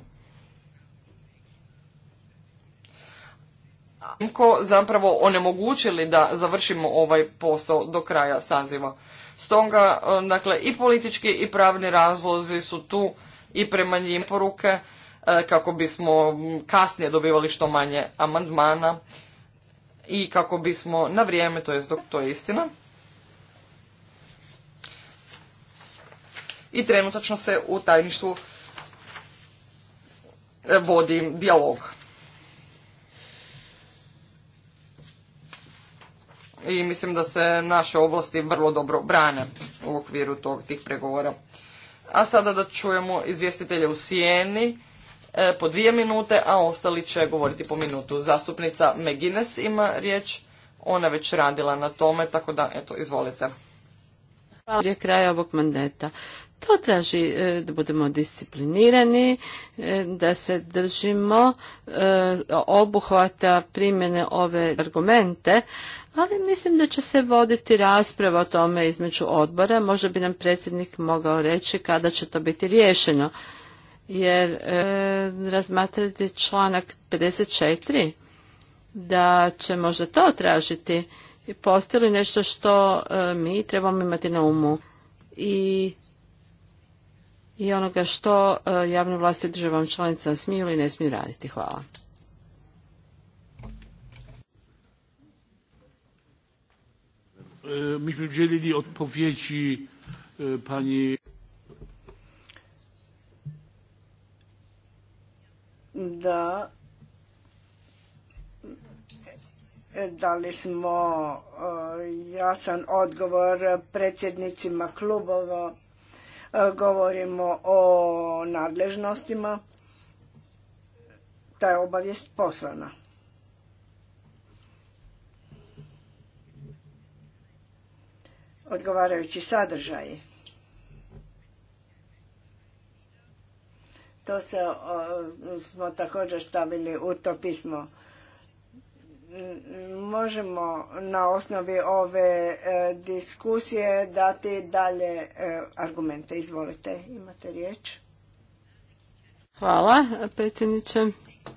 ko zapravo onemogućili da završimo ovaj posao do kraja saziva. Stoga, e, dakle, i politički i pravni razlozi su tu i prema njim poruke e, kako bismo kasnije dobivali što manje amandmana i kako bismo na vrijeme, to je, to je istina, i trenutačno se u tajništvu e, vodi dijalog. i mislim da se naše oblasti vrlo dobro brane u okviru tog, tih pregovora. A sada da čujemo izvjestitelje u Sijeni e, po dvije minute, a ostali će govoriti po minutu. Zastupnica Megines ima riječ, ona već radila na tome, tako da, eto, izvolite. Hvala je kraj ovog mandata. To traži e, da budemo disciplinirani, e, da se držimo e, obuhvata primjene ove argumente, ali mislim da će se voditi rasprava o tome između odbora. Možda bi nam predsjednik mogao reći kada će to biti rješeno, Jer e, razmatrati članak 54 da će možda to tražiti postoji li nešto što e, mi trebamo imati na umu i, i onoga što e, javne vlasti državom članicama smiju ili ne smiju raditi. Hvala. E, myśmy udzielili odpowiedzi e, pani da dali smo e, jasan odgovor predsjednicima klubova govorimo o nadležnostima ta je obavijest poslana odgovarajući sadržaji. To se, smo također stavili u to pismo. Možemo na osnovi ove e, diskusije dati dalje e, argumente. Izvolite, imate riječ. Hvala, predsjedniče.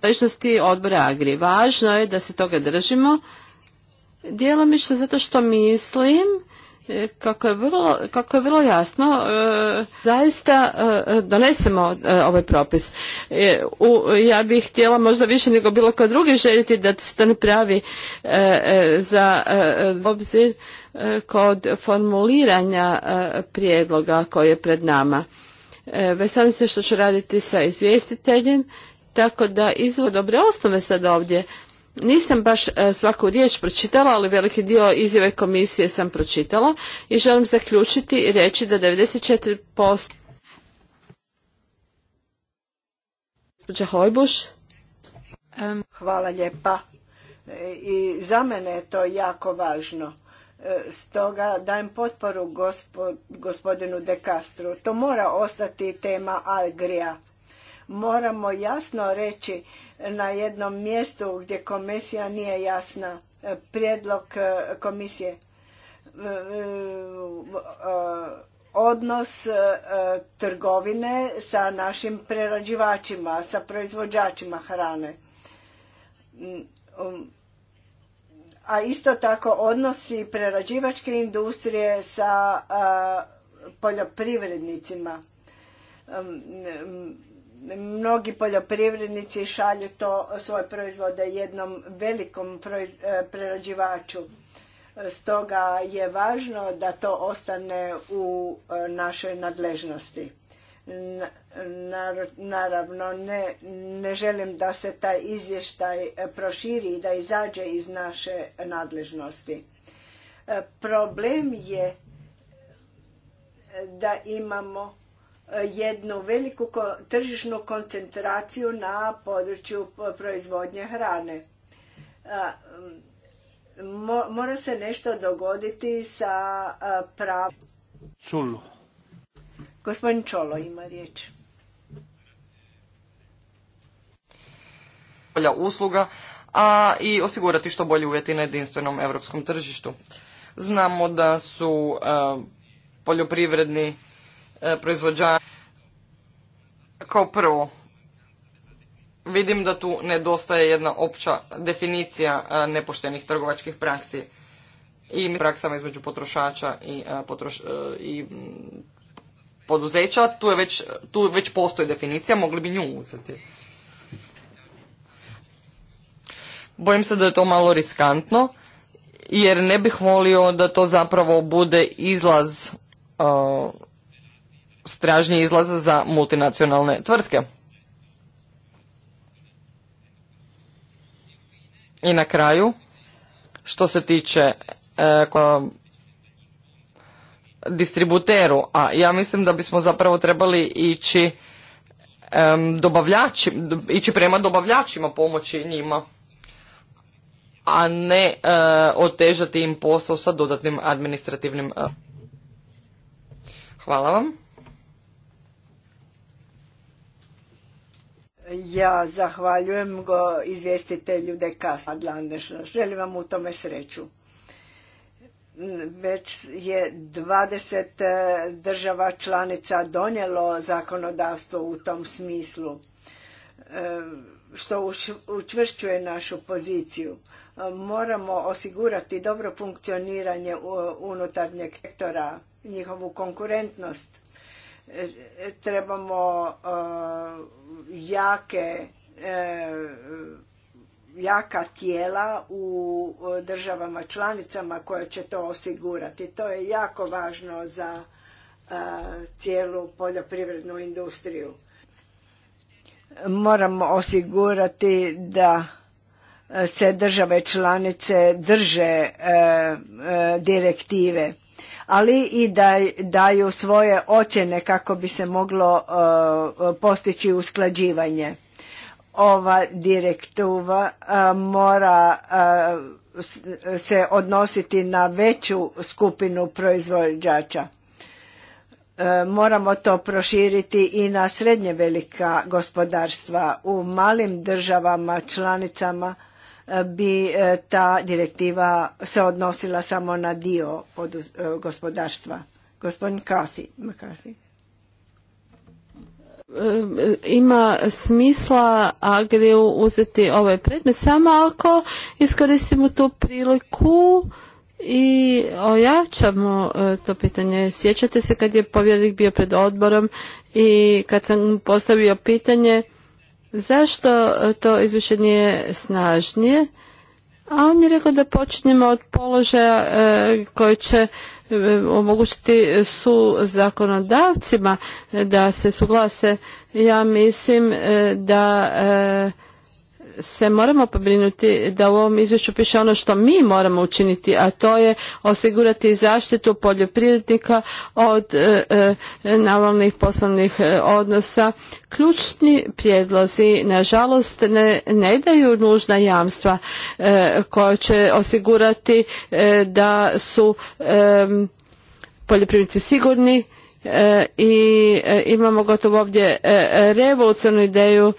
Ležnosti odbora Agri. Važno je da se toga držimo. što zato što mislim E, kako je vrlo, kako je vrlo jasno e, zaista e, donesemo ovaj propis. U, ja bih htjela možda više nego bilo ko drugi željeti da se to ne pravi za obzir kod formuliranja prijedloga koji je pred nama. Veselim se što ću raditi sa izvjestiteljem, tako da izvod dobre osnove sad ovdje nisam baš e, svaku riječ pročitala, ali veliki dio izjave komisije sam pročitala i želim zaključiti i reći da 94% Gospođa Hvala lijepa. E, I za mene je to jako važno. E, stoga dajem potporu gospodinu De Castro. To mora ostati tema Algrija. Moramo jasno reći na jednom mjestu gdje komisija nije jasna. E, prijedlog e, komisije e, odnos trgovine sa našim prerađivačima, sa proizvođačima hrane. Mm, um, a isto tako odnosi prerađivačke industrije sa poljoprivrednicima um, mnogi poljoprivrednici šalju to svoje proizvode jednom velikom e, prerađivaču. Stoga je važno da to ostane u e, našoj nadležnosti. Naravno, ne, ne želim da se taj izvještaj e, proširi i da izađe iz naše nadležnosti. Problem je da imamo jednu veliku tržišnu koncentraciju na području proizvodnje hrane. mora se nešto dogoditi sa pravom. Čulo. Gospodin Čolo ima riječ. Bolja usluga, a i osigurati što bolje uvjeti na jedinstvenom europskom tržištu. Znamo da su poljoprivredni proizvođači kao prvo, vidim da tu nedostaje jedna opća definicija e, nepoštenih trgovačkih praksi i praksama između potrošača i, e, e, i poduzeća. Tu, već, tu već postoji definicija, mogli bi nju uzeti. Bojim se da je to malo riskantno, jer ne bih volio da to zapravo bude izlaz stražnje izlaza za multinacionalne tvrtke. I na kraju, što se tiče e, distributeru, a ja mislim da bismo zapravo trebali ići ići prema dobavljačima pomoći njima, a ne e, otežati im posao sa dodatnim administrativnim. E. Hvala vam. Ja zahvaljujem go izvjestitelju Dekasa Adlandešna. Želim vam u tome sreću. Već je 20 e, država članica donijelo zakonodavstvo u tom smislu, e, što učvršćuje našu poziciju. E, moramo osigurati dobro funkcioniranje unutarnjeg sektora, njihovu konkurentnost trebamo e, jake e, jaka tijela u državama članicama koje će to osigurati. To je jako važno za e, cijelu poljoprivrednu industriju. Moramo osigurati da se države članice drže direktive ali i da daju svoje ocjene kako bi se moglo e, postići usklađivanje. Ova direktiva e, mora e, se odnositi na veću skupinu proizvođača. Moramo to proširiti i na srednje velika gospodarstva. U malim državama članicama bi e, ta direktiva se odnosila samo na dio e, gospodarstva. Gospodin Kasi. E, ima smisla Agriju uzeti ovaj predmet samo ako iskoristimo tu priliku i ojačamo to pitanje. Sjećate se kad je povjerenik bio pred odborom i kad sam postavio pitanje Zašto to izvješće nije snažnije? A on je rekao da počinjemo od položaja e, koji će e, omogućiti su zakonodavcima da se suglase. Ja mislim e, da se moramo pobrinuti da u ovom izvješću piše ono što mi moramo učiniti, a to je osigurati zaštitu poljoprivrednika od e, e navalnih poslovnih e, odnosa. Ključni prijedlozi, nažalost, ne, daju nužna jamstva e, koja će osigurati da su poljoprivrednici sigurni, E, i e, imamo gotovo ovdje e, revolucionu ideju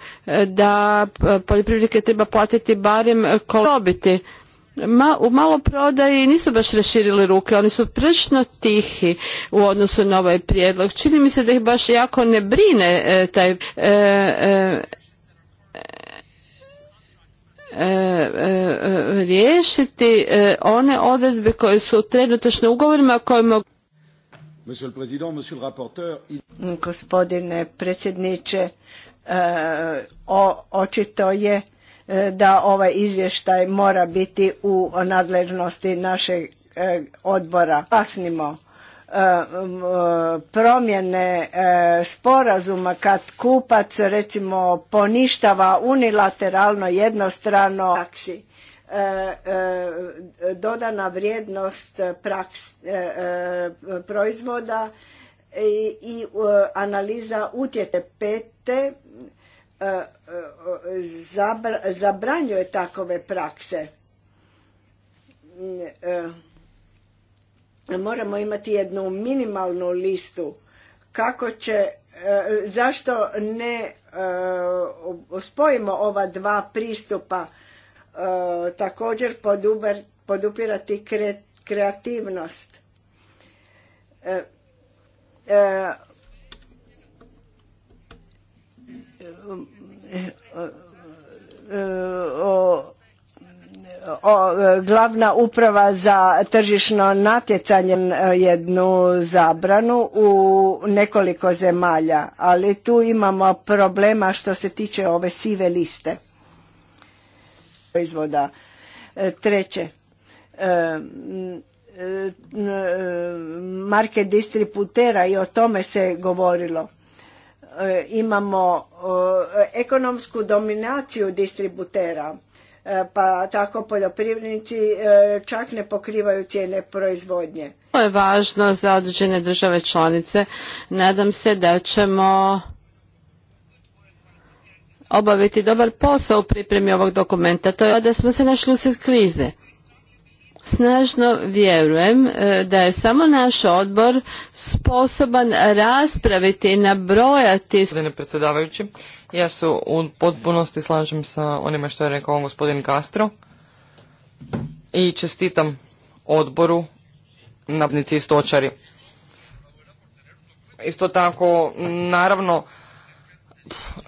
da poljoprivrednike treba platiti barem kolobiti. Ma, u prodaji nisu baš raširili ruke, oni su prčno tihi u odnosu na ovaj prijedlog. Čini mi se da ih baš jako ne brine taj riješiti one odredbe koje su trenutačno ugovorima kojima Gospodine predsjedniče, e, očito je e, da ovaj izvještaj mora biti u nadležnosti našeg e, odbora. pasnimo promjene sporazuma kad kupac recimo poništava unilateralno jednostrano aksi. E, e, dodana vrijednost e, proizvoda i, analiza utjete pete zabranjuje takove prakse. Moramo imati jednu minimalnu listu kako će, zašto ne spojimo ova dva pristupa Eh, također podupirati kreativnost. Eh, eh, glavna uprava za tržišno natjecanje jednu zabranu u nekoliko zemalja, ali tu imamo problema što se tiče ove sive liste proizvoda. E, treće, e, e, market distributera i o tome se govorilo. Imamo ekonomsku dominaciju distributera, pa tako poljoprivrednici čak ne pokrivaju cijene proizvodnje. To je važno za određene države članice. Nadam se da ćemo obaviti dobar posao u pripremi ovog dokumenta. To je da smo se našli usred krize. Snažno vjerujem e, da je samo naš odbor sposoban raspraviti i nabrojati. Gospodine predsjedavajući, ja se u potpunosti slažem sa onima što je rekao gospodin Castro i čestitam odboru nabnici i stočari. Isto tako, naravno,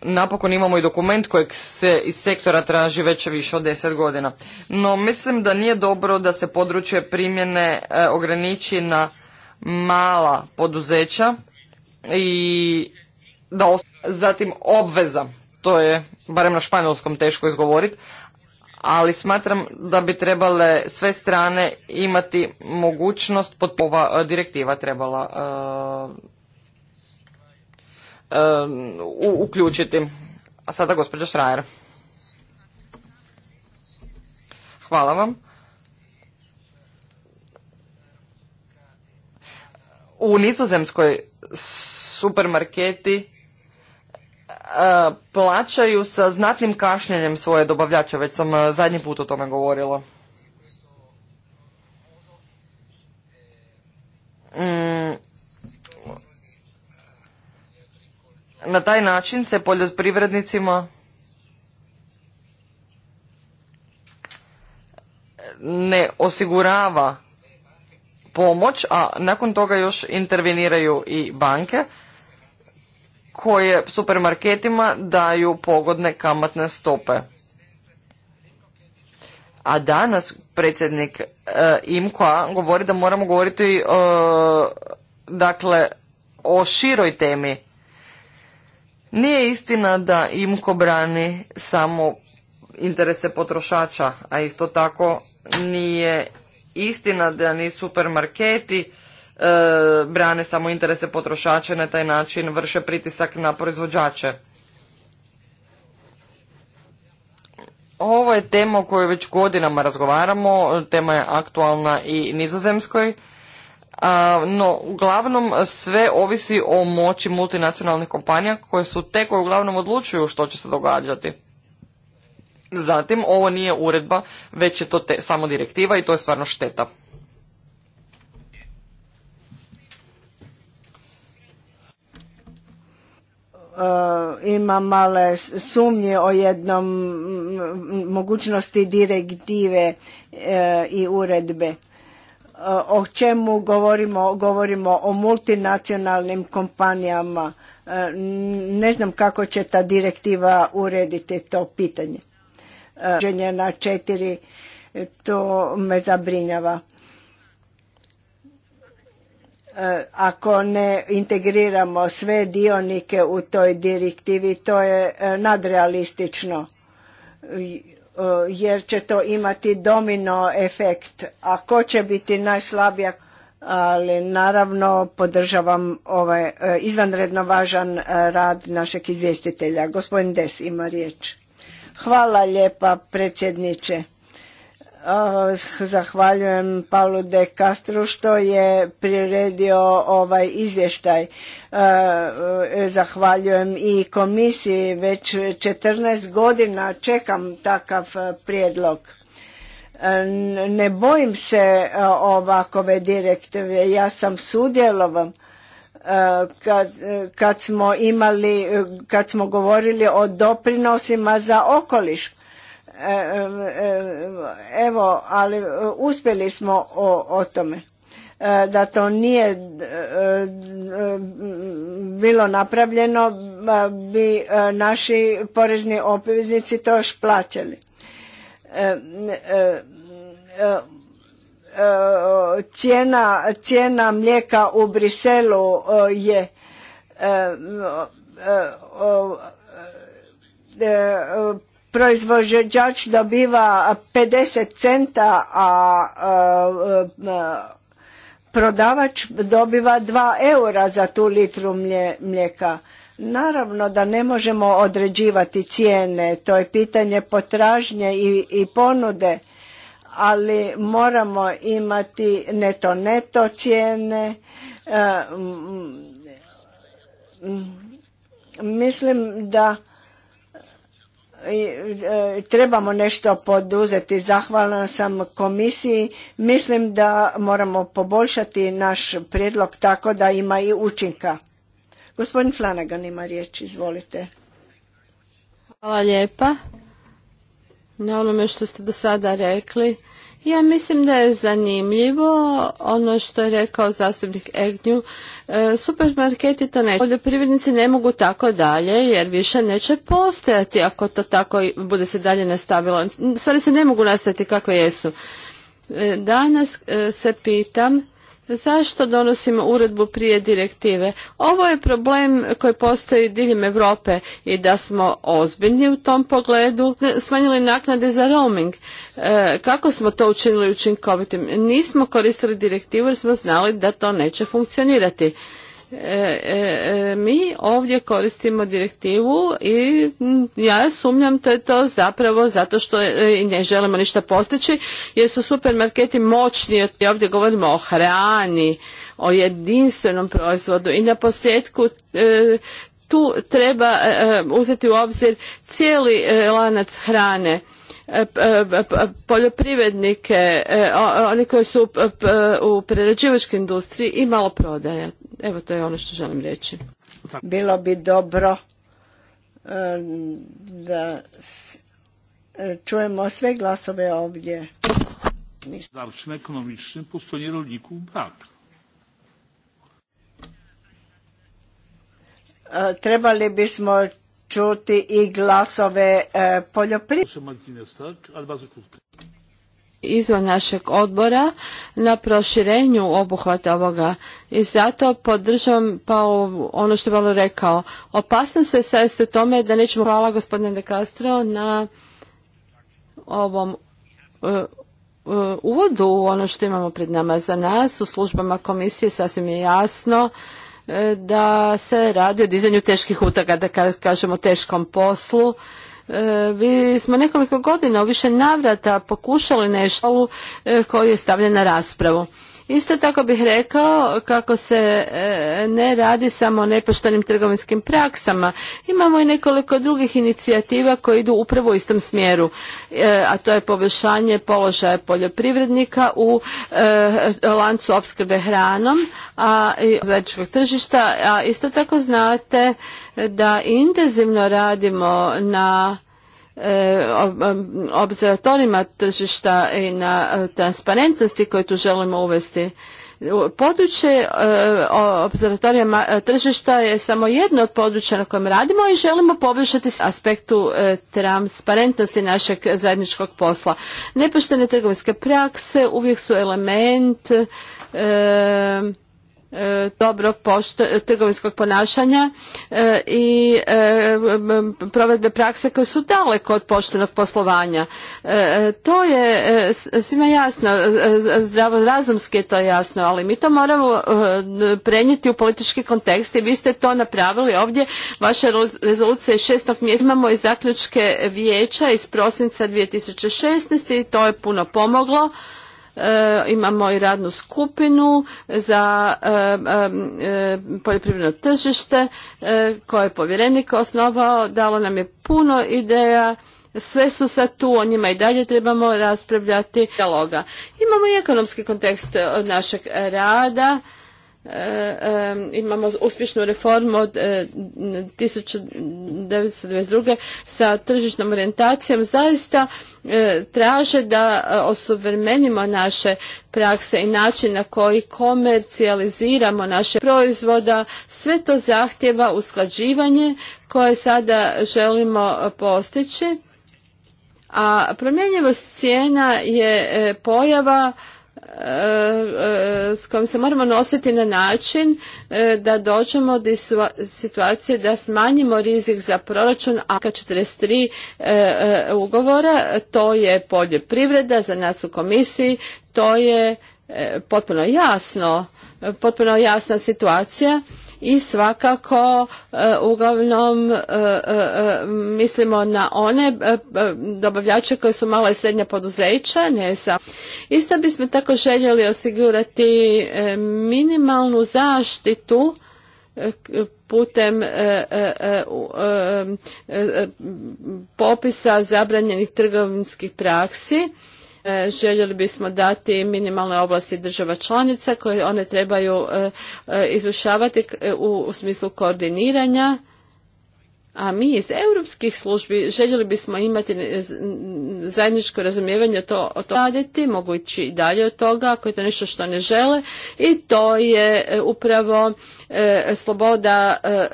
napokon imamo i dokument kojeg se iz sektora traži već više od deset godina. No mislim da nije dobro da se područje primjene e, ograniči na mala poduzeća i da zatim obveza, to je barem na španjolskom teško izgovoriti, ali smatram da bi trebale sve strane imati mogućnost, pod ova direktiva trebala e, uključiti. A sada gospođa Šrajer. Hvala vam. U nizozemskoj supermarketi eh, plaćaju sa znatnim kašnjenjem svoje dobavljače. Već sam eh, zadnji put o tome govorila. Mm, Na taj način se poljoprivrednicima ne osigurava pomoć, a nakon toga još interveniraju i banke koje supermarketima daju pogodne kamatne stope. A danas predsjednik e, govori da moramo govoriti e, dakle o široj temi nije istina da IMKO brani samo interese potrošača, a isto tako nije istina da ni supermarketi e, brane samo interese potrošača i na taj način vrše pritisak na proizvođače. Ovo je tema o kojoj već godinama razgovaramo, tema je aktualna i nizozemskoj no uglavnom sve ovisi o moći multinacionalnih kompanija koje su te koje uglavnom odlučuju što će se događati. Zatim, ovo nije uredba, već je to te, samo direktiva i to je stvarno šteta. E, ima male sumnje o jednom mogućnosti direktive e, i uredbe o čemu govorimo, govorimo o multinacionalnim kompanijama. E, ne znam kako će ta direktiva urediti to pitanje. Ženje e, na četiri, e, to me zabrinjava. Ako ne integriramo sve dionike u toj direktivi, to je nadrealistično Eh, jer će to imati domino efekt. A ko će biti najslabija? Ali naravno podržavam ovaj eh, izvanredno važan eh, rad našeg izvjestitelja. Gospodin Des ima riječ. Hvala lijepa predsjedniče. Eh, zahvaljujem Paulu de Castro što je priredio ovaj izvještaj. Eh, eh, zahvaljujem i komisiji, već 14 godina čekam takav prijedlog. Ne bojim se ovakove direktive, ja sam sudjelovan kad, kad smo imali, kad smo govorili o doprinosima za okoliš E, e, e, evo, ali uspjeli smo o, o tome da to nije bilo napravljeno bi naši porezni obveznici to još plaćali. Cijena, cijena mlijeka u Briselu je proizvođač dobiva 50 centa, a prodavač dobiva 2 eura za tu litru mlijeka. Naravno da ne možemo određivati cijene, to je pitanje potražnje i, ponude, ali moramo imati neto neto cijene. E, mislim da E, trebamo nešto poduzeti. Zahvalna sam komisiji. Mislim da moramo poboljšati naš prijedlog tako da ima i učinka. Gospodin Flanagan ima riječ, izvolite. Hvala lijepa na onome što ste do sada rekli. Ja mislim da je zanimljivo ono što je rekao zastupnik Egnju. E, supermarketi to ne. Poljoprivrednici ne mogu tako dalje jer više neće postojati ako to tako bude se dalje nastavilo. Stvari se ne mogu nastaviti kakve jesu. E, danas e, se pitam Zašto donosimo uredbu prije direktive? Ovo je problem koji postoji diljem Europe i da smo ozbiljni u tom pogledu e, smanjili naknade za roaming. E, kako smo to učinili učinkovitim? Nismo koristili direktivu jer smo znali da to neće funkcionirati. E, e, e, mi ovdje koristimo direktivu i ja sumnjam da je to zapravo zato što ne želimo ništa postići jer su supermarketi moćni i ovdje govorimo o hrani o jedinstvenom proizvodu i na posljedku tu treba uzeti u obzir cijeli lanac hrane E, e, poljoprivrednike, e, oni koji su u prerađivačkoj industriji i malo prodaje. Evo to je ono što želim reći. Bilo bi dobro da čujemo sve glasove ovdje. Gospodarczym, ekonomicznym Trebali bismo čuti i glasove e, poljoprivrednika izvan našeg odbora na proširenju obuhvata ovoga i zato podržavam pa ono što je malo rekao. Opasno se sajest u tome da nećemo hvala gospodine De Castro na ovom e, e, uvodu u ono što imamo pred nama za nas u službama komisije sasvim je jasno E, da se radi o dizanju teških utaga, da kažemo teškom poslu. Mi e, smo nekoliko godina u više navrata pokušali nešto e, koji je stavljen na raspravu. Isto tako bih rekao kako se e, ne radi samo o nepoštenim trgovinskim praksama. Imamo i nekoliko drugih inicijativa koje idu upravo u istom smjeru, e, a to je poboljšanje položaja poljoprivrednika u e, lancu opskrbe hranom a i zajedničkog tržišta, a isto tako znate da intenzivno radimo na E, observatorima tržišta i na e, transparentnosti koju tu želimo uvesti. Područje e, observatorija tržišta je samo jedno od područja na kojem radimo i želimo poboljšati aspektu transparentnosti našeg zajedničkog posla. Nepoštene trgovinske prakse uvijek su element E, dobrog trgovinskog ponašanja e, i e, provedbe prakse koje su daleko od poštenog poslovanja. To je svima jasno, zdravorazumski je to jasno, ali mi to moramo prenijeti u politički kontekst i vi ste to napravili ovdje. Vaša rezolucija je šestog mjesta. Imamo i zaključke vijeća iz prosinca 2016. i to je puno pomoglo. E, imamo i radnu skupinu za e, e, poljoprivredno tržište koje je povjerenik osnovao, dalo nam je puno ideja, sve su sad tu, o njima i dalje trebamo raspravljati dialoga. Imamo i ekonomski kontekst našeg rada, E, e, imamo uspješnu reformu od 1922. E, sa tržišnom orijentacijom zaista traže da osuvremenimo naše prakse i način na koji komercijaliziramo naše proizvoda. Sve to zahtjeva usklađivanje koje sada želimo postići. A promjenjivost cijena je pojava s kojom se moramo nositi na način e, da dođemo do situacije da smanjimo rizik za proračun, ak 43 e, e, ugovora, to je poljoprivreda za nas u komisiji, to je potpuno jasno, potpuno jasna situacija i svakako e, uglavnom e, e, mislimo na one dobavljače koji su mala i srednja poduzeća, ne Isto bismo tako željeli osigurati minimalnu zaštitu putem popisa zabranjenih trgovinskih praksi E, željeli bismo dati minimalne oblasti država članica koje one trebaju e, e, izvršavati u smislu koordiniranja a mi iz europskih službi željeli bismo imati zajedničko razumijevanje to, o to raditi, mogu i dalje od toga ako je to nešto što ne žele i to je e, upravo e, sloboda, e,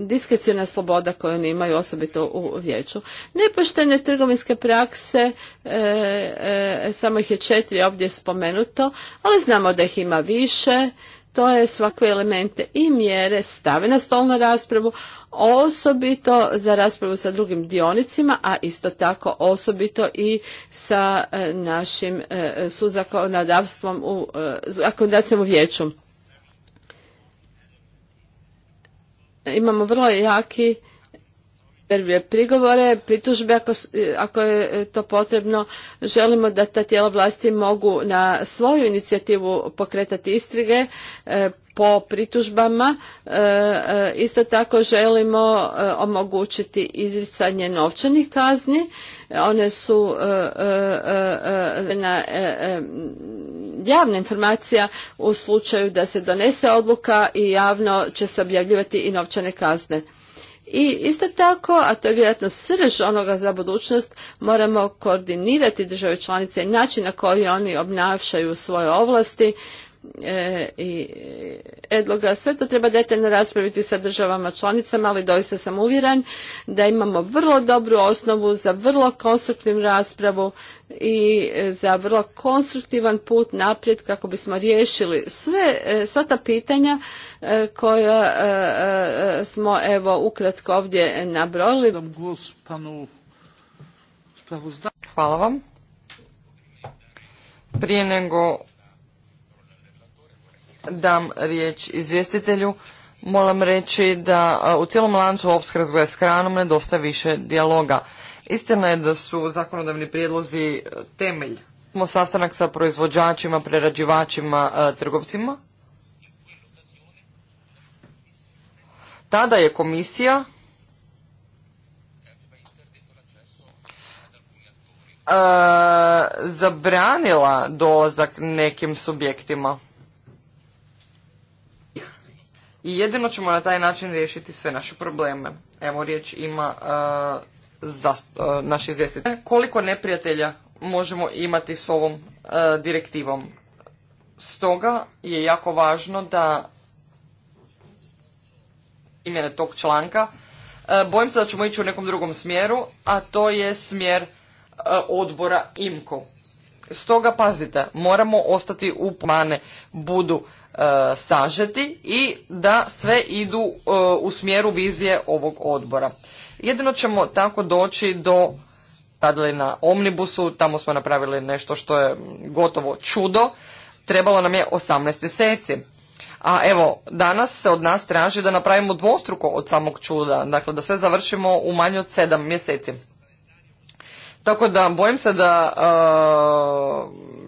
diskreciona sloboda koju oni imaju osobito u vijeću. Nepoštene trgovinske prakse, samo ih je četiri ovdje spomenuto, ali znamo da ih ima više, to je svakve elemente i mjere stave na stolnu raspravu, osobito za raspravu sa drugim dionicima, a isto tako osobito i sa e, našim e, suzakonodavstvom u e, zakonodavcem u vijeću. Imamo vrlo jaki prve prigovore, pritužbe ako, e, ako je e, to potrebno. Želimo da ta tijela vlasti mogu na svoju inicijativu pokretati istrige e, po pritužbama. Isto tako želimo omogućiti izricanje novčanih kazni. One su na javna informacija u slučaju da se donese odluka i javno će se objavljivati i novčane kazne. I isto tako, a to je vjerojatno srž onoga za budućnost, moramo koordinirati države članice, način na koji oni obnašaju svoje ovlasti, e, i prijedloga. Sve to treba detaljno raspraviti sa državama članicama, ali doista sam uvjeren da imamo vrlo dobru osnovu za vrlo konstruktivnu raspravu i za vrlo konstruktivan put naprijed kako bismo riješili sve, e, sva ta pitanja e, koja e, smo evo ukratko ovdje nabrojili. Hvala vam. Prije nego dam riječ izvjestitelju, moram reći da u cijelom lancu opskrbe s hranom dosta više dijaloga. Istina je da su zakonodavni prijedlozi e, temelj. smo sastanak sa proizvođačima, prerađivačima, e, trgovcima. Tada je komisija e, zabranila dolazak nekim subjektima. I jedino ćemo na taj način riješiti sve naše probleme. Evo riječ ima uh, za, e, Koliko neprijatelja možemo imati s ovom e, direktivom? Stoga je jako važno da imene tog članka bojim se da ćemo ići u nekom drugom smjeru, a to je smjer odbora IMCO. Stoga pazite, moramo ostati u pomane budu E, sažeti i da sve idu e, u smjeru vizije ovog odbora. Jedino ćemo tako doći do radili na omnibusu, tamo smo napravili nešto što je gotovo čudo. Trebalo nam je 18 mjeseci. A evo, danas se od nas traži da napravimo dvostruko od samog čuda, dakle da sve završimo u manje od 7 mjeseci. Tako da bojim se da e,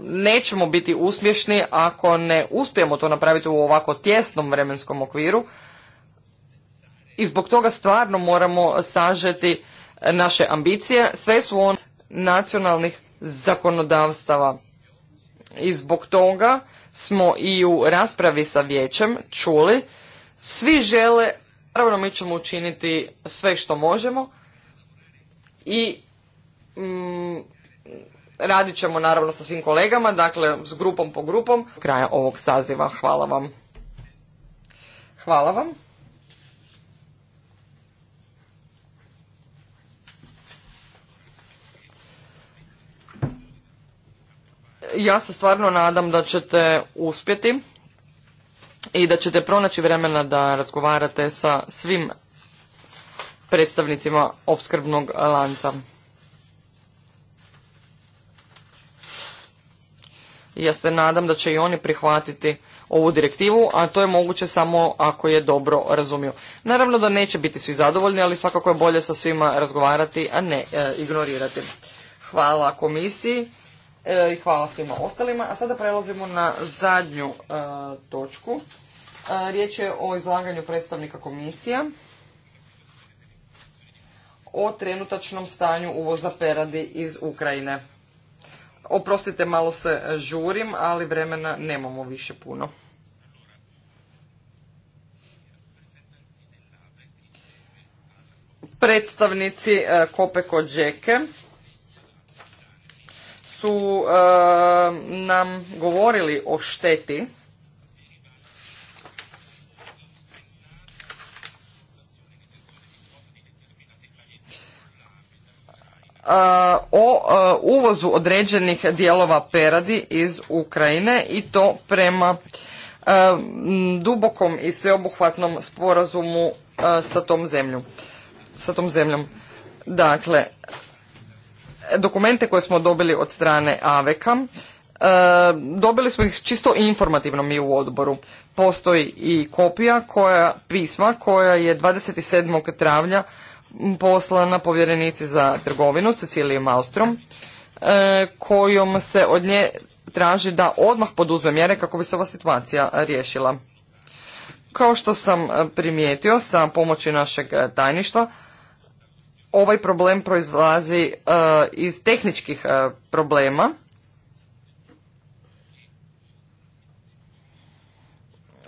nećemo biti uspješni ako ne uspijemo to napraviti u ovako tjesnom vremenskom okviru i zbog toga stvarno moramo sažeti naše ambicije. Sve su on nacionalnih zakonodavstava i zbog toga smo i u raspravi sa vijećem čuli svi žele, naravno mi ćemo učiniti sve što možemo i mm, Radit ćemo naravno sa svim kolegama, dakle s grupom po grupom. Kraja ovog saziva, hvala vam. Hvala vam. Ja se stvarno nadam da ćete uspjeti i da ćete pronaći vremena da razgovarate sa svim predstavnicima opskrbnog lanca. Ja se nadam da će i oni prihvatiti ovu direktivu, a to je moguće samo ako je dobro razumio. Naravno da neće biti svi zadovoljni, ali svakako je bolje sa svima razgovarati, a ne e, ignorirati. Hvala komisiji e, i hvala svima ostalima. A sada prelazimo na zadnju e, točku. E, riječ je o izlaganju predstavnika komisija o trenutačnom stanju uvoza peradi iz Ukrajine. Oprostite, malo se žurim, ali vremena nemamo više puno. Predstavnici e, Kopeko Džeke su e, nam govorili o šteti o e, uvozu određenih dijelova peradi iz Ukrajine i to prema e, dubokom i sveobuhvatnom sporazumu e, sa tom zemljom. Sa tom zemljom. Dakle, dokumente koje smo dobili od strane AVEKA, dobili smo ih čisto informativno mi u odboru. Postoji i kopija koja, pisma koja je 27. travnja poslana povjerenici za trgovinu Cecilije Malstrom e, kojom se od nje traži da odmah poduzme mjere kako bi se ova situacija riješila. Kao što sam e, primijetio sa pomoći našeg e, tajništva, ovaj problem proizlazi iz tehničkih problema.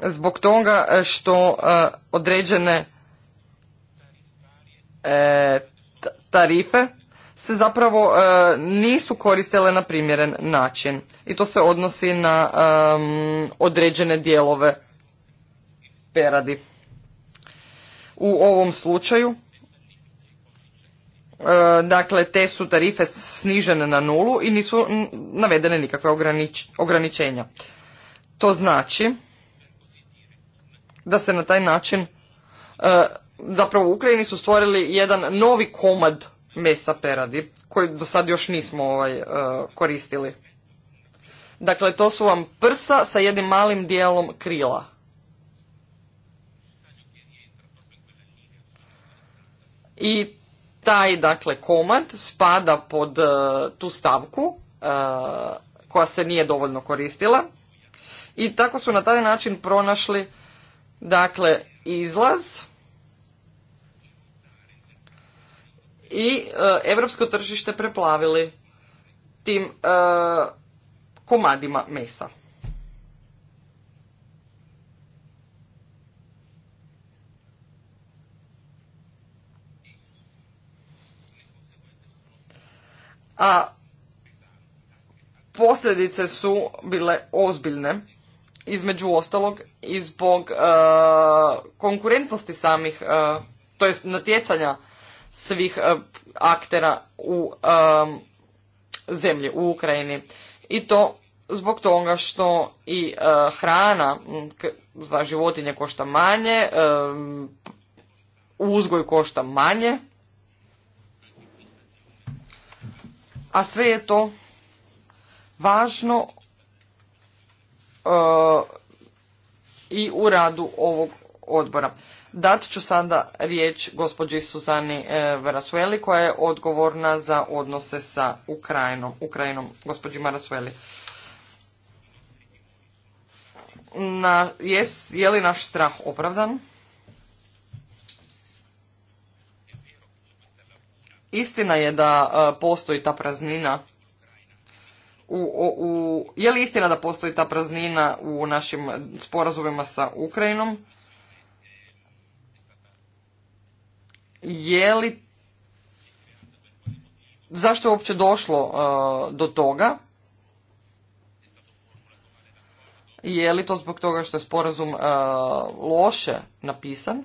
Zbog toga što određene E, tarife se zapravo e, nisu koristile na primjeren način i to se odnosi na određene dijelove peradi. U ovom slučaju e, dakle te su tarife snižene na nulu i nisu navedene nikakve ograničenja. To znači da se na taj način zapravo u Ukrajini su stvorili jedan novi komad mesa peradi koji do sad još nismo ovaj, e, koristili. Dakle, to su vam prsa sa jednim malim dijelom krila. I taj, dakle, komad spada pod e, tu stavku e, koja se nije dovoljno koristila. I tako su na taj način pronašli, dakle, izlaz i europsko tržište preplavili tim e, komadima mesa. A posljedice su bile ozbiljne, između ostalog i zbog e, konkurentnosti samih, e, to jest natjecanja svih e, aktera u e, zemlji, u Ukrajini. I to zbog toga što i e, hrana za životinje košta manje, uzgoj košta manje, a sve je to važno i u radu ovog odbora. Dat ću sada riječ gospođi Suzani Marasueli eh, koja je odgovorna za odnose sa Ukrajinom. Ukrajinom, gospođi Marasueli. Na, jes, je li naš strah opravdan? Istina je da eh, postoji ta praznina u, u, u, je li istina da postoji ta praznina u našim sporazumima sa Ukrajinom? je li zašto je uopće došlo e, do toga je li to zbog toga što je sporazum e, loše napisan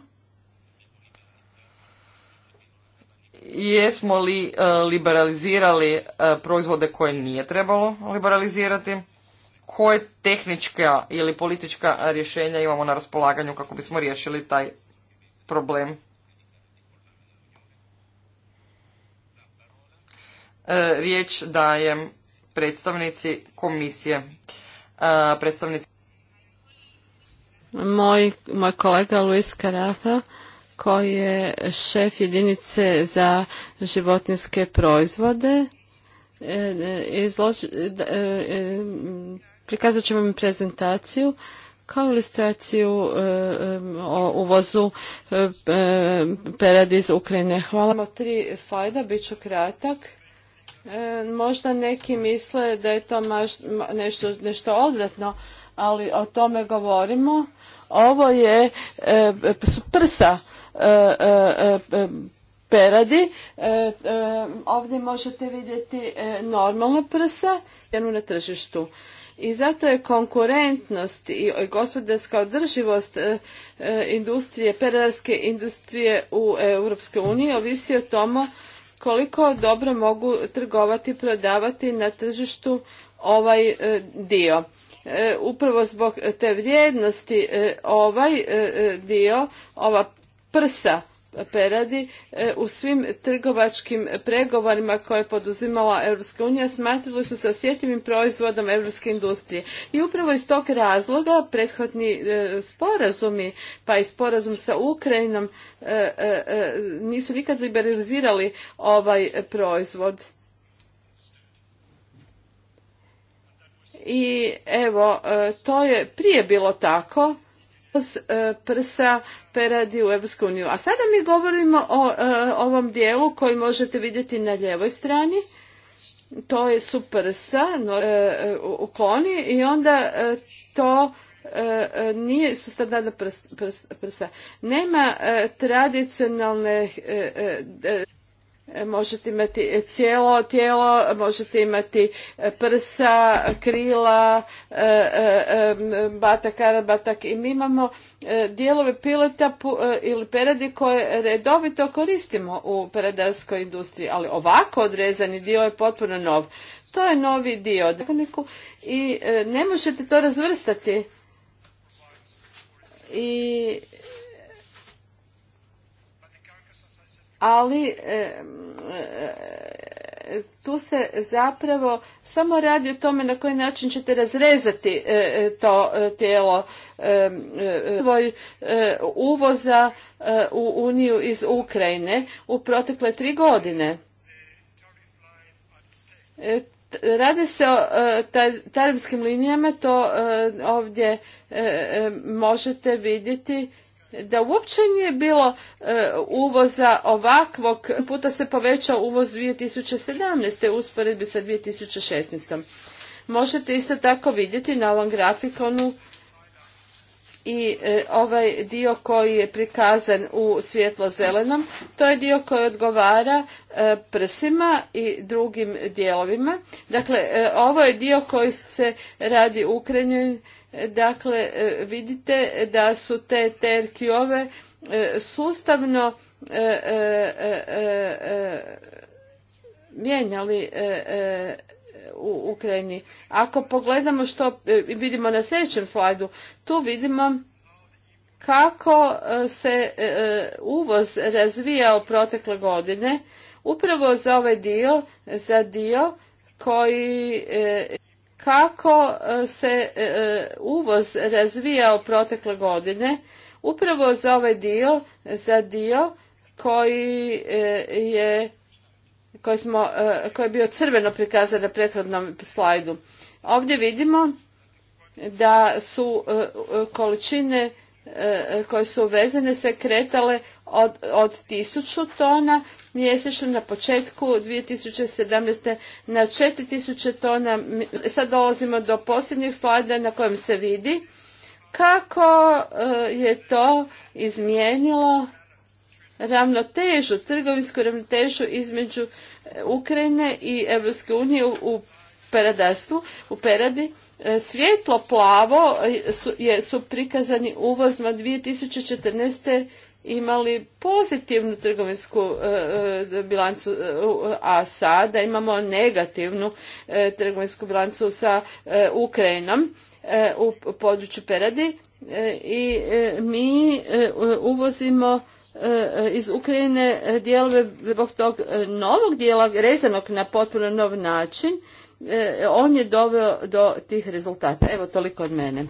jesmo li e, liberalizirali proizvode koje nije trebalo liberalizirati koje tehnička ili politička rješenja imamo na raspolaganju kako bismo riješili taj problem E, riječ dajem predstavnici komisije. E, predstavnici... Moj, kolega Luis Carafa koji je šef jedinice za životinske proizvode. E, prikazat ću vam prezentaciju kao ilustraciju o uvozu Peradi iz Ukrajine. Hvala. Imamo tri slajda, bit ću kratak. E, možda neki misle da je to nešto, nešto odvratno, ali o tome govorimo. Ovo je e, prsa e, peradi. Ovdje možete vidjeti normalno prsa jednu na tržištu. I zato je konkurentnost i gospodarska održivost industrije, peradarske industrije u Europskoj uniji ovisi o tomu koliko dobro mogu trgovati, prodavati na tržištu ovaj e, dio. E, upravo zbog te vrijednosti e, ovaj dio, ova prsa peradi e, u svim trgovačkim pregovorima koje je poduzimala Europska unija smatrali su se osjetljivim proizvodom europske industrije. I upravo iz tog razloga prethodni e, sporazumi pa i sporazum sa Ukrajinom e, nisu nikad liberalizirali ovaj proizvod. I evo, to je prije bilo tako, E, prsa peradi u EU. uniju. A sada mi govorimo o e, ovom dijelu koji možete vidjeti na ljevoj strani. To su prsa e, u koni i onda to nije su prsa. Nema tradicionalne E, možete imati e, cijelo tijelo, možete imati e, prsa, krila, batak, arabatak i mi imamo dijelove pileta ili peradi koje redovito koristimo u peradarskoj industriji, ali ovako odrezani dio je potpuno nov. To je novi dio i ne možete to razvrstati. I ali e, e, tu se zapravo samo radi o tome na koji način ćete razrezati e, to tijelo svoj uvoza u Uniju iz Ukrajine u protekle tri godine. Radi se o tarifskim linijama, to ovdje možete vidjeti da uopće nije bilo e, uvoza ovakvog puta se povećao uvoz 2017. u usporedbi sa 2016. Možete isto tako vidjeti na ovom grafikonu i e, ovaj dio koji je prikazan u svjetlo-zelenom, to je dio koji odgovara e, prsima i drugim dijelovima. Dakle, e, ovo je dio koji se radi ukrenjen Dakle, e, vidite da su te TRQ-ove e, sustavno e, mijenjali u Ukrajini. Ako pogledamo što vidimo na sljedećem slajdu, tu vidimo kako se uvoz razvijao protekle godine, upravo za ovaj dio, za dio koji kako e, se e, e, uvoz razvijao protekle godine, upravo za ovaj dio, za dio koji je koji, smo, koji je bio crveno prikazan na prethodnom slajdu. Ovdje vidimo da su količine koje su uvezene se kretale od, od 1000 tona mjesečno na početku 2017. na 4000 tona. Sad dolazimo do posljednjeg slajda na kojem se vidi kako e, je to izmijenilo ravnotežu, trgovinsku ravnotežu između e, Ukrajine i Europske unije u peradarstvu, u peradi. E, svjetlo plavo su, je, su prikazani uvozima 2014 imali pozitivnu trgovinsku e, e, bilancu, e, a sada imamo negativnu trgovinsku bilancu sa Ukrajinom u području Peradi i mi uvozimo iz Ukrajine dijelove zbog tog novog dijela rezanog na potpuno nov način E, on je doveo do tih rezultata. Evo toliko od mene.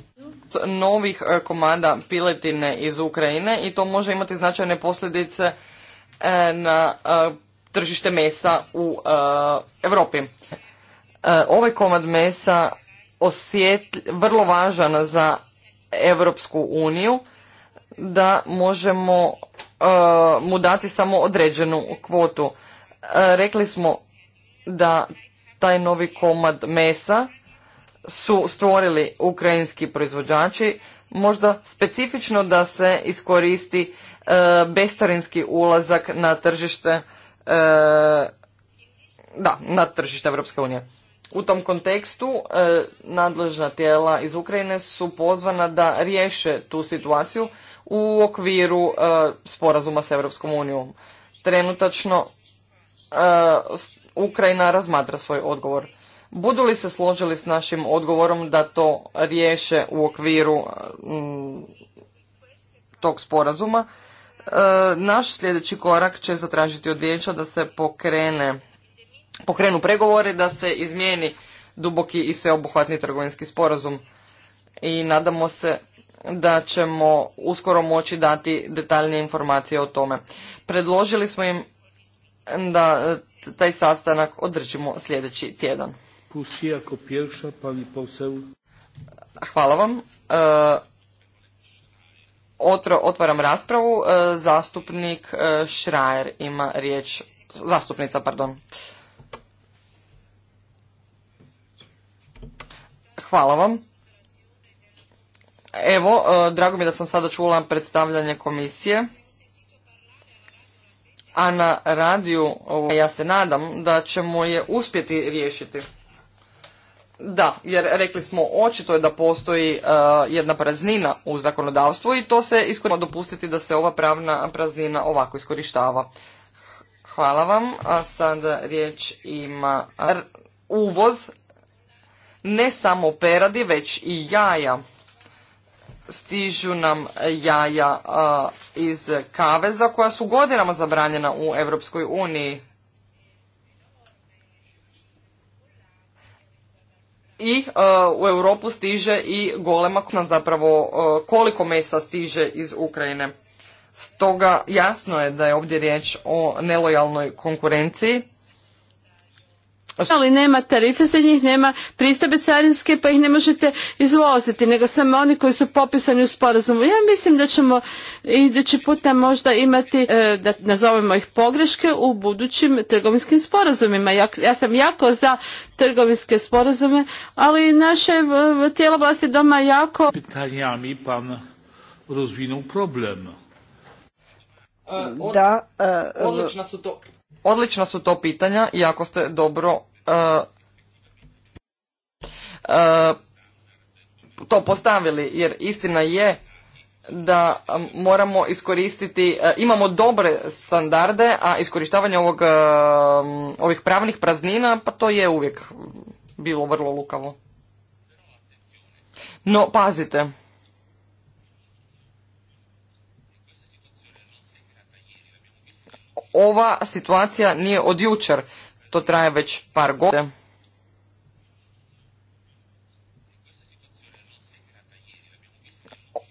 Novih e, komada piletine iz Ukrajine i to može imati značajne posljedice e, na tržište mesa u Europi. Ovaj komad mesa je vrlo važan za Europsku uniju da možemo mu dati samo određenu kvotu. Rekli smo da taj novi komad mesa su stvorili ukrajinski proizvođači, možda specifično da se iskoristi e, bestarinski ulazak na tržište e, da, na tržište Europske unije. U tom kontekstu e, nadležna tijela iz Ukrajine su pozvana da riješe tu situaciju u okviru e, sporazuma s Europskom unijom. Trenutačno Ukrajina razmatra svoj odgovor. Budu li se složili s našim odgovorom da to riješe u okviru mm, tog sporazuma, e, naš sljedeći korak će zatražiti od vijeća da se pokrene, pokrenu pregovore, da se izmijeni duboki i sveobuhvatni trgovinski sporazum. I nadamo se da ćemo uskoro moći dati detaljnije informacije o tome. Predložili smo im da taj sastanak održimo sljedeći tjedan. Pa Hvala vam. E, otvaram raspravu. E, zastupnik e, Šrajer ima riječ. Zastupnica, pardon. Hvala vam. Evo, drago mi je da sam sada čula predstavljanje komisije a na radiju ja se nadam da ćemo je uspjeti riješiti. Da, jer rekli smo očito je da postoji e, jedna praznina u zakonodavstvu i to se iskoristimo dopustiti da se ova pravna praznina ovako iskorištava. Hvala vam, a sada riječ ima uvoz ne samo peradi, već i jaja stižu nam jaja iz kaveza koja su godinama zabranjena u Europskoj uniji. I u Europu stiže i golema kuna zapravo koliko mesa stiže iz Ukrajine. Stoga jasno je da je ovdje riječ o nelojalnoj konkurenciji pa ali nema tarife za njih, nema pristabe carinske pa ih ne možete izvoziti, nego samo oni koji su popisani u sporazumu. Ja mislim da ćemo idući puta možda imati, e, da nazovemo ih pogreške u budućim trgovinskim sporazumima. Ja, sam jako za trgovinske sporazume, ali naše e, tijelo vlasti doma jako... mi, pan rozvinu problem. E, da, odlična su to Odlična su to pitanja i ste dobro Uh, uh, to postavili jer istina je da um, moramo iskoristiti, uh, imamo dobre standarde, a iskorištavanje ovog, um, ovih pravnih praznina, pa to je uvijek bilo vrlo lukavo. No, pazite. Ova situacija nije od jučer. To traje već par godina.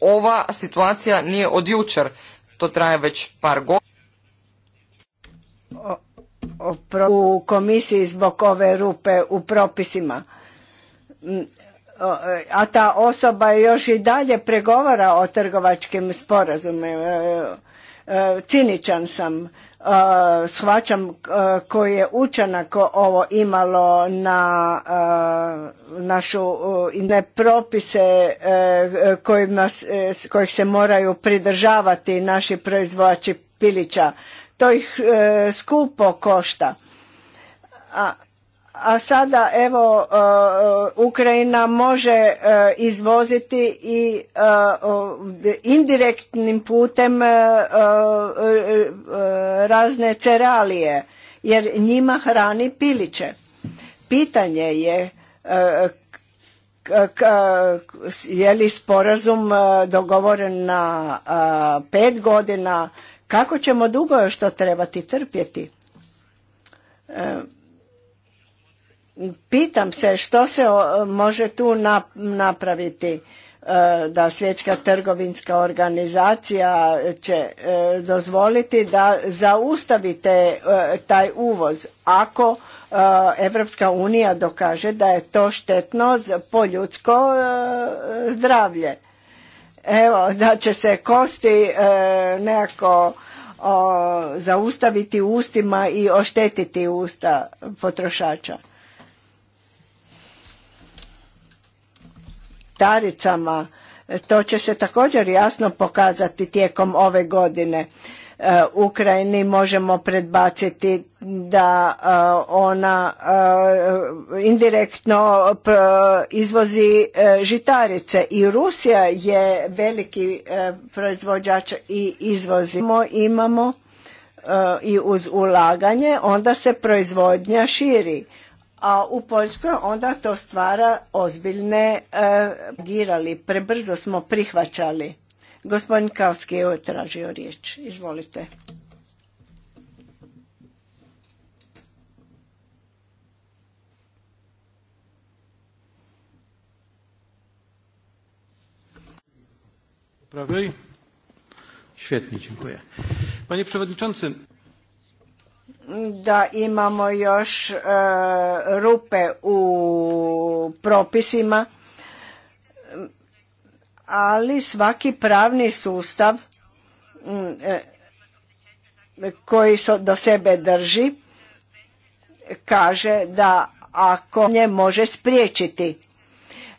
Ova situacija nije od jučer. To traje već par godina. U komisiji zbog ove rupe u propisima. Mm, e, a ta osoba još i dalje pregovara o trgovačkim sporazumima. E, e, ciničan sam shvaćam koji je učanak ovo imalo na našu ne propise e, e, e, kojih se moraju pridržavati naši proizvođači pilića. To ih skupo košta. A a sada evo e, Ukrajina može e, izvoziti i e, indirektnim putem razne ceralije jer njima hrani piliće. Pitanje je je li sporazum dogovoren na pet godina, kako ćemo dugo još to trebati trpjeti? Pitam se što se može tu napraviti e, da svjetska trgovinska organizacija će e, dozvoliti da zaustavite e, taj uvoz ako Evropska unija dokaže da je to štetno po ljudsko zdravlje. Evo, da će se kosti nekako zaustaviti ustima i oštetiti usta potrošača. žitaricama. E, to će se također jasno pokazati tijekom ove godine. E, Ukrajini možemo predbaciti da e, ona indirektno izvozi žitarice i Rusija je veliki proizvođač i izvozimo imamo i uz ulaganje onda se proizvodnja širi a u Poljskoj onda to stvara ozbiljne e, girali. Prebrzo smo prihvaćali. Gospodin Kavski je tražio riječ. Izvolite. Prawej? Świetnie, Panie Przewodniczący, da imamo još e, rupe u propisima, ali svaki pravni sustav e, koji do sebe drži kaže da ako nje može spriječiti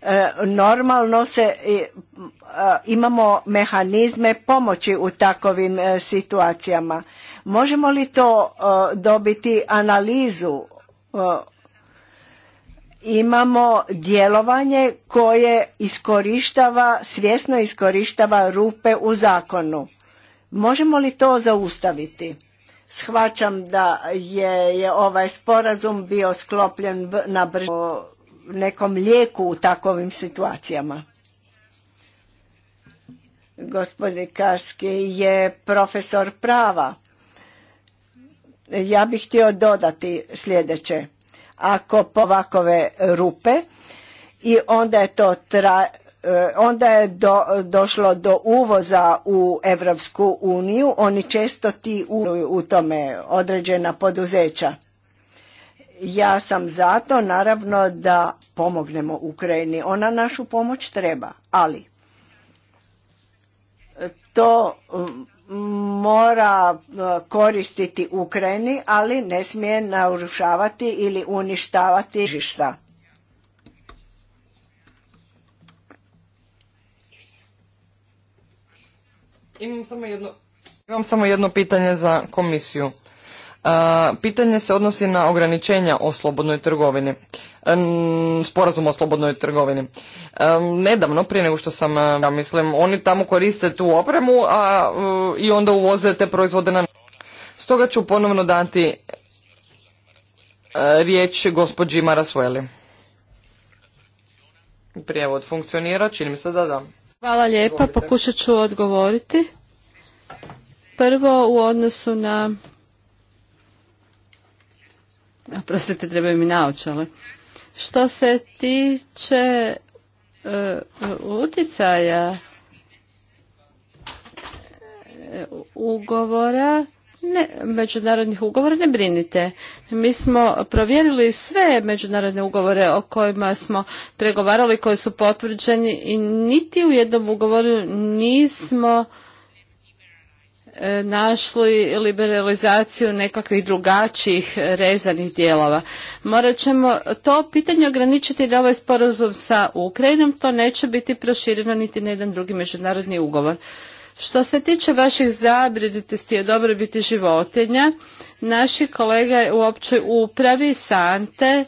e, normalno se E, imamo mehanizme pomoći u takovim e, situacijama. Možemo li to e, dobiti analizu? Imamo djelovanje koje iskorištava, svjesno iskorištava rupe u zakonu. Možemo li to zaustaviti? Shvaćam da je, ovaj sporazum bio sklopljen na nekom lijeku u takovim situacijama. Gospodin Karski je profesor prava. Ja bih htio dodati sljedeće. Ako povakove rupe i onda je to tra, e, onda je do, došlo do uvoza u Evropsku uniju, oni često ti u tome određena poduzeća. Ja sam zato naravno da pomognemo Ukrajini, ona našu pomoć treba, ali to mm, mora e, koristiti Ukrajini, ali ne smije narušavati ili uništavati žišta. Imam samo jedno, imam samo jedno pitanje za komisiju. Pitanje se odnosi na ograničenja o slobodnoj trgovini, sporazum o slobodnoj trgovini. Nedavno, prije nego što sam, ja mislim, oni tamo koriste tu opremu a, e, i onda uvoze te proizvode na... Stoga ću ponovno dati e, riječ gospođi Marasueli. Prijevod funkcionira, čini mi se da da. Hvala lijepa, pokušat ću odgovoriti. Prvo u odnosu na Prostite, trebaju mi naočale. Što se tiče e, utjecaja e, ugovora, ne, međunarodnih ugovora ne brinite. Mi smo provjerili sve međunarodne ugovore o kojima smo pregovarali, koji su potvrđeni i niti u jednom ugovoru nismo E, našli liberalizaciju nekakvih drugačijih rezanih dijelova. Morat ćemo to pitanje ograničiti na ovaj sporazum sa Ukrajinom, to neće biti prošireno niti na jedan drugi međunarodni ugovor. Što se tiče vaših zabrinutosti o dobrobiti životinja, naši kolega u općoj upravi Sante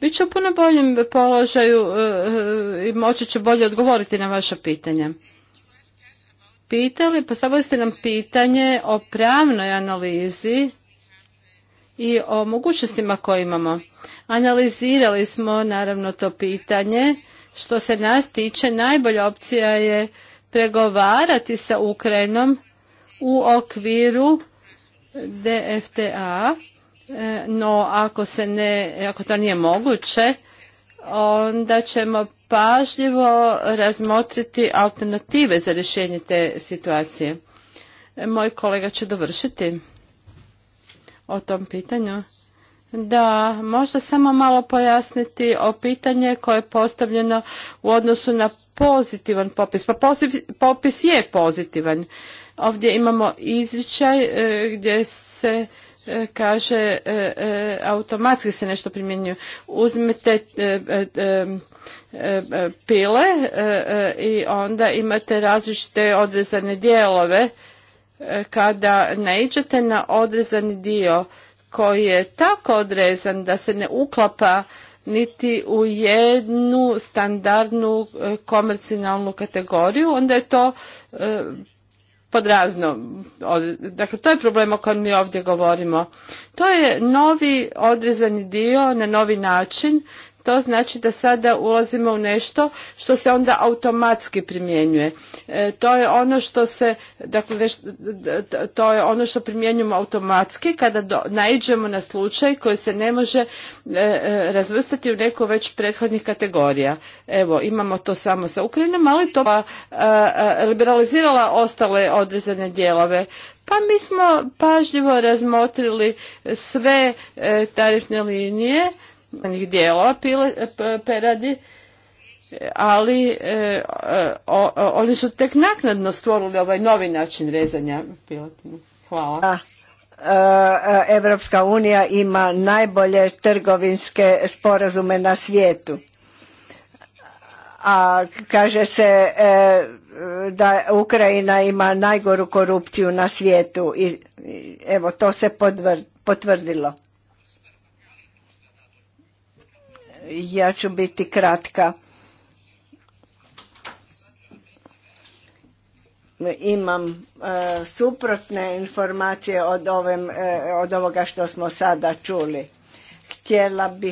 bit će u puno boljem položaju e, e, i moći će bolje odgovoriti na vaša pitanja pitali, postavili pa ste nam pitanje o pravnoj analizi i o mogućnostima koje imamo. Analizirali smo naravno to pitanje. Što se nas tiče, najbolja opcija je pregovarati sa Ukrajinom u okviru DFTA, e, no ako, se ne, ako to nije moguće, onda ćemo pažljivo razmotriti alternative za rješenje te situacije. Moj kolega će dovršiti o tom pitanju. Da, možda samo malo pojasniti o pitanje koje je postavljeno u odnosu na pozitivan popis. Pa popis je pozitivan. Ovdje imamo izričaj e, gdje se kaže e, e, automatski se nešto primjenjuje. Uzmete e, pile i onda imate različite odrezane dijelove. Kada naiđete na odrezani dio koji je tako odrezan da se ne uklapa niti u jednu standardnu komercijalnu kategoriju, onda je to podrazno. Dakle, to je problem o kojem mi ovdje govorimo. To je novi odrezani dio na novi način to znači da sada ulazimo u nešto što se onda automatski primjenjuje. E, to je ono što se, dakle, to je ono što primjenjujemo automatski kada do, naiđemo na slučaj koji se ne može e, e, razvrstati u neku već prethodnih kategorija. Evo, imamo to samo sa Ukrajinom, ali to pa liberalizirala ostale odrezane dijelove. Pa mi smo pažljivo razmotrili sve tarifne linije dijelova pile, peradi, ali e, oni su tek naknadno stvorili ovaj novi način rezanja pilotinu. Hvala. Da. E, Evropska unija ima najbolje trgovinske sporazume na svijetu. A kaže se e, da Ukrajina ima najgoru korupciju na svijetu i evo to se potvrdilo. ja ću biti kratka. Imam e, suprotne informacije od, ovim, e, od ovoga što smo sada čuli. Htjela bih